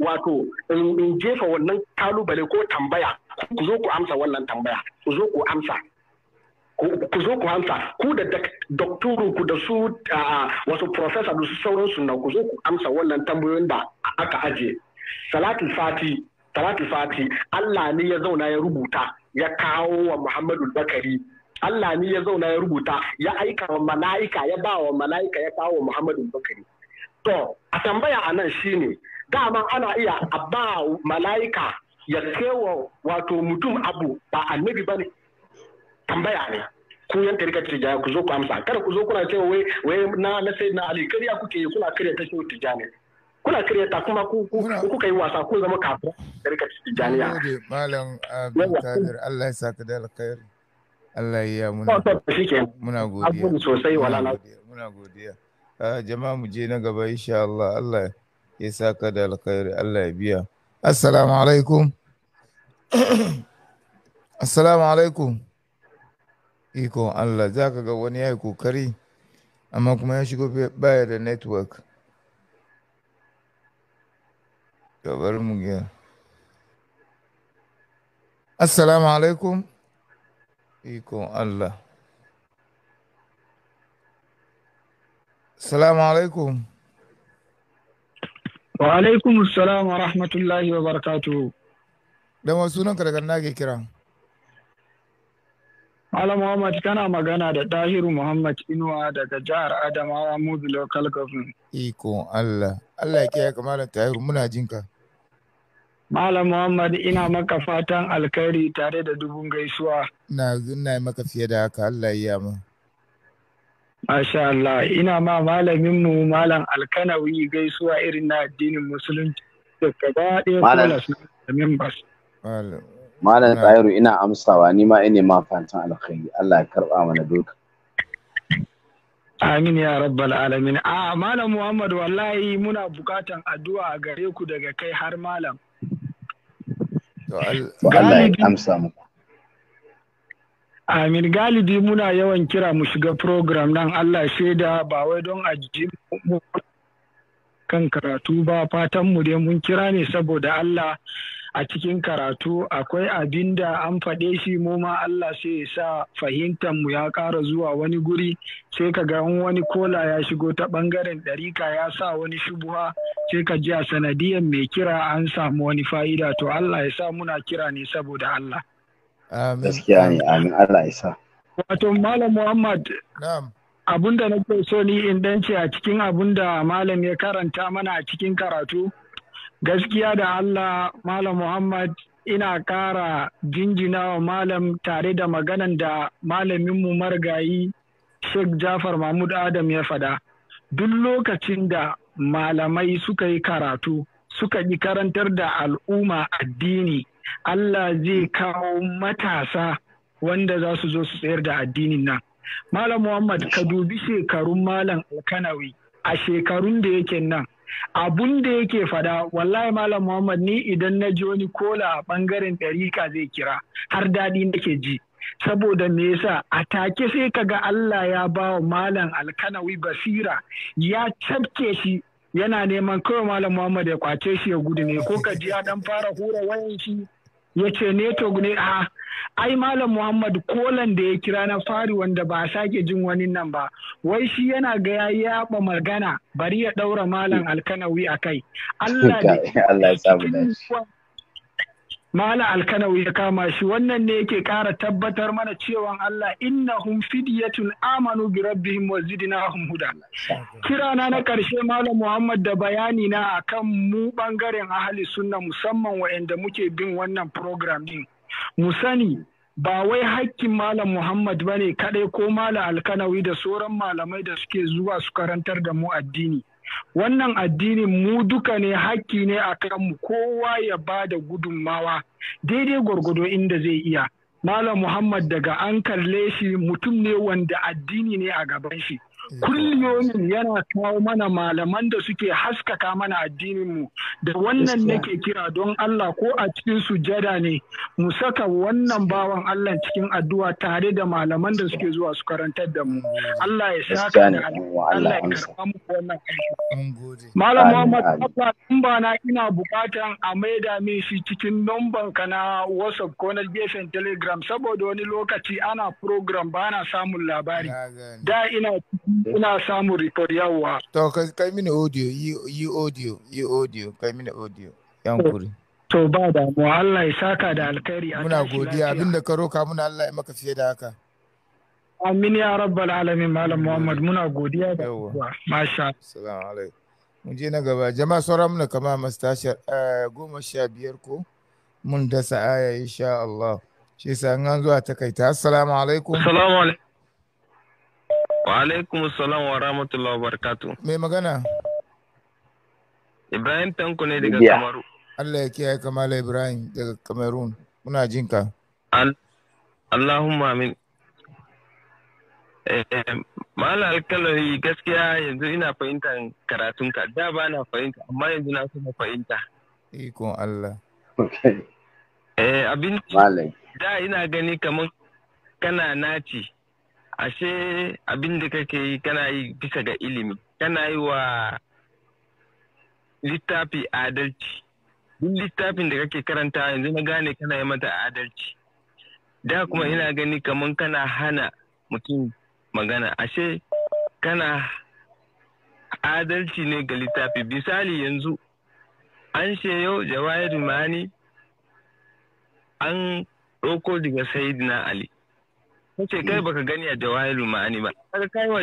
wato in jefa wannan kalubale ko tambaya ku zo ku amsa wannan tambaya ku zo ku amsa ku zo ku amsa ku da doktoru ku da su wasu professor da su sauran sunan, ku zo ku amsa wannan tambayoyin da aka aje salatu fati salatu fati Allah ne ya zauna ya rubuta ya kawo wa Muhammadu Bakari Allah ne ya zauna ya rubuta ya aika wa mala'ika ya ba wa mala'ika ya kawo Muhammadu Bakari. To, a tambaya a nan shi shine dama ana iya a ba mala'ika ya kewa wato mutum abu ba annabi ba ne. Tambaya ne. Ku yan tarika tijjani ku zo ku amsa. Kada ku zo kuna cewa wai wai na na sai na Ali kariya kuke yi kuna kariya ta shehu tijjani. Kuna kariya ta kuma ku ku kai wasa ku zama kafin tarika tijjaniya. Malam Abdul Allah ya saka da alkhairi. Allah ya muna muna godiya sosai ah, walala. muna godiya jama'a mu je na gaba insha Allah Allah ya saka da alkhairi Allah ya biya assalamu alaikum <coughs> assalamu alaikum iko Allah za ka ga wani ya yi kokari amma kuma ya shigo baya da network gabar mu ga assalamu alaikum Ikon Allah. Salamu alaikum. Wa alaikum salam wa rahmatullahi wa barakatu. Dan wasu nan daga na ke kira. Malam Muhammad kana magana da Tahiru Muhammad Inuwa daga jihar Adamawa Mubi Local Government. Ikon Allah. Allah ya kiyaye kamar Tahiru muna jinka. Malam Muhammad ina maka fatan alkhairi tare da dubun gaisuwa. Na ina maka fiye da haka Allah ya mu. Masha Allah ina ma malamin mu malam Alkanawi gaisuwa irin na addinin musulunci da ɗaya Malam Tsayiru ina amsawa ni ma ina ma fatan alkhairi Allah ya karɓa mana duka. Amin ya rabbal alamin. A malam Muhammad wallahi muna bukatan addu'a gare ku daga kai har malam. Amin galibi muna yawan kira mu shiga program nan Allah shaida ba wai don a ji kan karatu ba fatan mu dai mun kira ne saboda Allah a cikin karatu akwai abin da an faɗe shi mu ma Allah sai ya sa fahimtar mu ya ƙara zuwa wani guri sai ka ga wani kola ya shigo ta ɓangaren ɗarika ya sa wani shubuha sai ka ji a sanadiyan mai kira an samu wani fa'ida to Allah ya sa muna kira ne saboda Allah. Gaskiya ne, amin Allah Wato Malam Muhammad. Abun da na so ni in dance a cikin abun da malam ya karanta mana a cikin karatu. Gaskiya da Allah Malam Muhammad ina kara jinjina wa Malam tare da maganan da malaminmu margayi Sheikh Jafar Mahmud Adam ya fada. Duk lokacin da malamai suka yi karatu, suka yi karantar da al'umma addini, Allah zai kawo matasa wanda za su zo su tsayar da addinin nan. Malam Muhammad ka dubi shekarun Malam Alkanawi a shekarun da yake nan. abun da yake fada wallahi malam muhammad ni idan na ji wani kola a bangaren ɗarika zai kira har daɗi nake ji saboda me yasa a take sai ka ga Allah ya ba wa malam alkanawi basira ya cafke shi yana neman kawai malam muhammad ya kwace shi ya gudu ne ko ka ji ya dan fara hura wayan shi ya ce neto ne a ai malam muhammad kolan da ya kira na fari wanda ba sake jin wani nan ba wai shi yana ga ya yaba magana bari ya daura malam alkanawi a kai allah <laughs> da <laughs> Mala alkanawi ya kama shi wannan ne yake ƙara tabbatar mana cewa Allah Inna hun fidyatun amanu bi rabbihim wa zidnahum huda. Kirana na ƙarshe Malam Muhammad da bayani na akan mu ɓangaren ahali sunna musamman da muke bin wannan program din. Mu sani ba wai hakkin Malam Muhammad bane kaɗai ko Malam Alkanawi da sauran malamai da suke zuwa su karantar da mu addini. wannan addinin mu duka ne hakki ne a kanmu kowa ya ba da gudunmawa daidai gwargwado inda zai iya malam muhammad daga an kalle shi mutum ne wanda addini ne a gaban shi Mm. kulliyomin yana kawo mana malaman da suke haskaka mana addininmu da wannan nake kira don Allah ko a cikin sujada ne mu saka wannan bawan Allah cikin addu'a tare da malaman da suke zuwa su karantar da mu mm. Allah ya saka ni Allah ya karba mu wannan aiki Malam Muhammad Abba in ba na ina bukatan a maida min shi cikin numban ka na WhatsApp ko na gefen Telegram saboda wani lokaci ana program bana samun labari da ina Ina samun report yawa. To kai mini audio yi audio yi audio kai mini audio yan kuri. To ba damuwa Allah ya saka da alkhairi. Muna godiya abinda ka roka muna Allah ya maka fiye da haka. Amin ya rabbal alamin Malam Muhammad muna godiya da kuwa. Masha. Assalamu alaikum. Mun je na gaba jama'a sauran muna kama mastashar eh, goma sha biyar ko mun dasa aya insha Allah. Shi sa an zuwa takaita. Assalamu alaikum. Assalamu alaikum. Wa alaikum salam wa rahmatullahi wa barakatu. Me magana? Ibrahim Tanko ne daga Kamaru. Allah ya kiyaye Kamala Ibrahim daga Kamerun. Muna jin ka. Allahumma amin. Eh, eh, Mala alkalari gaskiya yanzu ina fahimtar karatunka. Da ba na fahimta, amma yanzu na kuma fahimta. Ikon Allah. Eh, abin da ina gani kamar kana naci. ashe abin da kake yi kana yi bisa ga ilimi kana yi wa littafi adalci duk littafin da kake karanta yanzu na gane kana yi mata adalci da kuma ina gani kamar kana hana mutum magana ashe kana adalci ne ga littafi misali yanzu an yau jawahir mani an ɗauko daga sayidina ali kace <laughs> kai baka gani a jawahirul ma'ani ba kaga kai wa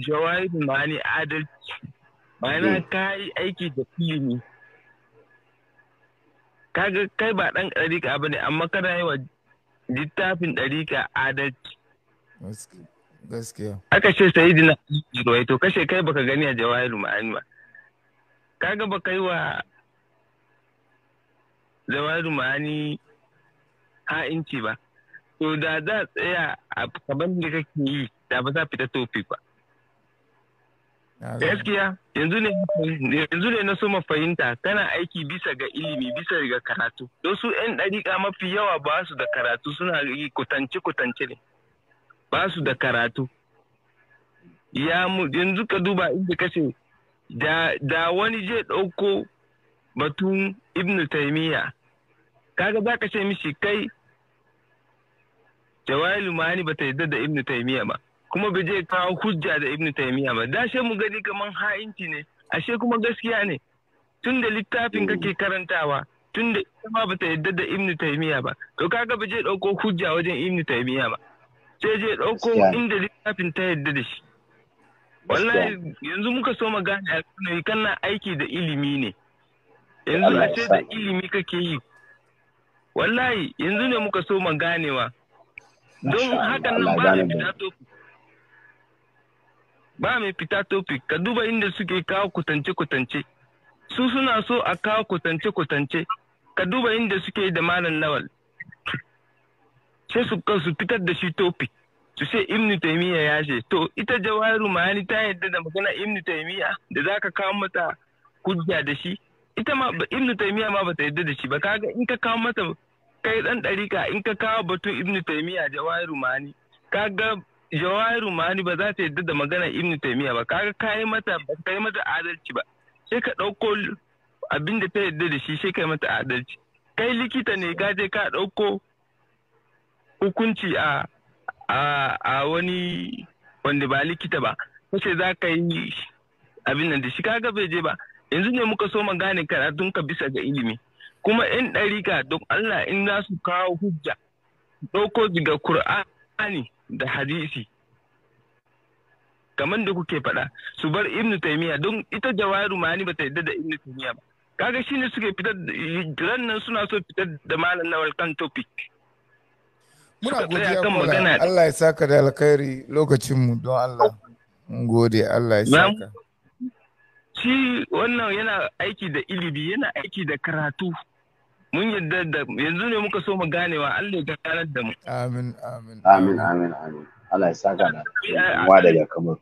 jawahirul ma'ani adalci ma'ana mm. kai aiki da ilimi kaga kai ba dan dariƙa ne, amma kana yi wa littafin dariƙa adalci aka ce dina jirwai to kashe kai baka gani a jawahirul ma'ani ba kaga baka yi wa jawahirul ma'ani ha'inci ba to da za tsaya a kamar da kake yi da ba za fita tofi ba gaskiya yanzu ne na soma fahimta kana aiki bisa ga ilimi bisa ga karatu don su yan ɗariƙa mafi yawa ba su da karatu suna yi kutance kutance ne ba su da karatu ya mu yanzu ka duba inda kace da da wani je ɗauko batun ibnu taimiyya kaga za ka ce mishi kai jawahir ba bata yadda da ibn taymiya ba kuma bai je kawo hujja da ibn taymiya ba da she mu gani kaman ha'inci ne ashe kuma gaskiya ne tun da littafin kake karantawa tun da ita ma bata yadda da ibn taymiya ba to kaga ba je dauko hujja wajen ibn taymiya ba sai je dauko inda littafin ta yadda da shi wallahi yanzu muka so magana a kan kana aiki da ilimi ne yanzu ashe ce da ilimi kake yi wallahi yanzu ne muka so ganewa don hakan nan ba mai fita topic ba mai fita topic ka duba inda suke kawo kutance kutance su suna so a kawo kutance kutance ka duba inda suke da malam lawal sai su su fitar da shi topic su ce imni taimiyya ya ce to ita ma ni ta yadda da magana imni taimiyya da za ka kawo mata hujja da shi ita ma imni taimiyya ma ba ta yadda da shi ba kaga in ka kawo mata kai dan ɗarika in ka kawo batun ibnu taimiyya jawahir rumani kaga jawahir rumani ba za ta yadda da magana ibnu taimiya ba kaga kai mata ba kai mata adalci ba sai ka ɗauko abin da ta yadda da shi sai kai mata adalci kai likita ne ka je ka ɗauko hukunci a a wani wanda ba likita ba kace za ka yi abin nan da shi kaga bai je ba yanzu ne muka so mu gane karatunka bisa ga ilimi kuma in ɗarika don Allah in za su kawo hujja ɗauko daga Kur'ani da hadisi kamar da kuke faɗa su bar ibnu taimiyya don ita jawaru ni ba ta yadda da ibnu taimiyya ba kaga shine suke fitar ran nan suna so fitar da malam na walkan topic muna godiya kuma Allah ya saka da alkhairi lokacin mu don Allah mun gode Allah ya saka shi wannan yana aiki da ilimi yana aiki da karatu mun yadda da yanzu ne muka so mu ganewa Allah ya ganar da mu amin amin amin amin amin Allah ya saka da wa daga kamar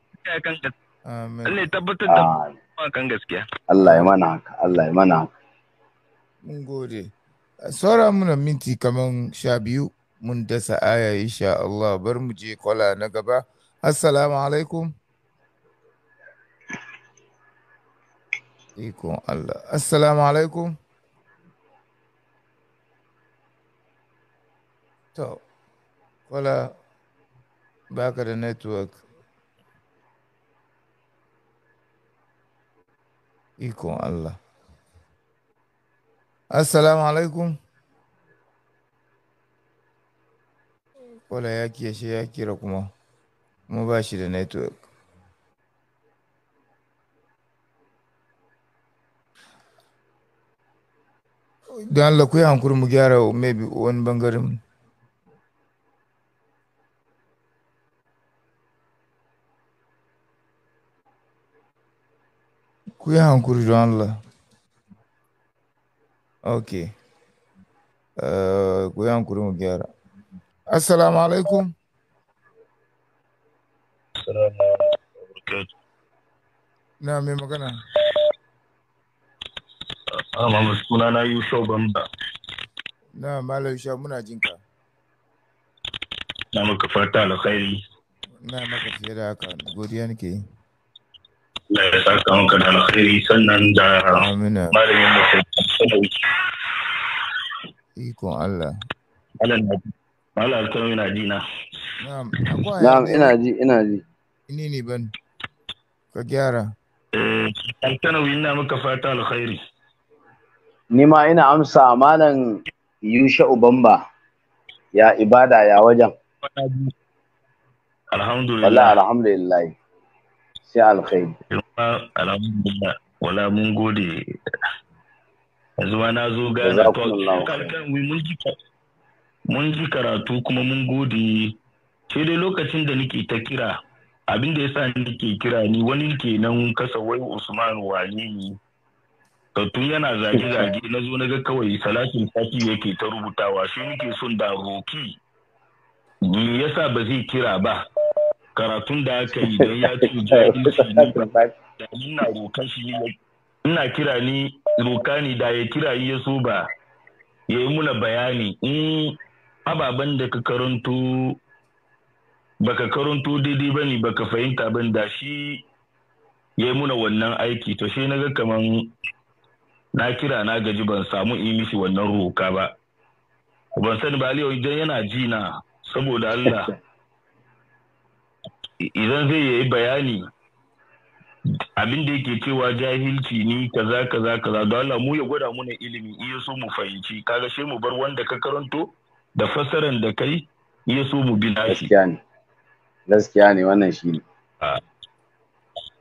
amin Allah ya tabbatar da kan gaskiya Allah ya mana haka Allah ya mana haka mun gode saura muna minti kaman sha biyu mun dasa aya insha Allah bar mu je kwala na gaba assalamu alaikum ikon Allah assalamu alaikum To, wala ba ka da network. Ikon Allah. Assalamu alaikum. Kola ya kiya shi ya kira kuma, kuma ba shi da network. Don Allah ku yi hankuri mu gyara maybe wani bangaren. ku yi hankuri don Allah. Eh, ku yi hankuri mu gyara. Assalamu alaikum. Na mai magana. Ah, Amma suna na Yusuf Bamba. Na Malam Yusuf muna jinka. Na maka fata alkhairi. Na maka fiye da haka. Godiya nake yi. Allah ya saka maka da alkhairi sannan da malamin da Ikon Allah. yana ji na. Na'am, ina ji, ina ji. ne ban. Ka gyara. Eh, ina maka fata alkhairi. Ni ma ina amsa malam Yusha Ubamba. Ya ibada ya wajen. Alhamdulillah. alhamdulillah. sai alkhairi alhamdulillah wala mun gode yanzu ma na zo na to mun ji karatu kuma mun gode sai dai lokacin da nake ta kira abin da yasa nake kira ni wani kenan kasa wai Usman wani ne to tun yana zage-zage na zo na ga kawai salatin sati yake ta rubutawa shi nake son da roki me yasa ba zai kira ba karatun da aka yi don ya ce da ina shi ina kira ni roka ni da ya kira yi yaso ba ya yi muna bayani in ababen da ka karanto baka karanto daidai ba ne baka fahimta ban da shi ya yi muna wannan aiki to shi na ga kaman na kira na gaji ban samu yi mishi wannan roka ba ban sani ba aliyu idan yana jina saboda Allah <laughs> idan zai yi bayani abin da yake cewa jahilci ni kaza kaza kaza don Allah mu ya gwada muna ilimi iya so mu fahimci kaga she mu bar wanda ka karanto da fasaran da kai iya so mu bi shi gaskiya ne wannan shi ne ah.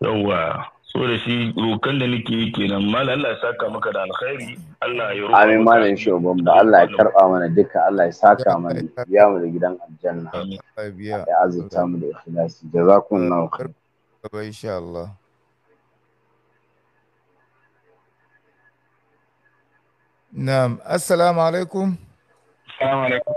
yawwa so da shi rokan da nake yi kenan malam Allah ya saka maka da alkhairi Allah ya roƙa amin malam shugaban ba Allah ya karba mana duka Allah ya saka mana biya mu da gidan aljanna ya azurta mu da ikhlasi jazakumullahu khair gaba insha Allah Na'am, assalamu alaikum. Assalamu alaikum.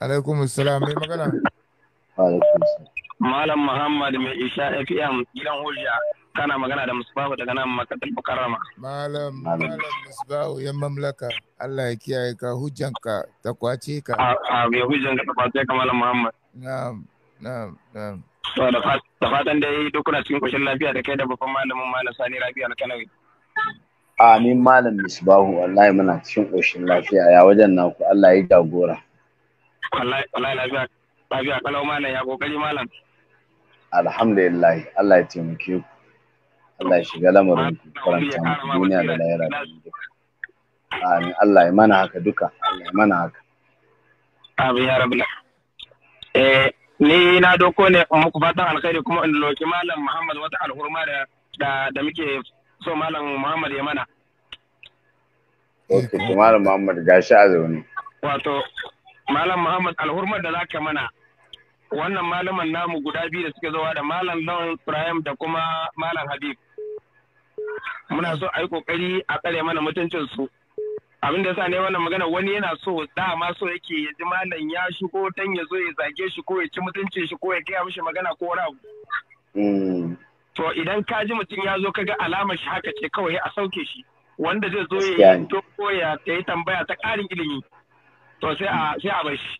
Alaikum assalam, mai magana? Wa alaikum assalam. Malam Muhammad mai Isha FM gidan Hujja. kana magana da musbahu daga nan makatar bukarama malam malam musbahu yan mamlaka Allah ya kiyaye ka hujjanka ta kwace ka a me hujjanka ta kwace ka malam muhammad na'am na'am na'am to da fatan dai duk kuna cikin koshin lafiya da kai da babban malamin malam sani rabi'a na kanawi amin malam musbahu wallahi muna cikin koshin lafiya ya wajen naku Allah ya jagora wallahi wallahi lafiya lafiya kalau malam ya kokari malam alhamdulillah Allah ya taimake ku Allah ya shiga lamarin ku faranta duniya da lahira da duka amin Allah ya mana haka duka Allah ya mana haka amin ya rabu eh ni na doko ne muku fatan alkhairi kuma in loki malam Muhammad wata alhurma da da muke so malam Muhammad ya mana Okay, Malam Muhammad gashi a zaune. Wato, Malam Muhammad alhurma da zaka mana wannan malaman namu guda biyu da suke zowa da Malam Lawan Ibrahim da kuma Malam Habib. muna so a yi kokari a tsare mana mutuncin su abin da sa ne wannan magana wani yana so dama so yake ya ji malam ya shigo dan ya zo ya zage shi ko ya ci mutuncin shi ko ya kai mishi magana ko wani mm. to idan ka ji mutum ya zo kaga alamar shi haka ce kawai a sauke shi wanda zai zo ya yi ko ya yi tambaya ta ƙarin ilimi to sai a sai a bar shi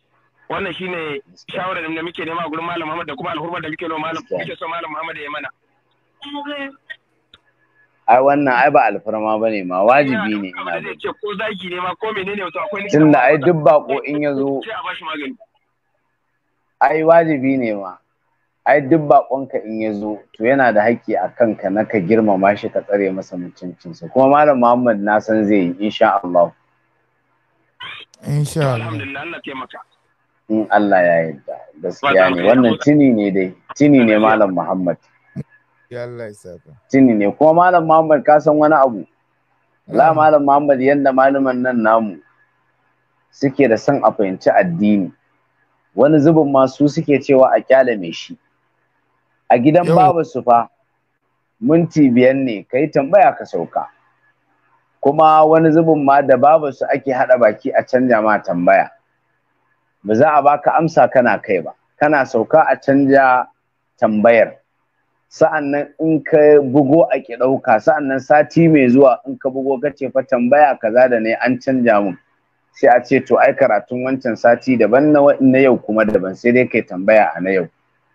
wannan shine shawarar da muke nema gurin malam Muhammad da kuma alhurmar da muke nema malam muke so malam Muhammad ya mana ai wannan ai ba alfarma ba ne ma wajibi ne ina da ce ko zaki ne ma ko menene wato akwai ne tunda ai duk bako in ya zo ai wajibi ne ma ai duk bakonka in ya zo to yana da haƙƙi a kanka na ka girmama shi ka tsare masa mutuncin sa, kuma malam Muhammad na san zai yi insha Allah insha Allah alhamdulillah Allah taimaka in Allah ya yarda gaskiya ne wannan tini ne dai tini ne malam Muhammad Shine ne kuma Malam Muhammad ka san wani abu. La ah. Malam Muhammad yadda malaman nan namu suke da san a fahimci addini. Wani zubin ma su suke cewa a kyale me shi. A gidan babu su fa minti biyan ne ka tambaya ka sauka. Kuma wani zubin ma da babu su ake haɗa baki a canja ma tambaya. Ba za a baka amsa kana kai ba. Kana sauka a canja tambayar. sa'an nan in ka bugo a ki ɗauka sa'an nan sati mai zuwa in ka bugo ka ce fa tambaya kaza da ne an canja mun sai a ce to ai karatun wancan sati daban na yau kuma daban sai dai kai tambaya a na yau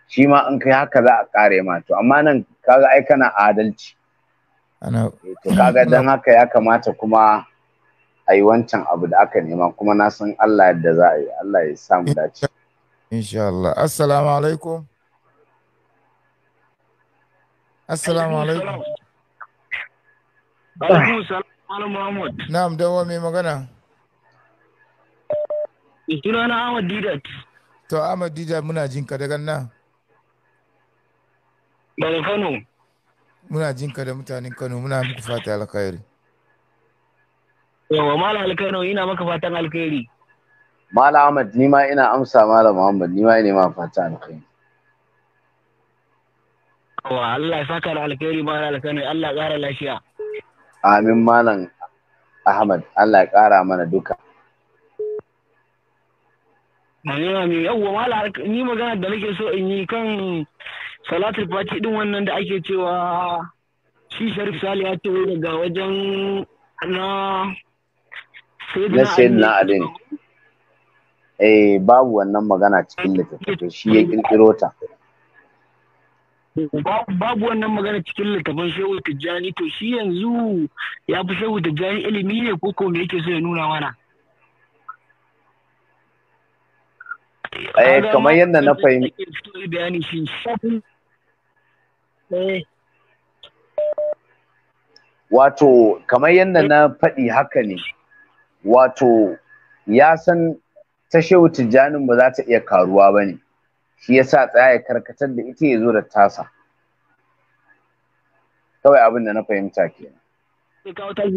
shi ma in kai haka za a kare ma to amma nan kaga ai kana adalci eh to kaga dan haka ya kamata kuma a yi wancan abu da aka nema kuma na san Allah yadda za a yi Allah ya samu dace insha Allah assalamu alaikum Assalamu alaikum. Alaikum salam Malam Muhammad. Na'am dawo mai magana. Suna na Ahmad Didat. To Ahmad Didat muna jin ka daga nan. Daga Kano. Muna jin ka da mutanen Kano muna muku fata alkhairi. Yawa Malam Alkano ina maka fatan alkhairi. Malam Ahmad ni ma ina amsa Malam Muhammad ni ma ina ma fatan alkhairi. Yawa Allah ya saka da alkhairi ma da alkhairi Allah ya ƙara lafiya. Amin malam Ahmad Allah ya ƙara mana duka. Amin amin yawa malam ni magana da nake so in yi kan salatul fati din wannan da ake cewa shi Sharif sali ya ce daga wajen na na sayyidina alin eh babu wannan magana cikin littattafai shi ya kirkiro ta babu wannan magana cikin littafin shehu tijjani to shi yanzu ya fi shehu tijjani ilimi ne ko ko me yake so ya nuna mana eh kamar yadda na fahimci eh. wato kamar yadda na faɗi haka ne wato ya san ta shehu tijjanin ba za ta iya karuwa ba ne shi sa tsaya ya karkatar da ita ya zo da tasa kawai abin da na fahimta ke.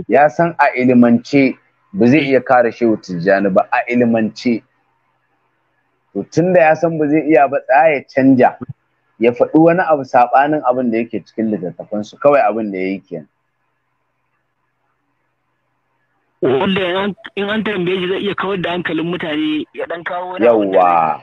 ya san a ilimance ba zai iya kare shehu tijjani ba a ilimance to tun da ya san ba zai iya ba tsaya ya canja ya faɗi wani abu saɓanin abin da yake cikin littattafansu kawai abin da ya yi kenan wanda in an tambaye shi zai iya kawar da hankalin mutane ya ɗan kawo wani yawwa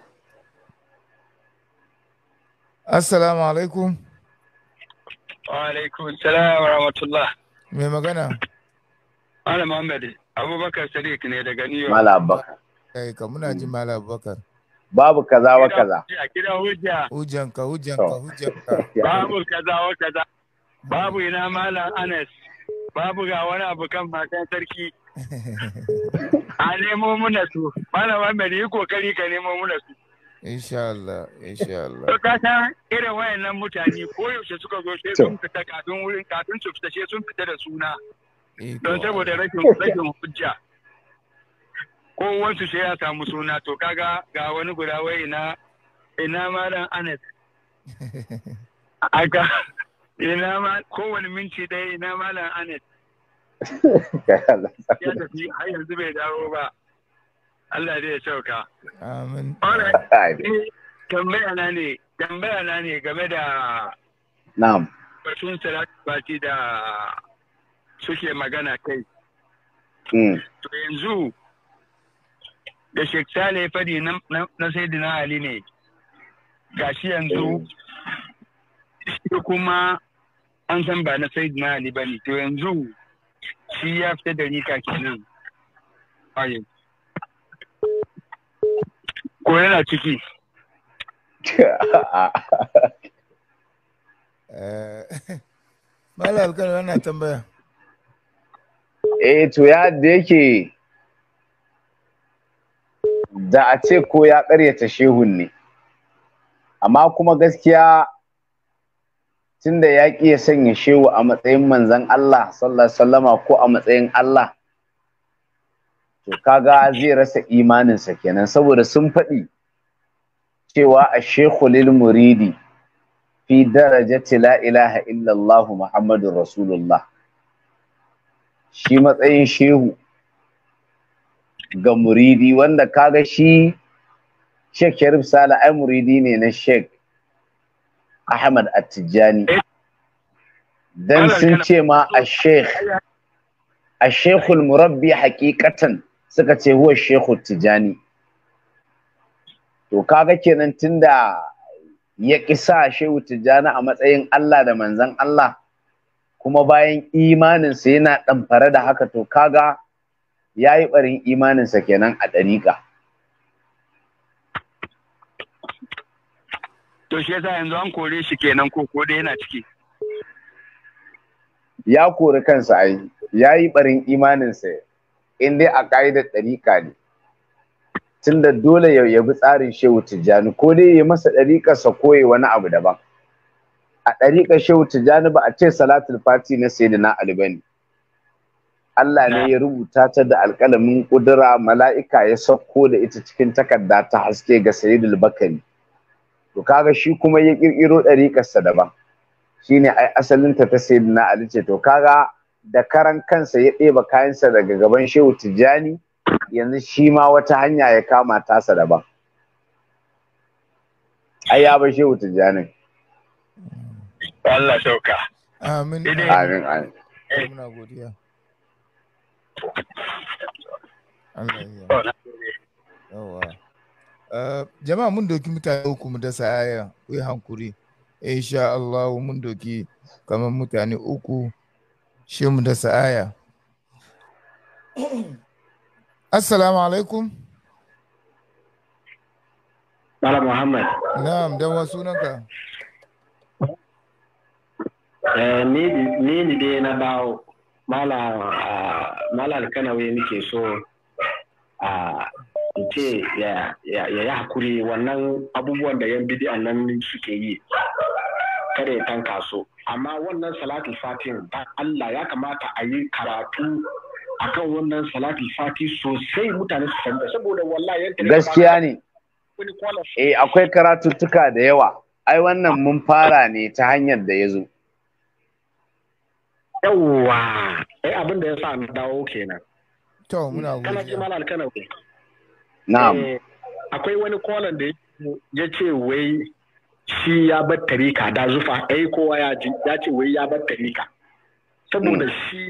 Assalamu alaikum. Wa alaikum salam wa rahmatullah. Mai magana? Malam Muhammad Abubakar Sadiq ne daga New York. Mala Abubakar. Kai eh, ka muna ji hmm. Malam Abubakar. Babu kaza wa kaza. A kira hujja. Hujjan hujjan ka ka hujjan ka. <laughs> Babu kaza wa kaza. Babu ina Malam Anas. Babu ga wani abu kan matan sarki. <laughs> A nemo muna su. Malam Muhammad yi kokari ka nemo muna su. Inshallah, inshallah. To ka san irin wayannan mutane ko yaushe suka zo sai sun fita kafin wurin kafin su fita sai sun fita da suna. Don saboda rashin <laughs> rashin hujja. Ko wansu sai ya samu suna to kaga ga wani guda wai ina ina malam Anas. <laughs> Aka ina ma wani minti dai ina malam Anas. <laughs> Ya tafi har yanzu bai dawo ba. Allah zai sauka. Amin. Eh, tambaya ne, tambaya na ne game da Na'am. Batun Salatu Fati da suke magana kai. Mm. To yanzu da shekta Sale fadi na Sayyidina Ali ne. Gashi yanzu mm. shi kuma an san ba na Sayyidina Ali ne To yanzu shi ya fita da rika kenan. ko yana ciki eh, <laughs> Malam tambaya. Eh to ya da yake da a ce ko ya ƙaryata shehun ne. Amma kuma gaskiya tunda ya ƙi ya sanya shehu a matsayin manzan Allah sallallahu alaihi ko a matsayin Allah to kaga zai rasa imaninsa kenan saboda sun faɗi cewa a shekulil muridi fi darajati la ilaha illallah muhammadun rasulullah shi matsayin shehu ga muridi wanda kaga shi shek Yarib Sala ai muridi ne na Sheikh Ahmad Attijani dan sun ce ma a Sheikh a Sheikhul Murabbi hakikatan suka ce huwa shehu tijani to kaga kenan tunda ya kisa shehu tijani a matsayin Allah da manzan Allah kuma bayan imaninsa yana ɗamfare da haka to kaga ya yi ɓarin imaninsa kenan a ɗariƙa. To shi yasa yanzu an kore shi kenan ko ko da yana ciki. Ya kori kansa ai, ya yi ɓarin imaninsa in dai a ƙa'idar ɗariƙa ne tunda dole ya yabi tsarin shehu tijjani ko dai ya masa ɗariƙarsa ko ya wani abu daban a ɗariƙar shehu tijjani ba a ce salatul fati na sayyidina ali bane Allah ne ya rubuta ta da alƙalamin ƙudura mala'ika ya sauko da ita cikin takarda ta haske ga sayyidul bakari to kaga shi kuma ya ƙirƙiro ɗariƙarsa daban shine ai asalinta ta sayyidina ali ce to kaga da karan kansa ya ɗeba kayansa daga gaban shehu tijjani yanzu shi ma wata hanya ya kama tasa daban ai ya bar shehu tijjani Allah sauka amin amin amin godiya Allah ya yawa eh, jama'a mun doki mutane uku mu dasa aya ku yi hankuri insha Allah mun doki kamar mutane uku shi mu da sa'aya. Assalamu alaikum. Bala Muhammad. Na'am, dan wa sunanka? Eh, ni ni dai na bawo, mala ah, mala alkanawe nake so a ah, ce ya yi hakuri wannan abubuwan da yan bidi'an nan suke yi kada ya tanka so amma wannan salatul fatin ba Allah ya kamata a yi karatu akan wannan salatul fati sosai mutane su fahimta saboda wallahi yanta gaskiya ne eh akwai karatuttuka da yawa ai wannan mun fara ne ta hanyar da ya zo eh abin da ya sa na dawo kenan to muna gode kana ji malal kana na'am eh, akwai wani kolon da ya ce wai shi ya bar tarika da zufa ɗaya eh, kowa ya ji ya ce wai ya bar tarika saboda hmm. shi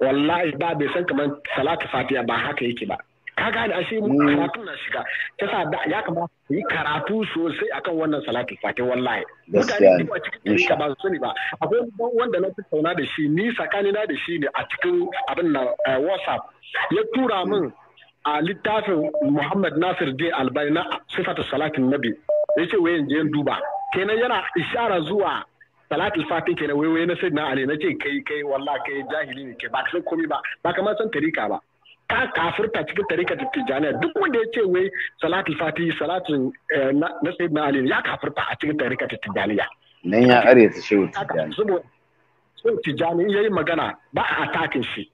wallahi ba bai san kamar salatu fatiya ba haka yake ba ka gane ashe hmm. karatu na shiga ta sa da ya kamata yi karatu sosai akan wannan salatu fatiya wallahi mutane ba cikin tarika ba su sani akwai wanda na tattauna da shi ni na da shi ne a cikin abin na eh, whatsapp ya tura min hmm. a littafin Muhammad Nasir J. Albani na sifatar salatin Nabi sai ce wayan je duba kenan yana ishara zuwa salatul fatin kenan wai sai na sayyidina ali na ce kai kai wallahi kai jahili ne ke ba ka san komai ba ba ka ma san tarika ba ka kafurta cikin tarika da tijaniya duk wanda ya ce wai salatul fati salatul eh, na na ali ya kafurta a cikin tarika da tijaniya nan ya are su shehu tijaniya shehu tijani yayi magana ba a attacking shi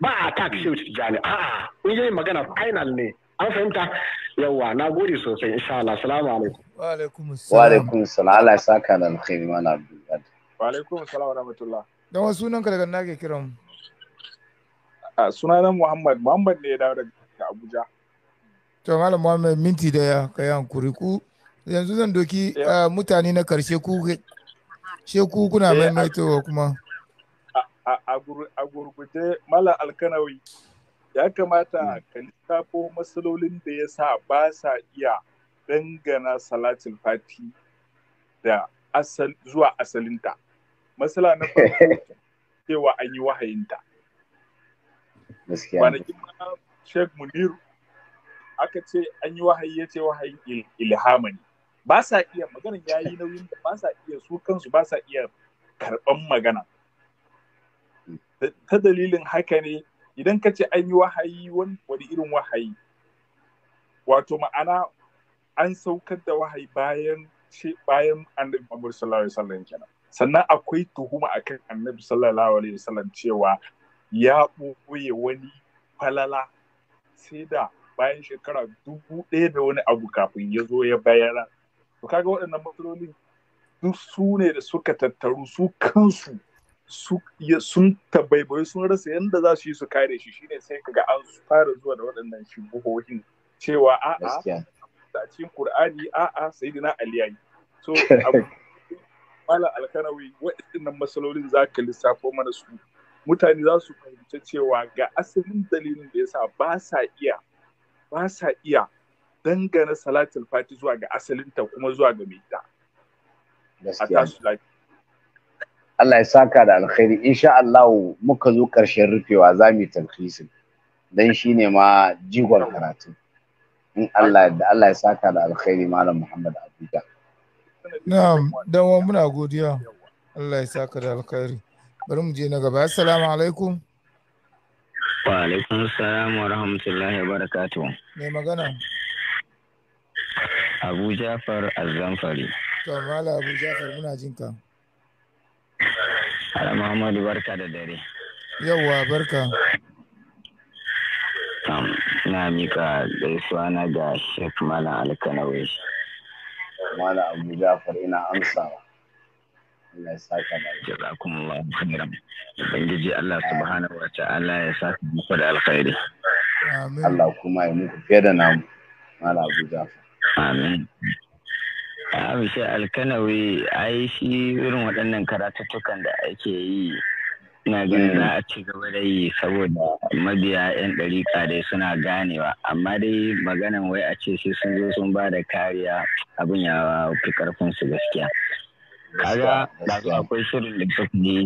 ba a attack shehu tijani a'a in yayi magana final ne an fahimta yawwa na gode sosai insha Allah assalamu alaikum Wa alaikum salam. Allah ya saka da alkhairi mana Abdulkadir. Wa alaikum salam wa rahmatullah. Dan wasu sunan ka daga na ke kiran mu. Ah, sunana Muhammad, Muhammad ne ya dawo daga Abuja. To Malam Muhammad minti da ka yi hankuri yanzu zan doki ah, mutane na karshe ku she ku kuna maimaitowa kuma. A gurguje Malam Alkanawi ya kamata hmm. ka lissafo matsalolin da ya sa ba sa iya dangana salatin fati da asal, zuwa asalinta masala na farko <laughs> cewa an yi wahayinta kwanakin sheikh munir aka ce an yi wahayi ya ce wahayin il, ilhama ne ba sa iya Maganin ya yi nauyin da ba sa iya su kansu ba sa iya karɓan magana ta dalilin haka ne idan ka ce an yi wahayi wani irin wahayi wato ma'ana an saukar da wahayi bayan bayan annabi Muhammad sallallahu alaihi wasallam kenan sannan akwai tuhuma akan annabi sallallahu alaihi wasallam cewa ya ɓoye wani falala sai da bayan shekara dubu ɗaya da wani abu kafin ya zo ya bayyana to kaga waɗannan matsalolin duk su ne da suka tattaru su kansu sun tabbaibai sun rasa yadda za su yi su kare shi shine sai kaga an fara zuwa da waɗannan shubuhohin cewa a'a a cikin Qur'ani a'a sayyidina Ali yayi so <laughs> malam alkanawi waɗannan matsalolin za ka lissafo mana su mutane za su fahimci cewa ga asalin dalilin da yasa ba sa iya ba sa iya dangana salatul fati zuwa ga asalinta kuma zuwa ga mai ta Allah ya saka da alkhairi insha Allah muka zo ƙarshen rufewa za mu yi talhisin dan shine ma jigon karatu in Allah da Allah ya saka da alkhairi malam Muhammad Abuja na'am dan wa muna godiya Allah ya saka da alkhairi bari mu je na gaba assalamu alaikum wa alaikum salam wa rahmatullahi wa barakatuh me magana Abu Jafar Azamfari. to mala Abu Jafar muna jinka Ala Muhammadu barka da dare. Yawwa barka. ina mika gaisuwa na ga Sheik Malam Alkanawi. Malam Abu Jafar ina amsa. Allah ya saka da jazakumullahu khairan. Ubangiji Allah subhanahu wa ta'ala ya saka muku da alkhairi. Amin. Allah kuma ya muku fiye da namu. Malam Abu Jafar. Amin. Abu Sheik Alkanawi ai shi irin waɗannan karatuttukan da ake yi ina ganin eh. za a ci gaba da yi saboda mabiya 'yan ɗarika dai suna ganewa amma dai maganan wai a ce sai sun zo sun ba da kariya abin ya fi karfin su gaskiya kaga ɗazu akwai shirin da suka yi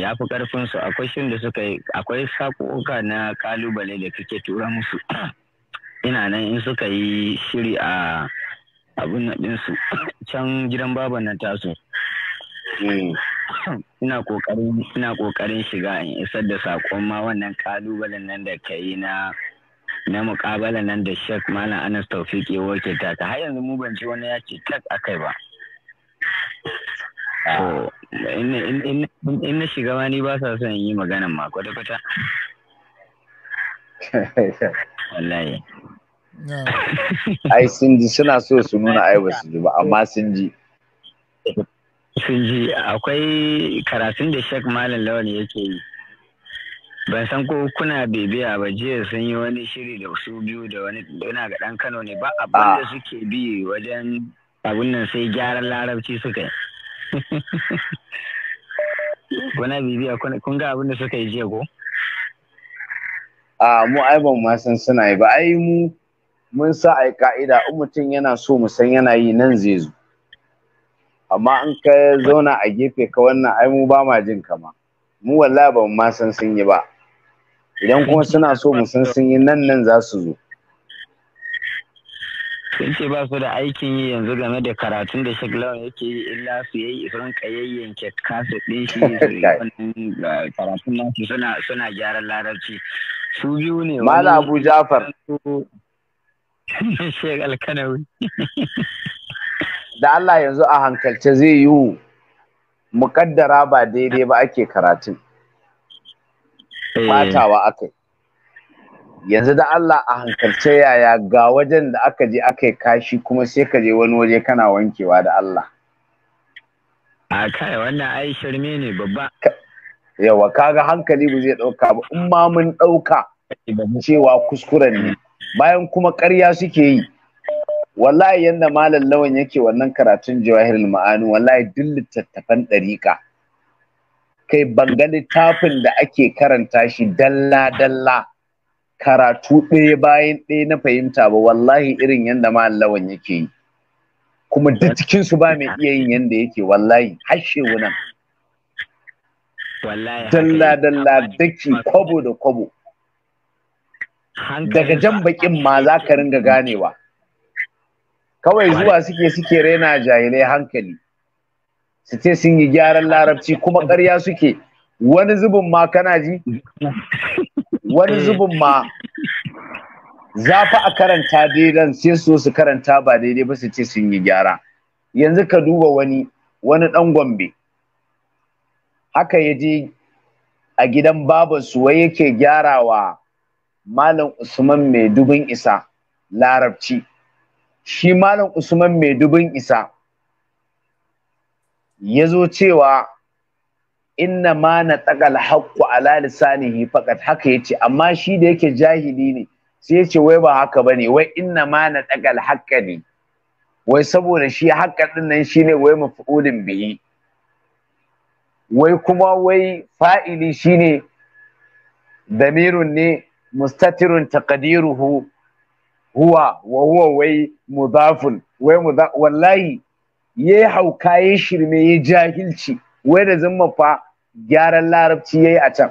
ya fi karfin su akwai shirin da suka yi akwai sakuka na kalubale da kake tura musu <clears throat> ina nan in suka yi shiri a abin nan su <coughs> can gidan baban nan tasu hmm. ina kokarin ina kokarin shiga in isar da sakon ma wannan kalubalen nan da ka yi na na mukabala nan da Sheikh Malam Anas Tawfiq ya warke ta har yanzu mu ban ji wani ya ce tak akai ba ah, to in na shiga ma ni ba sa son yi maganan ma kwata kwata wallahi <laughs> ai sun ji suna so su nuna ai ba su ji ba amma sun ji <laughs> sun ji akwai karatun da shek malam lawan yake yi ban san ko kuna bibiya ba jiya sun yi wani shiri da su biyu da wani ina ga dan kano ne ba abin da ah. suke bi wajen abin nan sai gyaran larabci suka yi <laughs> kuna bibiya kun ga abin da suka yi jiya ko a ah, mu ai ban ma san suna yi ba ai mu mun sa ai ka'ida in mutum yana so mu san yana yi nan zai zo amma in ka zauna a gefe ka wannan ai mu ba ma jin kama mu wallahi ba ma san sun yi ba idan kuma suna so mu san sun yi nan nan za su zo sun ce ba su da aikin yi yanzu game da karatun da Sheikh Lawan yake yi illa su yayi irin ke kasa din shi <laughs> karatun nasu suna suna gyara larabci su biyu ne Mala Abu Jafar <laughs> shek Alkanawi <laughs> da Allah yanzu a hankalce zai yi muƙaddara ba daidai ba ake karatun matawa eh. akai yanzu da Allah a hankalce yaya ga wajen da aka je aka kashi kuma sai ka je wani waje kana wankewa da Allah a kai wannan ai shirme ne babba yawa kaga hankali ba zai ɗauka ba in ma mun ɗauka eh, cewa kuskuren ne bayan kuma ƙarya suke yi wallahi yanda malam lawan yake wannan karatun jawahirul ma'ani wallahi duk littattafan ɗariƙa kai ban ga littafin da ake karanta shi dalla dalla karatu ɗaya bayan ɗaya na fahimta ba wallahi irin yanda malam lawan yake yi kuma duk cikin su ba mai iya yin yanda yake wallahi har shewunan dalla dalla daki kwabo da kwabo daga jan bakin ma za ka ringa ganewa kawai zuwa suke suke rena jahilai hankali su ce sun yi gyaran larabci kuma karya suke wani zubin ma kana ji wani eh. zubin ma za fa a karanta daidan sai so su karanta ba daidai ba su ce sun yi gyara yanzu ka duba wani wani ɗan gombe haka ya je a gidan babansu wai yake gyarawa malam usman mai dubin isa larabci shi malam usman mai dubin isa ya zo cewa inna ma na tsagal haƙƙu ala lisanihi fakat haka ya ce amma shi da yake jahili ne sai ya ce wai ba haka ba ne wai inna ma na tsagal haƙƙa ne wai saboda shi haƙƙa ɗin nan shi ne wai mafi'ulin bihi wai kuma wai fa'ili shi ne damirun ne mustatirun taqdiruhu huwa wa huwa wai mudafun wai muda wallahi ya hauka ya shirme ya jahilci wai da zama fa gyaran larabci ya yi a can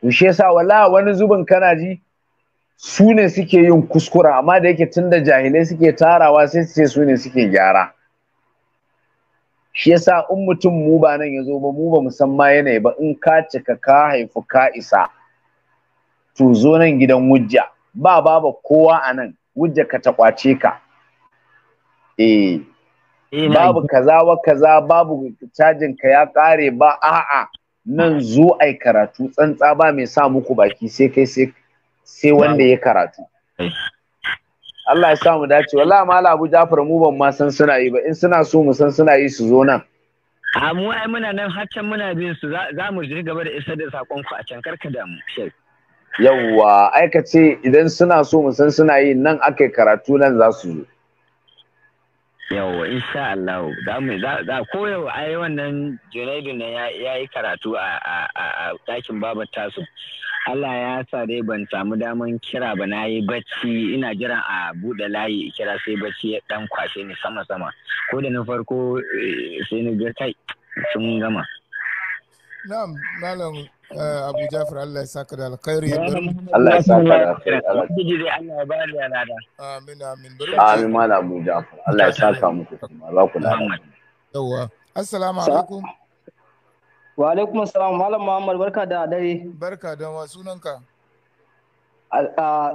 to shi yasa wallahi wani zubin kana ji su ne suke yin kuskura amma da yake tun da jahilai suke tarawa sai su ce su ne suke gyara shi yasa in mutum mu ba nan ya zo ba mu ba mu san ma yanayi ba in ka cika ka haifu ka isa to zo nan gidan wujja ba baba kowa a nan wujja ka ta kwace ka eh, eh babu kaza wa kaza babu cajin ka ya kare ba a'a nan zo ai karatu tsantsa ba mai sa muku baki sai kai sai wanda ya karatu Allah ya sa mu dace wallahi mala Abu Jafar mu ban ma san suna yi ba in suna so mu san suna yi su zo nan a mu ai muna nan har can muna bin su za mu je gaba da isar da sakon ku a can karka da mu shek yawwa aikace ce idan suna so mu san suna yi nan ake karatu nan za su zo yawwa insha Allah da mu da ko yau ai wannan Junaidu ne ya yi karatu a a ɗakin babar tasu Allah ya sa dai ban samu daman kira ba na yi bacci ina jiran a buɗe layi kira sai bacci ya dan kwashe ni sama sama ko da na farko eh, sai ni ga kai sun gama na'am malam Eh, Abu Jafar Allah ya saka da alkhairi. Allah ya saka da alkhairi. Allah ya ba da lada. Amin amin. Amin ma Abu Jafar. Allah ya saka muku kuma za ku lada. Yawwa. Assalamu alaikum. Wa alaikum assalam Malam Muhammad barka da dare. Barka da wa sunanka.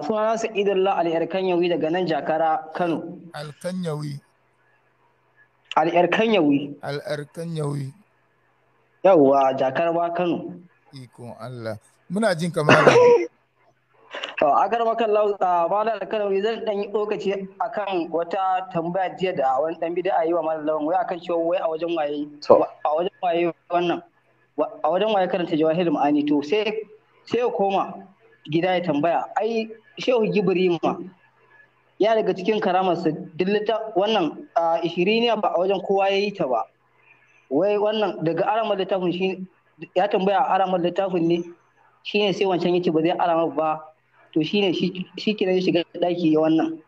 Sunana Sa'idullah Ali yarkanyawi daga nan Jakara Kano. Al-Kanyawi. al Yawwa Jakar ba Kano. ikon Allah muna jin kamar <laughs> to akar maka Allah malam alkalami zan ɗan yi tsokaci akan wata tambaya jiya da wani dan bid'a yi wa malam wai kan cewa wai a wajen waye a wajen waye wannan a wajen waye karanta jawahirul ma'ani to sai sai ya koma gida ya tambaya ai shehu ma, ya daga cikin karamarsa dillata wannan a ne ba a wajen kowa ya yi ta ba wai wannan daga aramar littafin shi ya tambaya a aramar littafin ne shi ne sai wancan yake ba zai aramar ba to ne shi kenan ya shiga daki ya wannan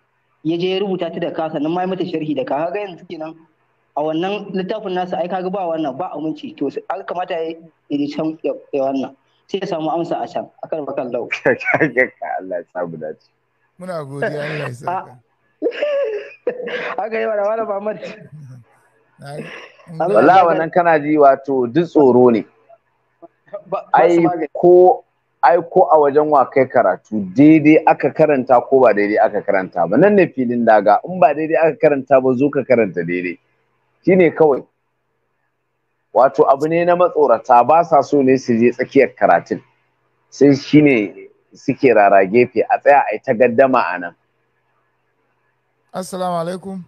ya je ya rubuta ta da ka sannan ma mata sharhi da ka kaga yanzu kenan a wannan littafin nasa ai kaga ba wannan ba aminci to an kamata ya yi can ya wannan sai ya samu amsa a can a kan bakan lau <laughs> Allah ya samu dace muna godiya Allah ya saka <laughs> yi <laughs> wa da wannan kana ji wato duk tsoro ne ai ko a wajen wa kai karatu daidai aka karanta ko ba daidai aka karanta ba nan ne filin daga in ba daidai aka karanta ba zo ka karanta daidai shine kawai wato abu ne na matsorata ba sa so ne su je tsakiyar karatun sai shine suke rara gefe a tsaya a ta gaddama a nan assalamu alaikum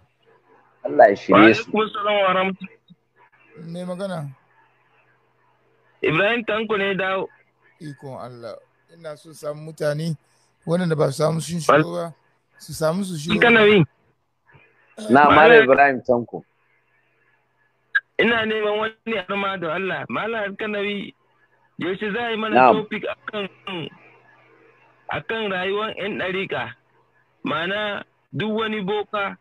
Allah ya shirye su. Wa magana? Ibrahim Tanko ne dawo. Ikon Allah, ina so samu mutane waɗanda ba su samu sun shigo ba, su samu su shigo. nawi. Na mara Ibrahim Tanko. Ina neman wani arma da Allah, Malam Kanawi, yaushe za a yi mana topic akan akan rayuwar 'yan ɗariƙa, mana duk wani boka,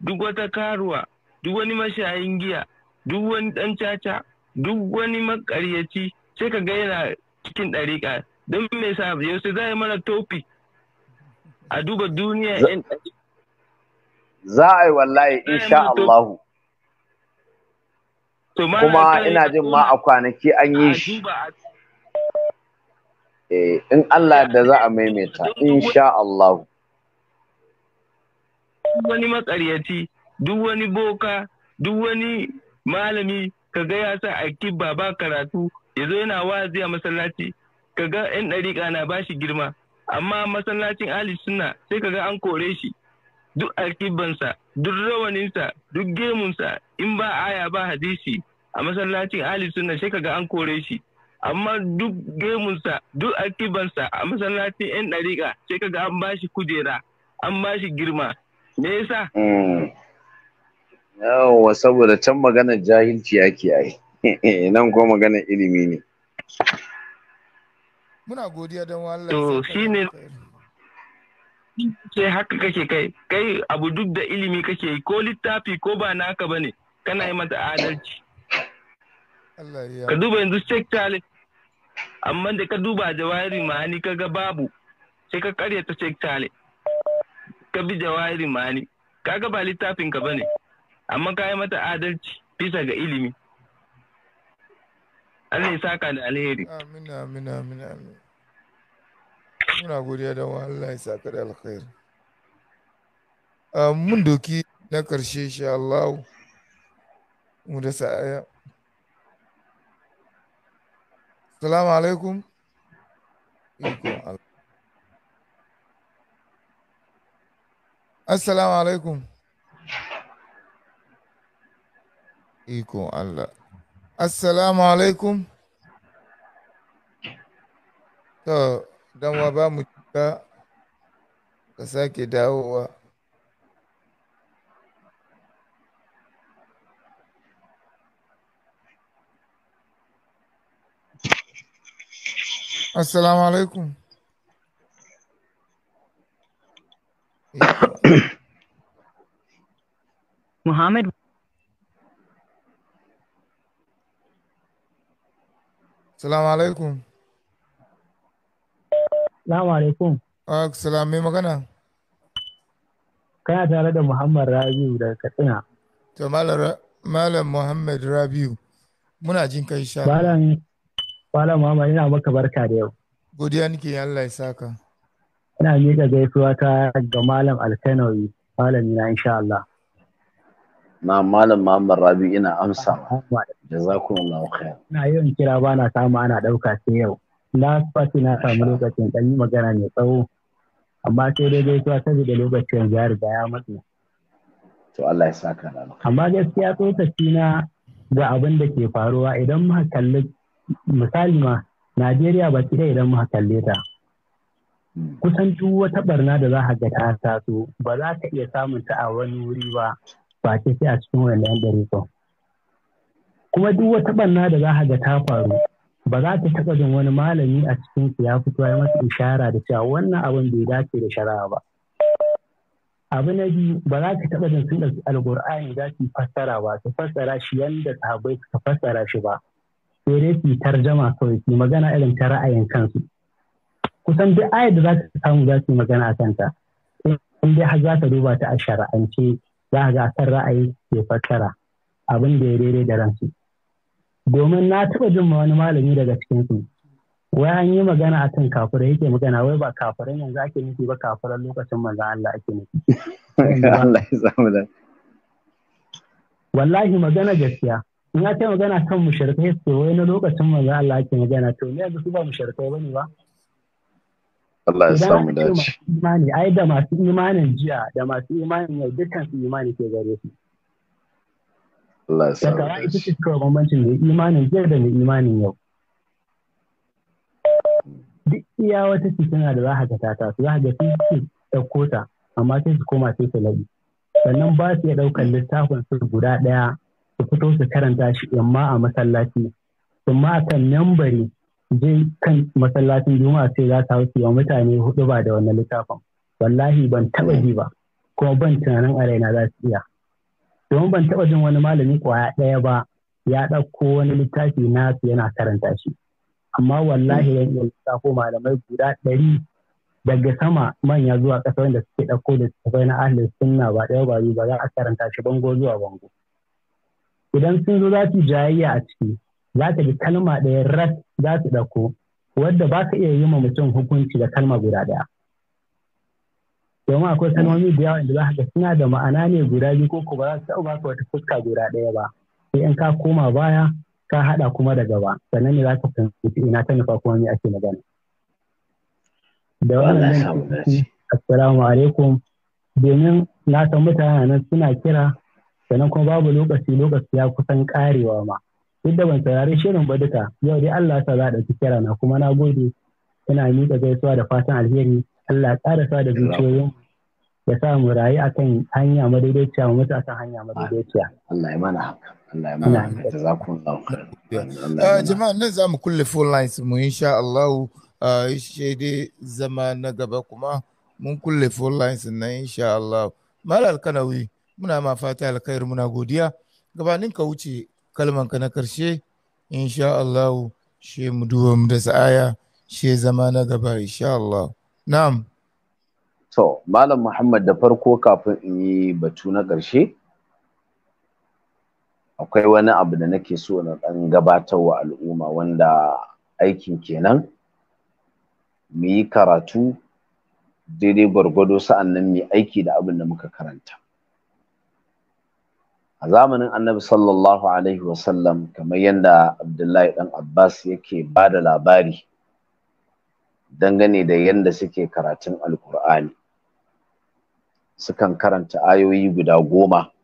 duk wata karuwa, duk wani mashayin giya, duk wani ɗan caca, duk wani makaryaci sai ka ga yana cikin ɗariƙa don me sa yau sai za a yi mana topic a duba duniya yan za a yi wallahi insha Allah kuma ina jin ma a kwanaki an yi shi eh, in Allah da za a maimaita insha Duk wani makaryaci duk wani boka duk wani malami kaga ya sa ba ba karatu ya zo yana wa'azi a masallaci kaga yan ɗariƙa na bashi girma amma masallacin ali suna sai kaga an kore shi duk alkibansa duk rawaninsa duk gemunsa in ba aya ba hadisi a masallacin ali suna sai kaga an kore shi amma duk gemunsa duk alkibansa a masallacin yan ɗariƙa sai kaga an bashi kujera an bashi girma me yasa mm. yawwa saboda can maganar jahilci ake yi. <laughs> nan ko maganar ilimi ne muna godiya don wallahi to shine ke haka kake kai kai abu duk da ilimi kake yi ko littafi ko ba naka bane kana yi mata adalci ka duba yanzu Sheikh Talib amma da ka duba jawahiri ma'ani ga babu sai ka karyata Sheikh Talib ka bi jawahiri ma'ani kaga ba littafin ka bane amma ka yi mata adalci bisa ga ilimi Allah ya saka da alheri amin amin amin amin muna godiya da wa Allah ya saka da alheri mun doki na karshe shi Allah mu da sa'aya Assalamu alaikum Assalamu alaikum ايكو على السلام عليكم تو دم وبا متى تساكي داوة السلام عليكم محمد Salamu alaikum. Salamu alaikum. Salamu mai magana? Kana tare da Muhammad Rabiu daga Katsina. To Malam Muhammad Rabiu, muna jin kai sha. Malam Malam Muhammad ina maka barka da yau. Godiya nake Allah ya saka. Ina miƙa gaisuwa ta ga Malam Alkanoyi, Malam ina insha Allah. na malam Muhammad Rabi ina amsa da za ku yi lauka. na yawan kira ba na samu ana dauka sai yau Na Fati na samu lokacin dan yi magana mai tsawo amma sai dai sabi da lokacin ya riga ya matsa to Allah ya saka lokacin. amma gaskiya tsokaci na ga abin da ke faruwa idan muka kalli misali ma Najeriya ba ta idan muka kalle ta hmm. kusan duk wata barna da za ka ga ta taso ba za ka iya samun ta a wani wuri ba ba sai a cikin wannan ɗariƙon. Kuma duk wata ɓanna da za ka ga ta faru ba za ta taɓa jin wani malami a cikin ya fito ya masa ishara da cewa wannan abin bai dace da shari'a ba. Abu na biyu ba za ta taɓa jin sun ɗauki alƙur'ani za su fassara ba su fassara shi yadda sahabbai suka fassara shi ba. Sai dai su tarjama kawai su magana irin ta ra'ayin kansu. Kusan duk ayar da za ta samu za su magana a kanta. In dai har za ta duba ta a shara'ance za a ga ra'ayi ke fassara abin da ya daidai da ransu domin na taɓa jin ma wani malami daga cikinsu wai an yi magana a kan kafirai yake magana wai ba kafirai yanzu ake nufi ba kafirai lokacin manzan Allah ake nufi <laughs> Allah ya samu da wallahi magana gaskiya in ta magana kan mushrikai su wai na lokacin manzan Allah ake magana to ne yanzu su ba ba ne ba Allah ya samu dace. Imani ai da masu imanin jiya da masu imanin yau dukkan su imani ke gare su. Allah ya samu dace. ita ce kawai bambancin mai imanin jiya da mai imanin yau. Duk iya wata cikin da za ka ta ta su za ka ga sun ɗauko ta amma sai su koma sai su labi. Sannan ba su iya ɗaukar littafin su guda ɗaya su fito su karanta shi amma a masallaci. Amma a kan membari je kan masallacin juma'a sai za ta wuce wa mutane hudu ba da wannan littafin wallahi ban taba ji ba kuma ban tunanin a raina za su iya domin ban taba jin wani malami kwaya ɗaya ba ya dauko wani littafi na su yana karanta shi amma wallahi yan iya littafo malamai guda ɗari daga sama manya zuwa ƙasa wanda suke ɗauko da suka na ahlin sunna ba ɗaya ba biyu ba za a karanta shi bango zuwa bango idan sun zo za su jayayya a ciki za ta bi kalma ɗaya ras za su ɗauko wadda ba ka iya yi ma mutum hukunci da kalma guda ɗaya. Domin akwai kalmomi da yawa inda za ka suna da ma'ana ne guda biyu ko ko ba za su taɓa ka wata fuska guda ɗaya ba. Sai in ka koma baya ka haɗa kuma da gaba sannan ne za ka fahimci ina ta nufa kuma me ake magana. Da wannan assalamu alaikum domin na san mutane suna kira sannan kuma babu lokaci lokaci ya kusan karewa ma. duk da ban saurari shirin ba duka yau dai Allah sa za a ɗauki kira na kuma na gode ina miƙa gaisuwa da fatan alheri Allah ƙara sa da zuciyoyin ya sa mu rayu akan hanya madaidaiciya mu mutu akan hanya madaidaiciya Allah ya eh, mana haka jama'a nan za mu kulle full lines mu insha Allah eh, shi dai zama na gaba kuma mun kulle full lines na insha Allah malal kanawi muna ma fata alkhair muna godiya gabanin ka wuce ka na karshe insha Allah shi mu duba mu da sa'aya shi zama na gaba insha Allah na'am to malam Muhammad da farko kafin in yi batu na ƙarshe akwai wani abu da nake so na ɗan wa al'umma wanda aikin kenan mu yi karatu daidai gwargwado sa'an nan mu aiki da abin da muka karanta a zamanin annabi sallallahu alaihi wasallam kamar yadda abdullahi dan abbas yake ba da labari dangane da yadda suke karatun alkur'ani sukan karanta ayoyi guda goma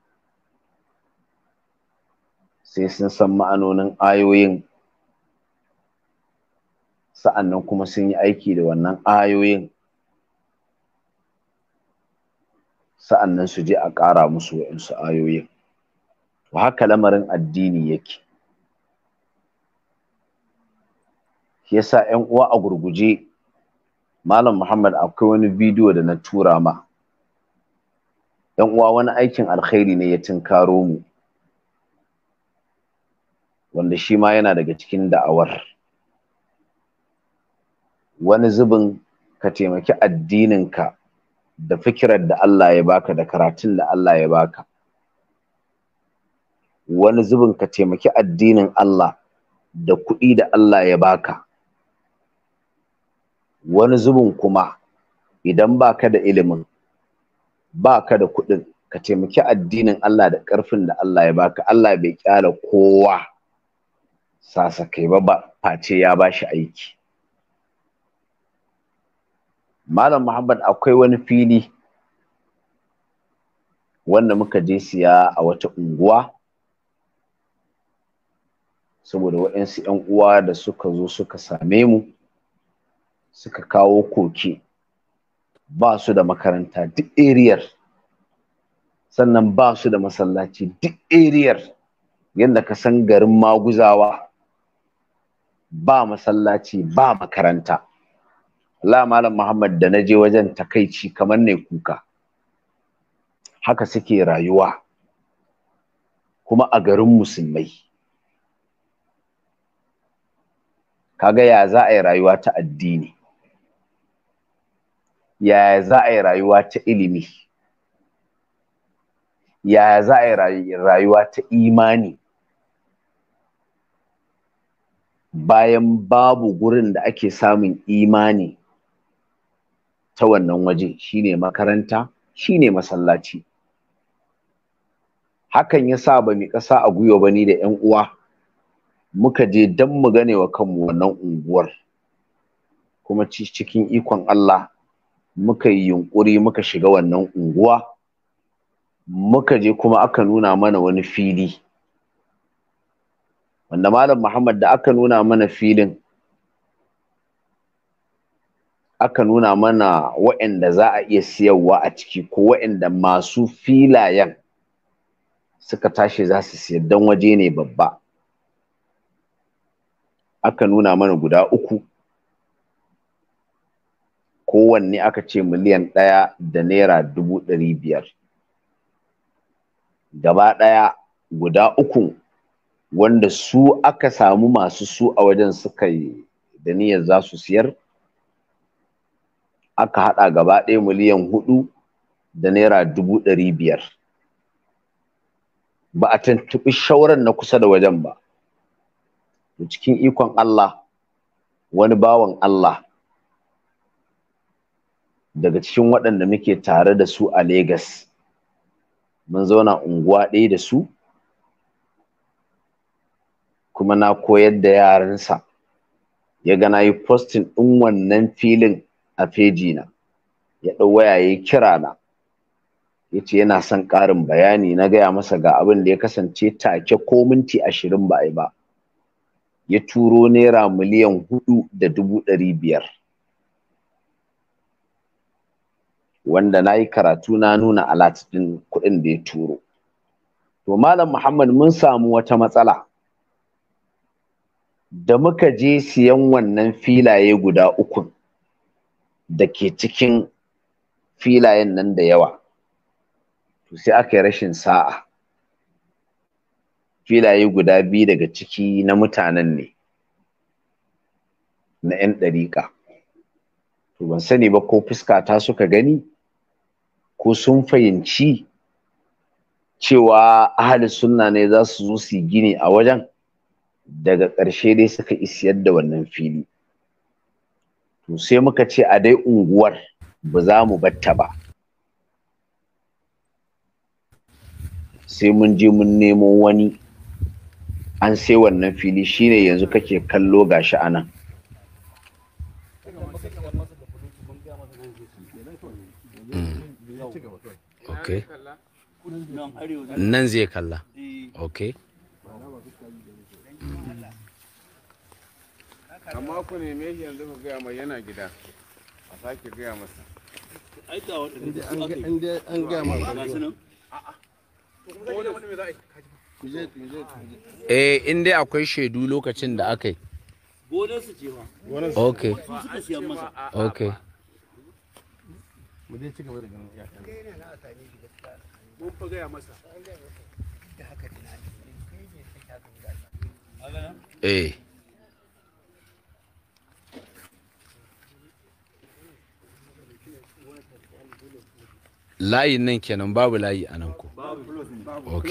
sai sun san ma'anonin ayoyin sa'annan kuma sun yi aiki da wannan ayoyin sa'annan su je a ƙara musu wa'insu ayoyin wa haka lamarin addini yake yasa yan uwa a gurguje malam muhammad akwai wani bidiyo da na tura ma yan uwa wani aikin alkhairi ne ya tinkaro mu wanda shi ma yana daga cikin da'awar wani zubin ka taimaki addininka da fikirar da Allah ya baka da karatun da Allah ya baka wani zubin ka taimaki addinin Allah da kuɗi da Allah ya baka wani zubin kuma idan baka da ilimin baka da kuɗin ka taimaki addinin Allah da ƙarfin da Allah ya baka Allah bai kyala kowa sasakai ba ba face ya shi aiki Malam Muhammad akwai wani fili wanda muka je siya a wata unguwa saboda waɗansu 'yan uwa da suka zo suka same mu suka kawo koke ba su da makaranta duk eriyar sannan ba su da masallaci duk eriyar yadda ka san garin maguzawa ba masallaci ba makaranta La malam Muhammad da na je wajen takaici kamar ne kuka haka suke rayuwa kuma a garin musulmai kaga ya za a yi rayuwa ta addini ya za a yi rayuwa ta ilimi ya za a yi rayuwa ta imani bayan babu gurin da ake samun imani ta wannan waje shine makaranta shine masallaci hakan ya sa ba mi ƙasa a gwiwa ba ni da 'yan uwa muka je don mu gane wa kanmu wannan unguwar kuma cikin ikon Allah muka yi yunƙuri muka shiga wannan unguwa muka je kuma aka nuna mana wani fili wanda malam Muhammad da aka nuna mana filin aka nuna mana waɗanda za a iya siyarwa a ciki ko waɗanda masu filayen suka tashi za su siyar don waje ne babba aka nuna mana guda uku kowanne aka ce miliyan ɗaya da naira dubu ɗari biyar gaba ɗaya guda uku wanda su aka samu masu su a wajen suka yi da niyyar za su siyar aka haɗa gaba ɗaya miliyan hudu da naira dubu ɗari biyar ba a tuntuɓi shauran na kusa da wajen ba cikin ikon Allah wani bawan Allah daga cikin waɗanda muke tare da su a Legas mun zauna unguwa ɗaya da su kuma na koyar da yaransa ya ga na yi postin ɗin wannan filin a na. ya ɗau waya ya kira na ya ce yana son ƙarin bayani na gaya masa ga abin da ya kasance take ko minti ashirin ba a yi ba ya turo naira miliyan hudu da dubu ɗari biyar wanda na yi karatu na nuna alat ɗin kuɗin da ya turo to malam muhammad mun samu wata matsala da muka je siyan wannan filaye guda ukun da ke cikin filayen nan da yawa to sai aka yi rashin sa'a filaye guda biyu daga ciki na mutanen ne na 'yan ɗariƙa to ban sani ba ko fuska ta suka gani ko sun fahimci cewa ahalin sunna ne za su zo su gini a wajen daga ƙarshe dai suka isiyar da wannan fili to sai muka ce a dai unguwar ba za mu batta ba sai mun je mun nemo wani an sai wannan fili shine yanzu kake kallo gashi anan hmm. nan zai kalla okay hmm. amma ku ne me yanzu ku gaya mai yana gida a sake gaya masa ai da an gaya masa a'a to da wani me za a yi eh in dai akwai shaidu lokacin da aka yi layi ok ok eh. nan kenan babu layi a nan ko ok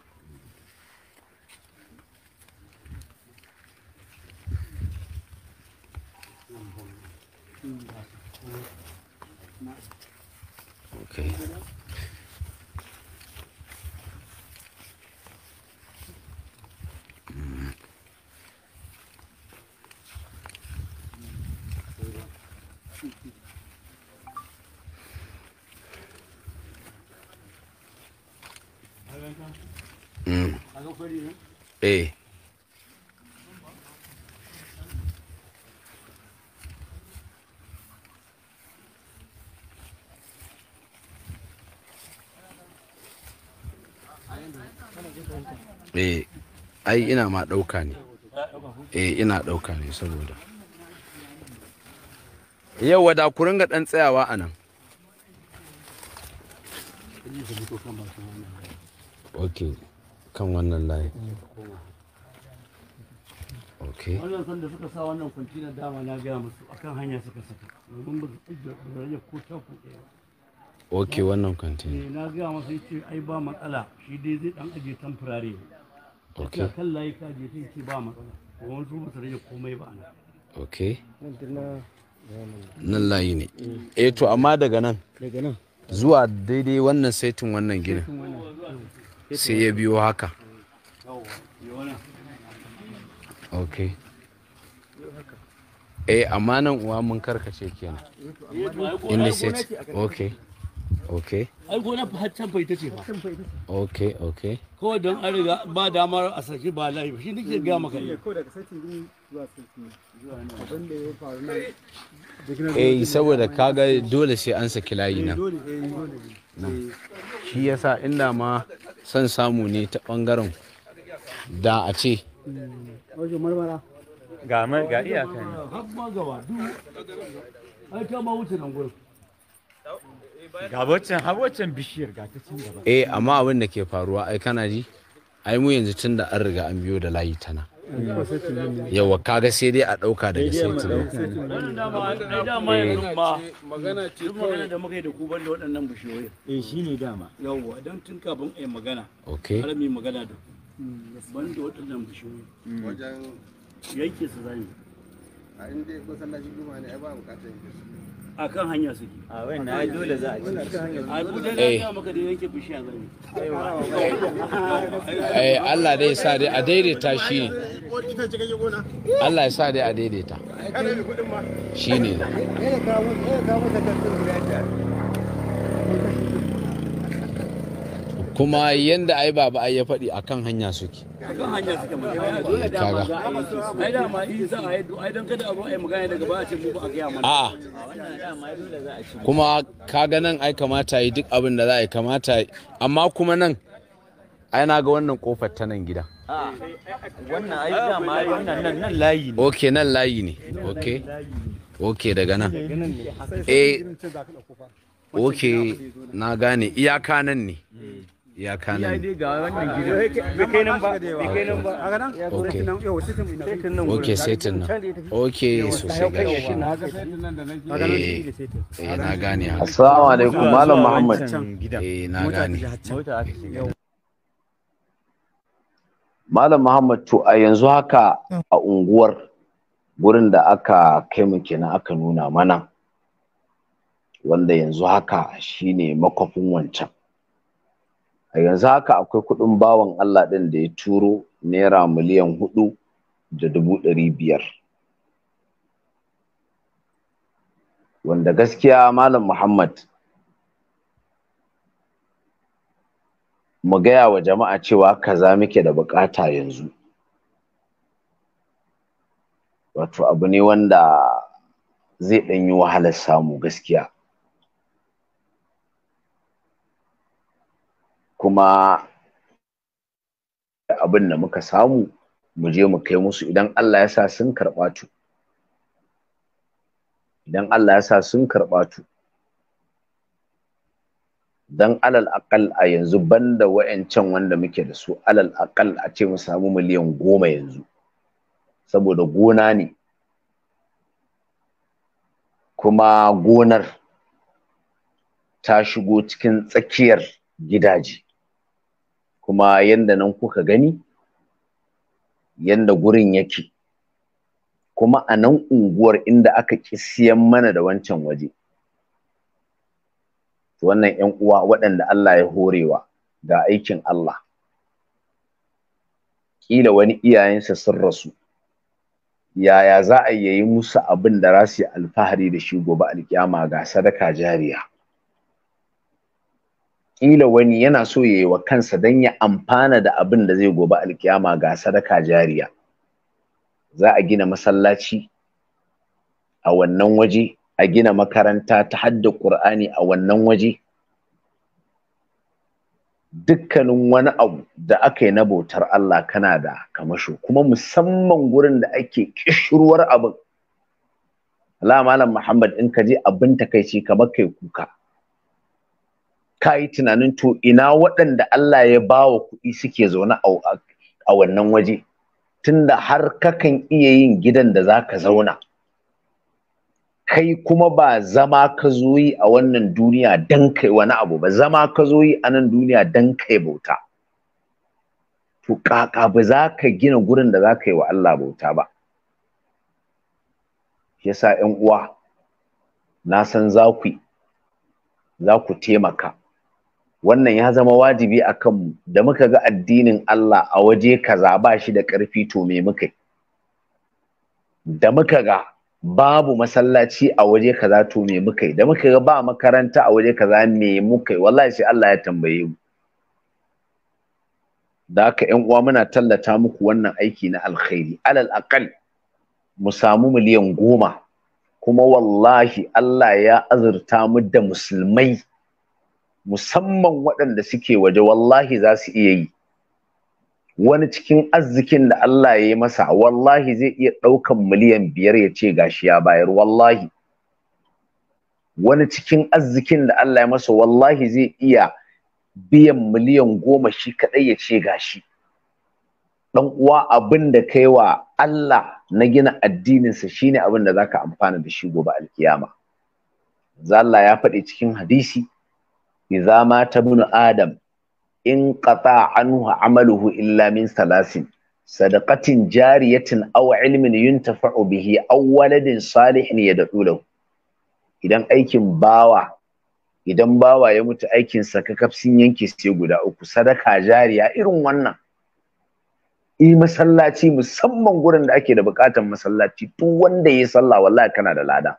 Okay. Mm. mm. Eh. ai ina ma ɗauka ne eh ina ɗauka ne saboda yau wada ku ringa ɗan tsayawa a nan ok kan wannan layi ok wannan sanda suka sa wannan kwanci na dama na gaya musu akan hanya suka saka domin ba su rage ko ta kuɗe ok wannan kwanci eh, na gaya masu yace ai ba matsala shi dai zai ɗan ajiye tamfurare Okay. kan layi ka je nan layi ne mm. eh to amma daga nan zuwa daidai wannan saitin wannan ginin sai ya biyo haka ok eh amma nan uwa mun karkace kenan eh inda sai ai gona can fa ita ce ba ok ok ko don an riga ba damar a saki ba layi shi nake gaya maka yi. ko daga sati biyu zuwa zuwa nan abin da ya faru nan eh saboda kaga dole sai an saki layi eh, nan eh, shi yasa inda ma son samu ne ta bangaren da a ce hmm. ga iyaka ne ma wuce nan gurin ga waccan har waccan bishiyar ga eh, amma abin da ke faruwa ai kana ji ai mu yanzu tun da an riga an biyo da layi tana yawa kaga sai dai a ɗauka daga sai da muka yi da ku eh, eh, a magana okay har magana hmm. a inda ne ai ba bukatar a kan hanya suke a wai na dole za a ci eh. maka da yanke bishiya eh Allah dai sa dai a daidaita shi Allah ya sa dai a daidaita shine ne kuma yadda ai baba ai ya faɗi akan hanya suke hanya suke dole a yi a ce a kuma kaga nan ai kamata yi duk abin da za a yi kamata yi amma kuma nan ai na ga wannan kofar ta nan gida wannan ai da ma wannan nan nan layi ne okay nan layi ne okay okay daga nan eh okay na gane iyaka nan ne hmm. ya kana ne ga wannan gidan bai kai nan ba bai kai nan ba a nan yau sitin ina sitin nan okay sai tun nan okay so sai ga shi na ga sitin nan da nake eh na gane assalamu alaikum malam muhammad eh na gane malam muhammad to a yanzu haka a unguwar gurin da aka kai mu kenan aka nuna mana wanda yanzu haka shine makwafin wancan a yanzu haka akwai kuɗin bawan Allah ɗin da ya turo naira miliyan hudu da dubu ɗari biyar wanda gaskiya malam Muhammad mu gaya wa jama'a cewa kaza muke da bukata yanzu wato abu ne wanda zai ɗan wahalar samu gaskiya kuma abin da muka samu mu je mu kai musu idan Allah ya sa sun karɓa tu idan Allah ya sa sun karɓa tu dan alal akal a yanzu banda wa'ancan wanda muke da su alal akal a ce mu samu miliyan goma yanzu saboda gona ne kuma gonar ta shigo cikin tsakiyar gidaje kuma yanda nan kuka gani yanda gurin yake kuma a nan unguwar inda aka ƙi siyan mana da wancan waje wannan ‘yan uwa waɗanda Allah ya horewa ga aikin Allah ƙila wani iyayensa sun rasu yaya za a yi musu abin da za alfahari da shi gobe alkiyama ga sadaka jariya kila wani yana so ya yi wa kansa don ya amfana da abin da zai gobe alkiyama ga sadaka jariya za a gina masallaci a wannan waje a gina makaranta ta hadda ƙur'ani a wannan waje dukkanin wani abu da aka yi na bautar Allah kana da kamasho kuma musamman gurin da ake kishirwar abin Allah malam Muhammad in ka je abin takaici kamar kai kuka ka yi tunanin to ina waɗanda Allah ya bawa kuɗi suke zaune a wannan waje tunda har kakan iya yin gidan da za ka zauna kai kuma ba zama ka zo yi a wannan duniya don kai wani abu ba zama ka zo yi a nan duniya don kai bauta to kaka ba za ka gina gurin da za ka yi wa Allah bauta ba yasa 'yan uwa na san za ku taimaka wannan ya zama wajibi a kanmu da muka ga addinin Allah a waje kaza ba shi da ƙarfi to me muka yi da muka ga babu masallaci a waje kaza to me muka yi da muka ga ba makaranta a waje kaza me muka yi wallahi sai Allah ya tambaye mu da haka ƴan uwa muna tallata muku wannan aiki na alkhairi alal aqal mu samu miliyan goma kuma wallahi Allah ya azurta mu da musulmai musamman waɗanda suke waje wallahi za su iya yi wani cikin arzikin da Allah ya yi masa wallahi zai iya ɗaukan miliyan biyar ya ce gashi ya bayar wallahi wani cikin arzikin da Allah ya masa wallahi zai iya biyan miliyan goma shi kaɗai ya ce gashi ɗan uwa abin da kai wa Allah na gina addininsa shine abin da zaka amfana da shi gobe alkiyama Allah ya faɗi cikin hadisi idza mata bin adam in qata anhu amaluhu illa min salasin sadaqatin jariyatin aw ilmin yuntafa'u bihi aw waladin salihin yad'u lahu idan aikin bawa idan bawa ya mutu aikin sa ka kafsin yanke sai guda uku sadaka jariya irin wannan yi masallaci musamman gurin da ake da bukatan masallaci duk wanda ya sallah wallahi kana da lada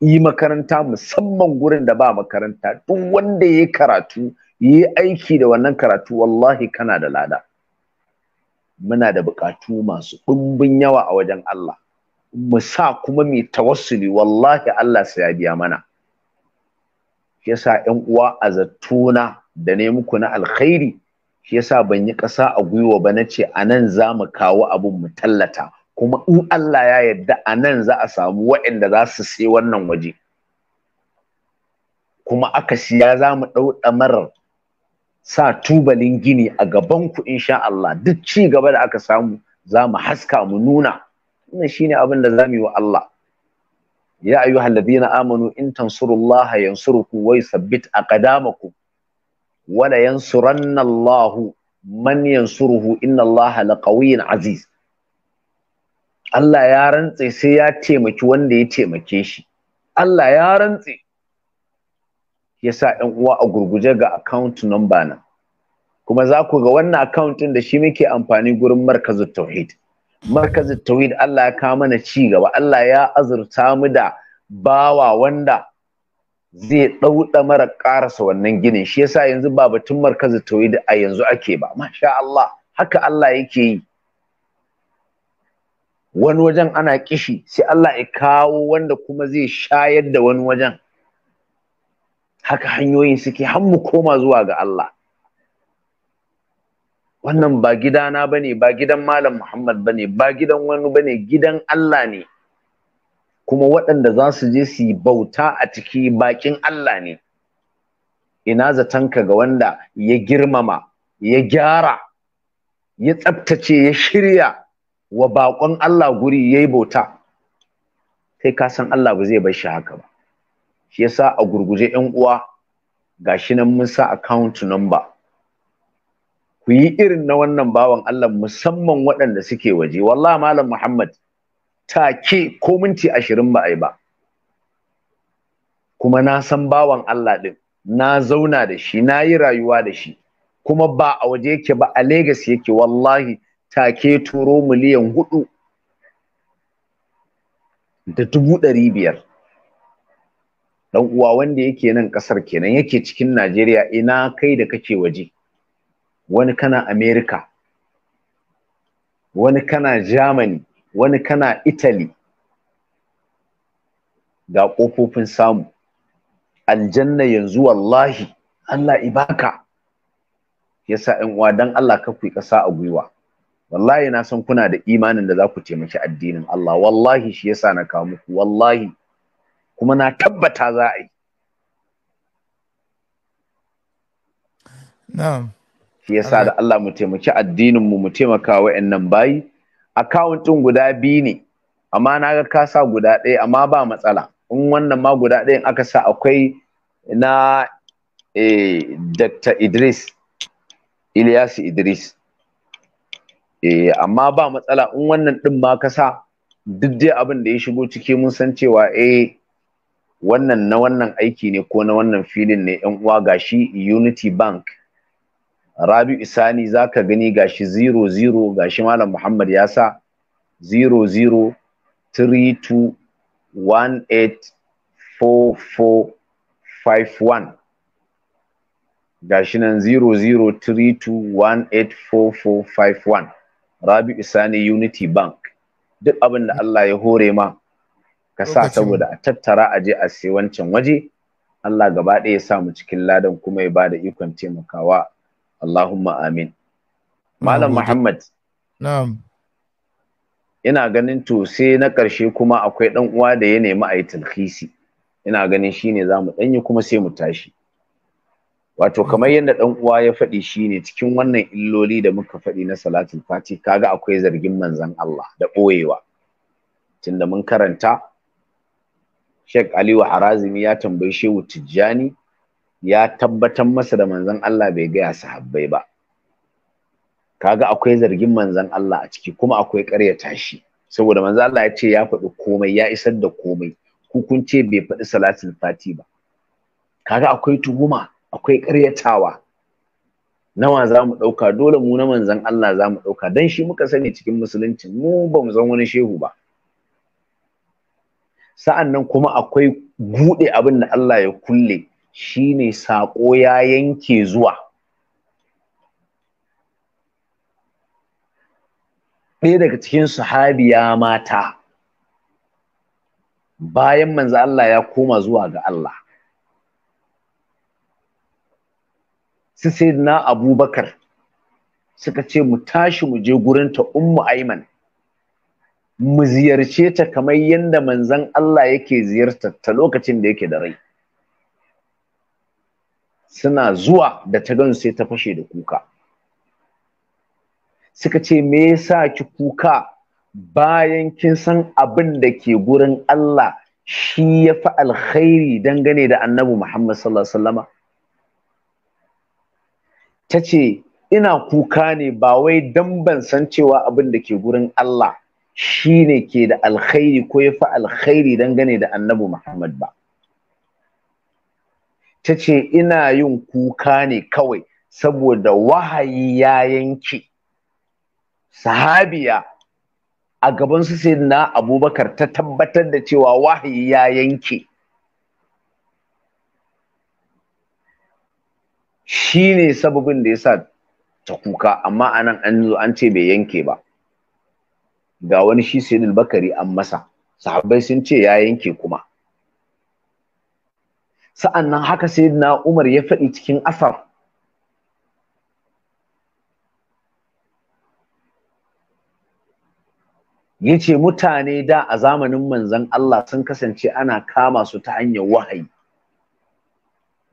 yi makaranta musamman gurin da ba makaranta duk wanda ya karatu yi aiki da wannan karatu wallahi kana da lada muna da bukatu masu ɗumbin yawa a wajen Allah mu sa kuma mai tawassuli wallahi Allah sai ya biya mana shi yasa ƴan uwa a zattuna da ne muku na alkhairi shi yasa ban yi ƙasa a gwiwa ba na ce a nan za mu kawo abin mu tallata kuma in Allah ya yadda a nan za a samu waɗanda za su sai wannan waje kuma aka siya za mu ɗau sa tubalin gini a gaban ku insha Allah duk ci gaba da aka samu za mu haska mu nuna wannan shine abin da za mu yi wa Allah ya ayyuhal ladina amanu in tansurullaha yansurukum wa yusabbit aqdamakum wala yansuranna Allahu man yansuruhu inna Allaha laqawiyyun aziz Allah ya rantse sai ya taimaki wanda ya taimake shi Allah ya rantse yasa sa ɗan uwa a gurguje ga account number nan kuma za ku ga wannan account ɗin da shi muke amfani gurin markazin tauhid markazin tauhid Allah ya kawo mana ci gaba Allah ya azurta mu da bawa wanda zai ɗauɗa mara ƙarasa wannan ginin shi yasa yanzu ba batun markazin tauhid a yanzu ake ba masha Allah haka Allah yake yi wani wajen ana kishi sai Allah ya kawo wanda kuma zai shayar da wani wajen haka hanyoyin suke har mu koma zuwa ga Allah wannan ba gidana bane ba gidan malam Muhammad bane ba gidan wani bane gidan Allah ne kuma waɗanda za su je su bauta a ciki bakin Allah ne ina zatanka ga wanda ya girmama ya gyara ya tsabtace ya shirya wa baƙon Allah guri yayi bauta Sai ka san Allah ba zai bar shi haka ba shi yasa a gurguje yan uwa shi nan mun sa account number ku yi irin na wannan bawan Allah musamman waɗanda suke waje wallahi malam Muhammad take ko minti ashirin ba a yi ba kuma na san bawan Allah ɗin na zauna da shi na yi rayuwa da shi kuma ba a waje yake ba a Legas yake wallahi take turo miliyan hudu da dubu ɗari biyar ɗan uwa wanda yake nan ƙasar kenan yake cikin najeriya ina kai da kake waje wani kana america wani kana germany wani kana italy ga ƙofofin samu aljanna yanzu wallahi allah ibaka yasa 'yan uwa don allah ka kwi ƙasa a gwiwa wallahi na san kuna da imanin da za ku taimaki addinin Allah wallahi shi yasa na kawo muku wallahi kuma na tabbata za a yi shi yasa da Allah mu taimaki addinin mu mu taimaka nan bayi Akawuntin guda biyu ne amma na ga ka guda ɗaya amma ba matsala in wannan ma guda ɗayan aka sa akwai na eh, Dr. Idris Ilyasu Idris eh amma ba matsala in wannan din ma ka sa duk dai abin da ya shigo ciki mun san cewa eh wannan na wannan aiki ne ko na wannan filin ne yan uwa gashi unity bank rabi isani zaka gani gashi 00 gashi malam muhammad ya sa 00 gashi nan 0032184451 Rabi'u Sani Unity Bank duk abin da Allah ya hore ma ka sa saboda a tattara a je a sai wancan waje Allah gaba ɗaya ya sa mu cikin ladan kuma ya bada ikon taimakawa Allahumma amin Malam Muhammad na'am ina ganin to sai na ƙarshe kuma akwai ɗan uwa da ya nemi a yi talhisi ina ganin shine zamu ɗanyi kuma sai mu tashi wato kamar yadda dan uwa ya faɗi shine cikin wannan illoli da muka faɗi na salatul fati kaga akwai zargin manzon Allah da boyewa tunda mun karanta Sheikh Aliyu Harazimi ya tambayi Shehu Tijjani ya tabbatar masa da manzon Allah bai gaya sahabbai ba kaga akwai zargin manzon Allah a ciki kuma akwai ƙaryata shi saboda manzon Allah ya ce ya faɗi komai ya isar da komai ku kun ce bai faɗi salatul fati ba kaga akwai tuhuma akwai ƙaryatawa nawa za mu ɗauka dole mu na manzan Allah za mu ɗauka don shi muka sani cikin musulunci mu ba mu zan wani shehu ba sa'an nan kuma akwai buɗe abin da Allah ya kulle shi ne saƙo ya yanke zuwa ɗaya daga cikin sahabiya mata bayan manzan Allah ya koma zuwa ga Allah su na abubakar suka ce mu tashi mu je gurin ta ummu aiman mu ziyarce ta kamar yadda manzon Allah yake ziyartar ta lokacin da yake da rai suna zuwa da ta gan sai ta fashe da kuka suka ce me yasa ki kuka bayan kin san abin da ke gurin Allah shi ya fi alkhairi dangane da annabi Muhammad sallallahu alaihi wasallama ta ce ina kuka ne ba wai dan ban san cewa abin da ke gurin Allah shi ne ke da alkhairi ko ya fi alkhairi dangane da annabi Muhammad ba. Ta ce ina yin kuka ne kawai saboda wahayi ya yanke sahabiya a gabansu sai na abubakar ta tabbatar da cewa wahayi ya yanke. shi ne sababin da ya sa ta kuka amma anan an zo an ce bai yanke ba ga wani shi sayyidul bakari an masa sahabbai sun ce ya yanke kuma sa'an nan haka sayyidina umar ya faɗi cikin asar ya ce mutane da a zamanin Manzon Allah sun kasance ana kama su ta hanyar wahayi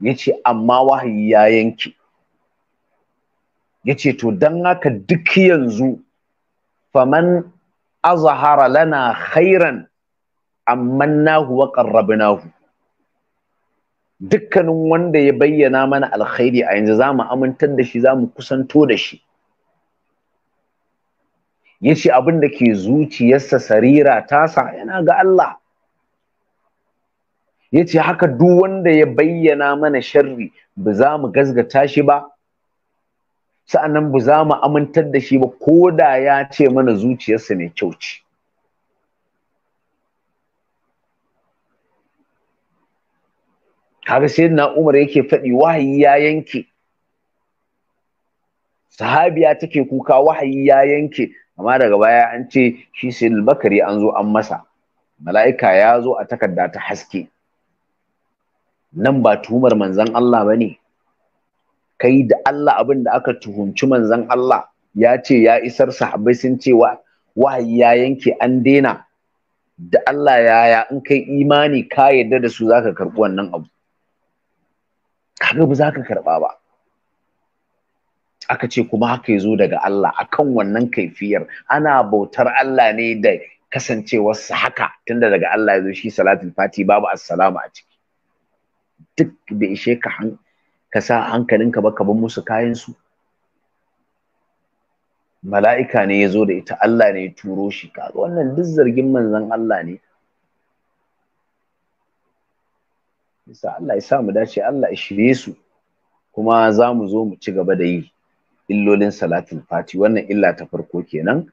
yace amma wahayi ya yanke yace to dan haka duk yanzu faman azhara lana khairan ammannahu wa qarrabnahu dukkanin wanda ya bayyana mana alkhairi a yanzu za mu amintar da shi za mu kusanto da shi yace abin da ke zuciyarsa sarira tasa yana ga Allah ya ce haka duk wanda ya bayyana mana sharri ba za mu gazgata shi ba sa'annan ba za mu amintar da shi ba ko da ya ce mana zuciyarsa mai kyau ce kaga sai na umar yake faɗi wahayi ya yanke sahabiya take kuka wahayi ya yanke amma daga baya an ce shi sai bakari an zo an masa mala'ika ya zo a takarda ta haske nan ba tuhumar manzan Allah ba ne kai da Allah abin da aka tuhumci manzan Allah ya ce ya isar sahabbai sun ce wa wahayi ya yanke an daina da Allah ya ya in kai imani ka yarda da su zaka karɓi wannan abu kaga ba zaka karɓa ba aka ce kuma haka ya zo daga Allah akan wannan kaifiyar ana bautar Allah ne da kasancewarsa haka tunda daga Allah ya zo shi salatul fati babu assalamu a ciki duk da ishe ka han ka sa hankalinka ba ka bar musu kayan su mala'ika ne ya zo da ita Allah ne ya turo shi kaga wannan duk zargin manzon Allah ne yasa Allah ya sa mu dace Allah ya shirye su kuma za mu zo mu ci gaba da yi illolin salatin fati wannan illa ta farko kenan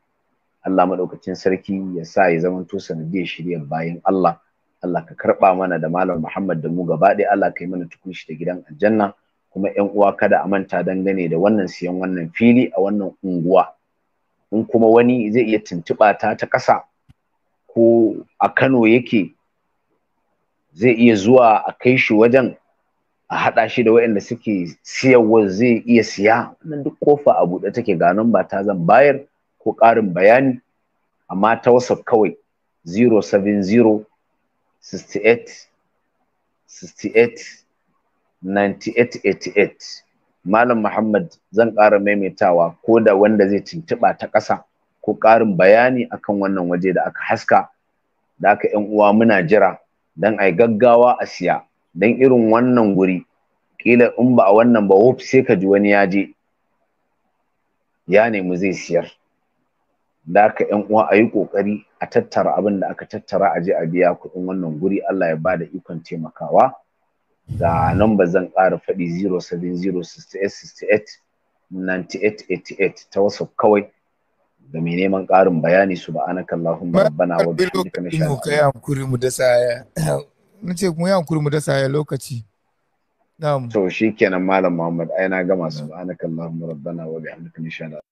Allah maɗaukacin sarki ya sa ya zamanto sanadiyar shirye bayan Allah Allah ka karɓa mana da Malam Muhammad da mu gaba ɗaya Allah ka yi mana tukunshi da gidan aljanna kuma ƴan uwa kada a manta dangane da wannan siyan wannan fili a wannan unguwa in kuma wani zai iya tuntuɓa ta ta ƙasa ko a Kano yake zai iya zuwa a kai shi wajen a haɗa shi da waɗanda suke siyarwa zai iya siya wannan duk kofa a buɗe take ga nan ba ta zan bayar ko ƙarin bayani amma ta WhatsApp kawai 070 68 Malam Muhammad zan ƙara maimaitawa ko da wanda zai tuntuɓa ta ƙasa ko ƙarin bayani akan wannan waje da aka haska da aka ‘yan uwa muna jira don a yi gaggawa a siya don irin wannan guri ƙila in ba a wannan ba wuf sai ka ji wani ya je ya nemi zai siyar da aka yan uwa a yi kokari a tattara abin da aka tattara a je a biya kuɗin wannan guri Allah ya bada ikon taimakawa ga ba zan ƙara faɗi 07068689888 ta wasu kawai da mai neman ƙarin bayani su ba anaka Allahumma rabbana wa bihamdika nashhadu an la ilaha mu da saya <coughs> nace mu yi hankuri mu da saya lokaci na'am to shikenan malam Muhammad ai na gama subhanaka Allahumma rabbana wa bihamdika nashhadu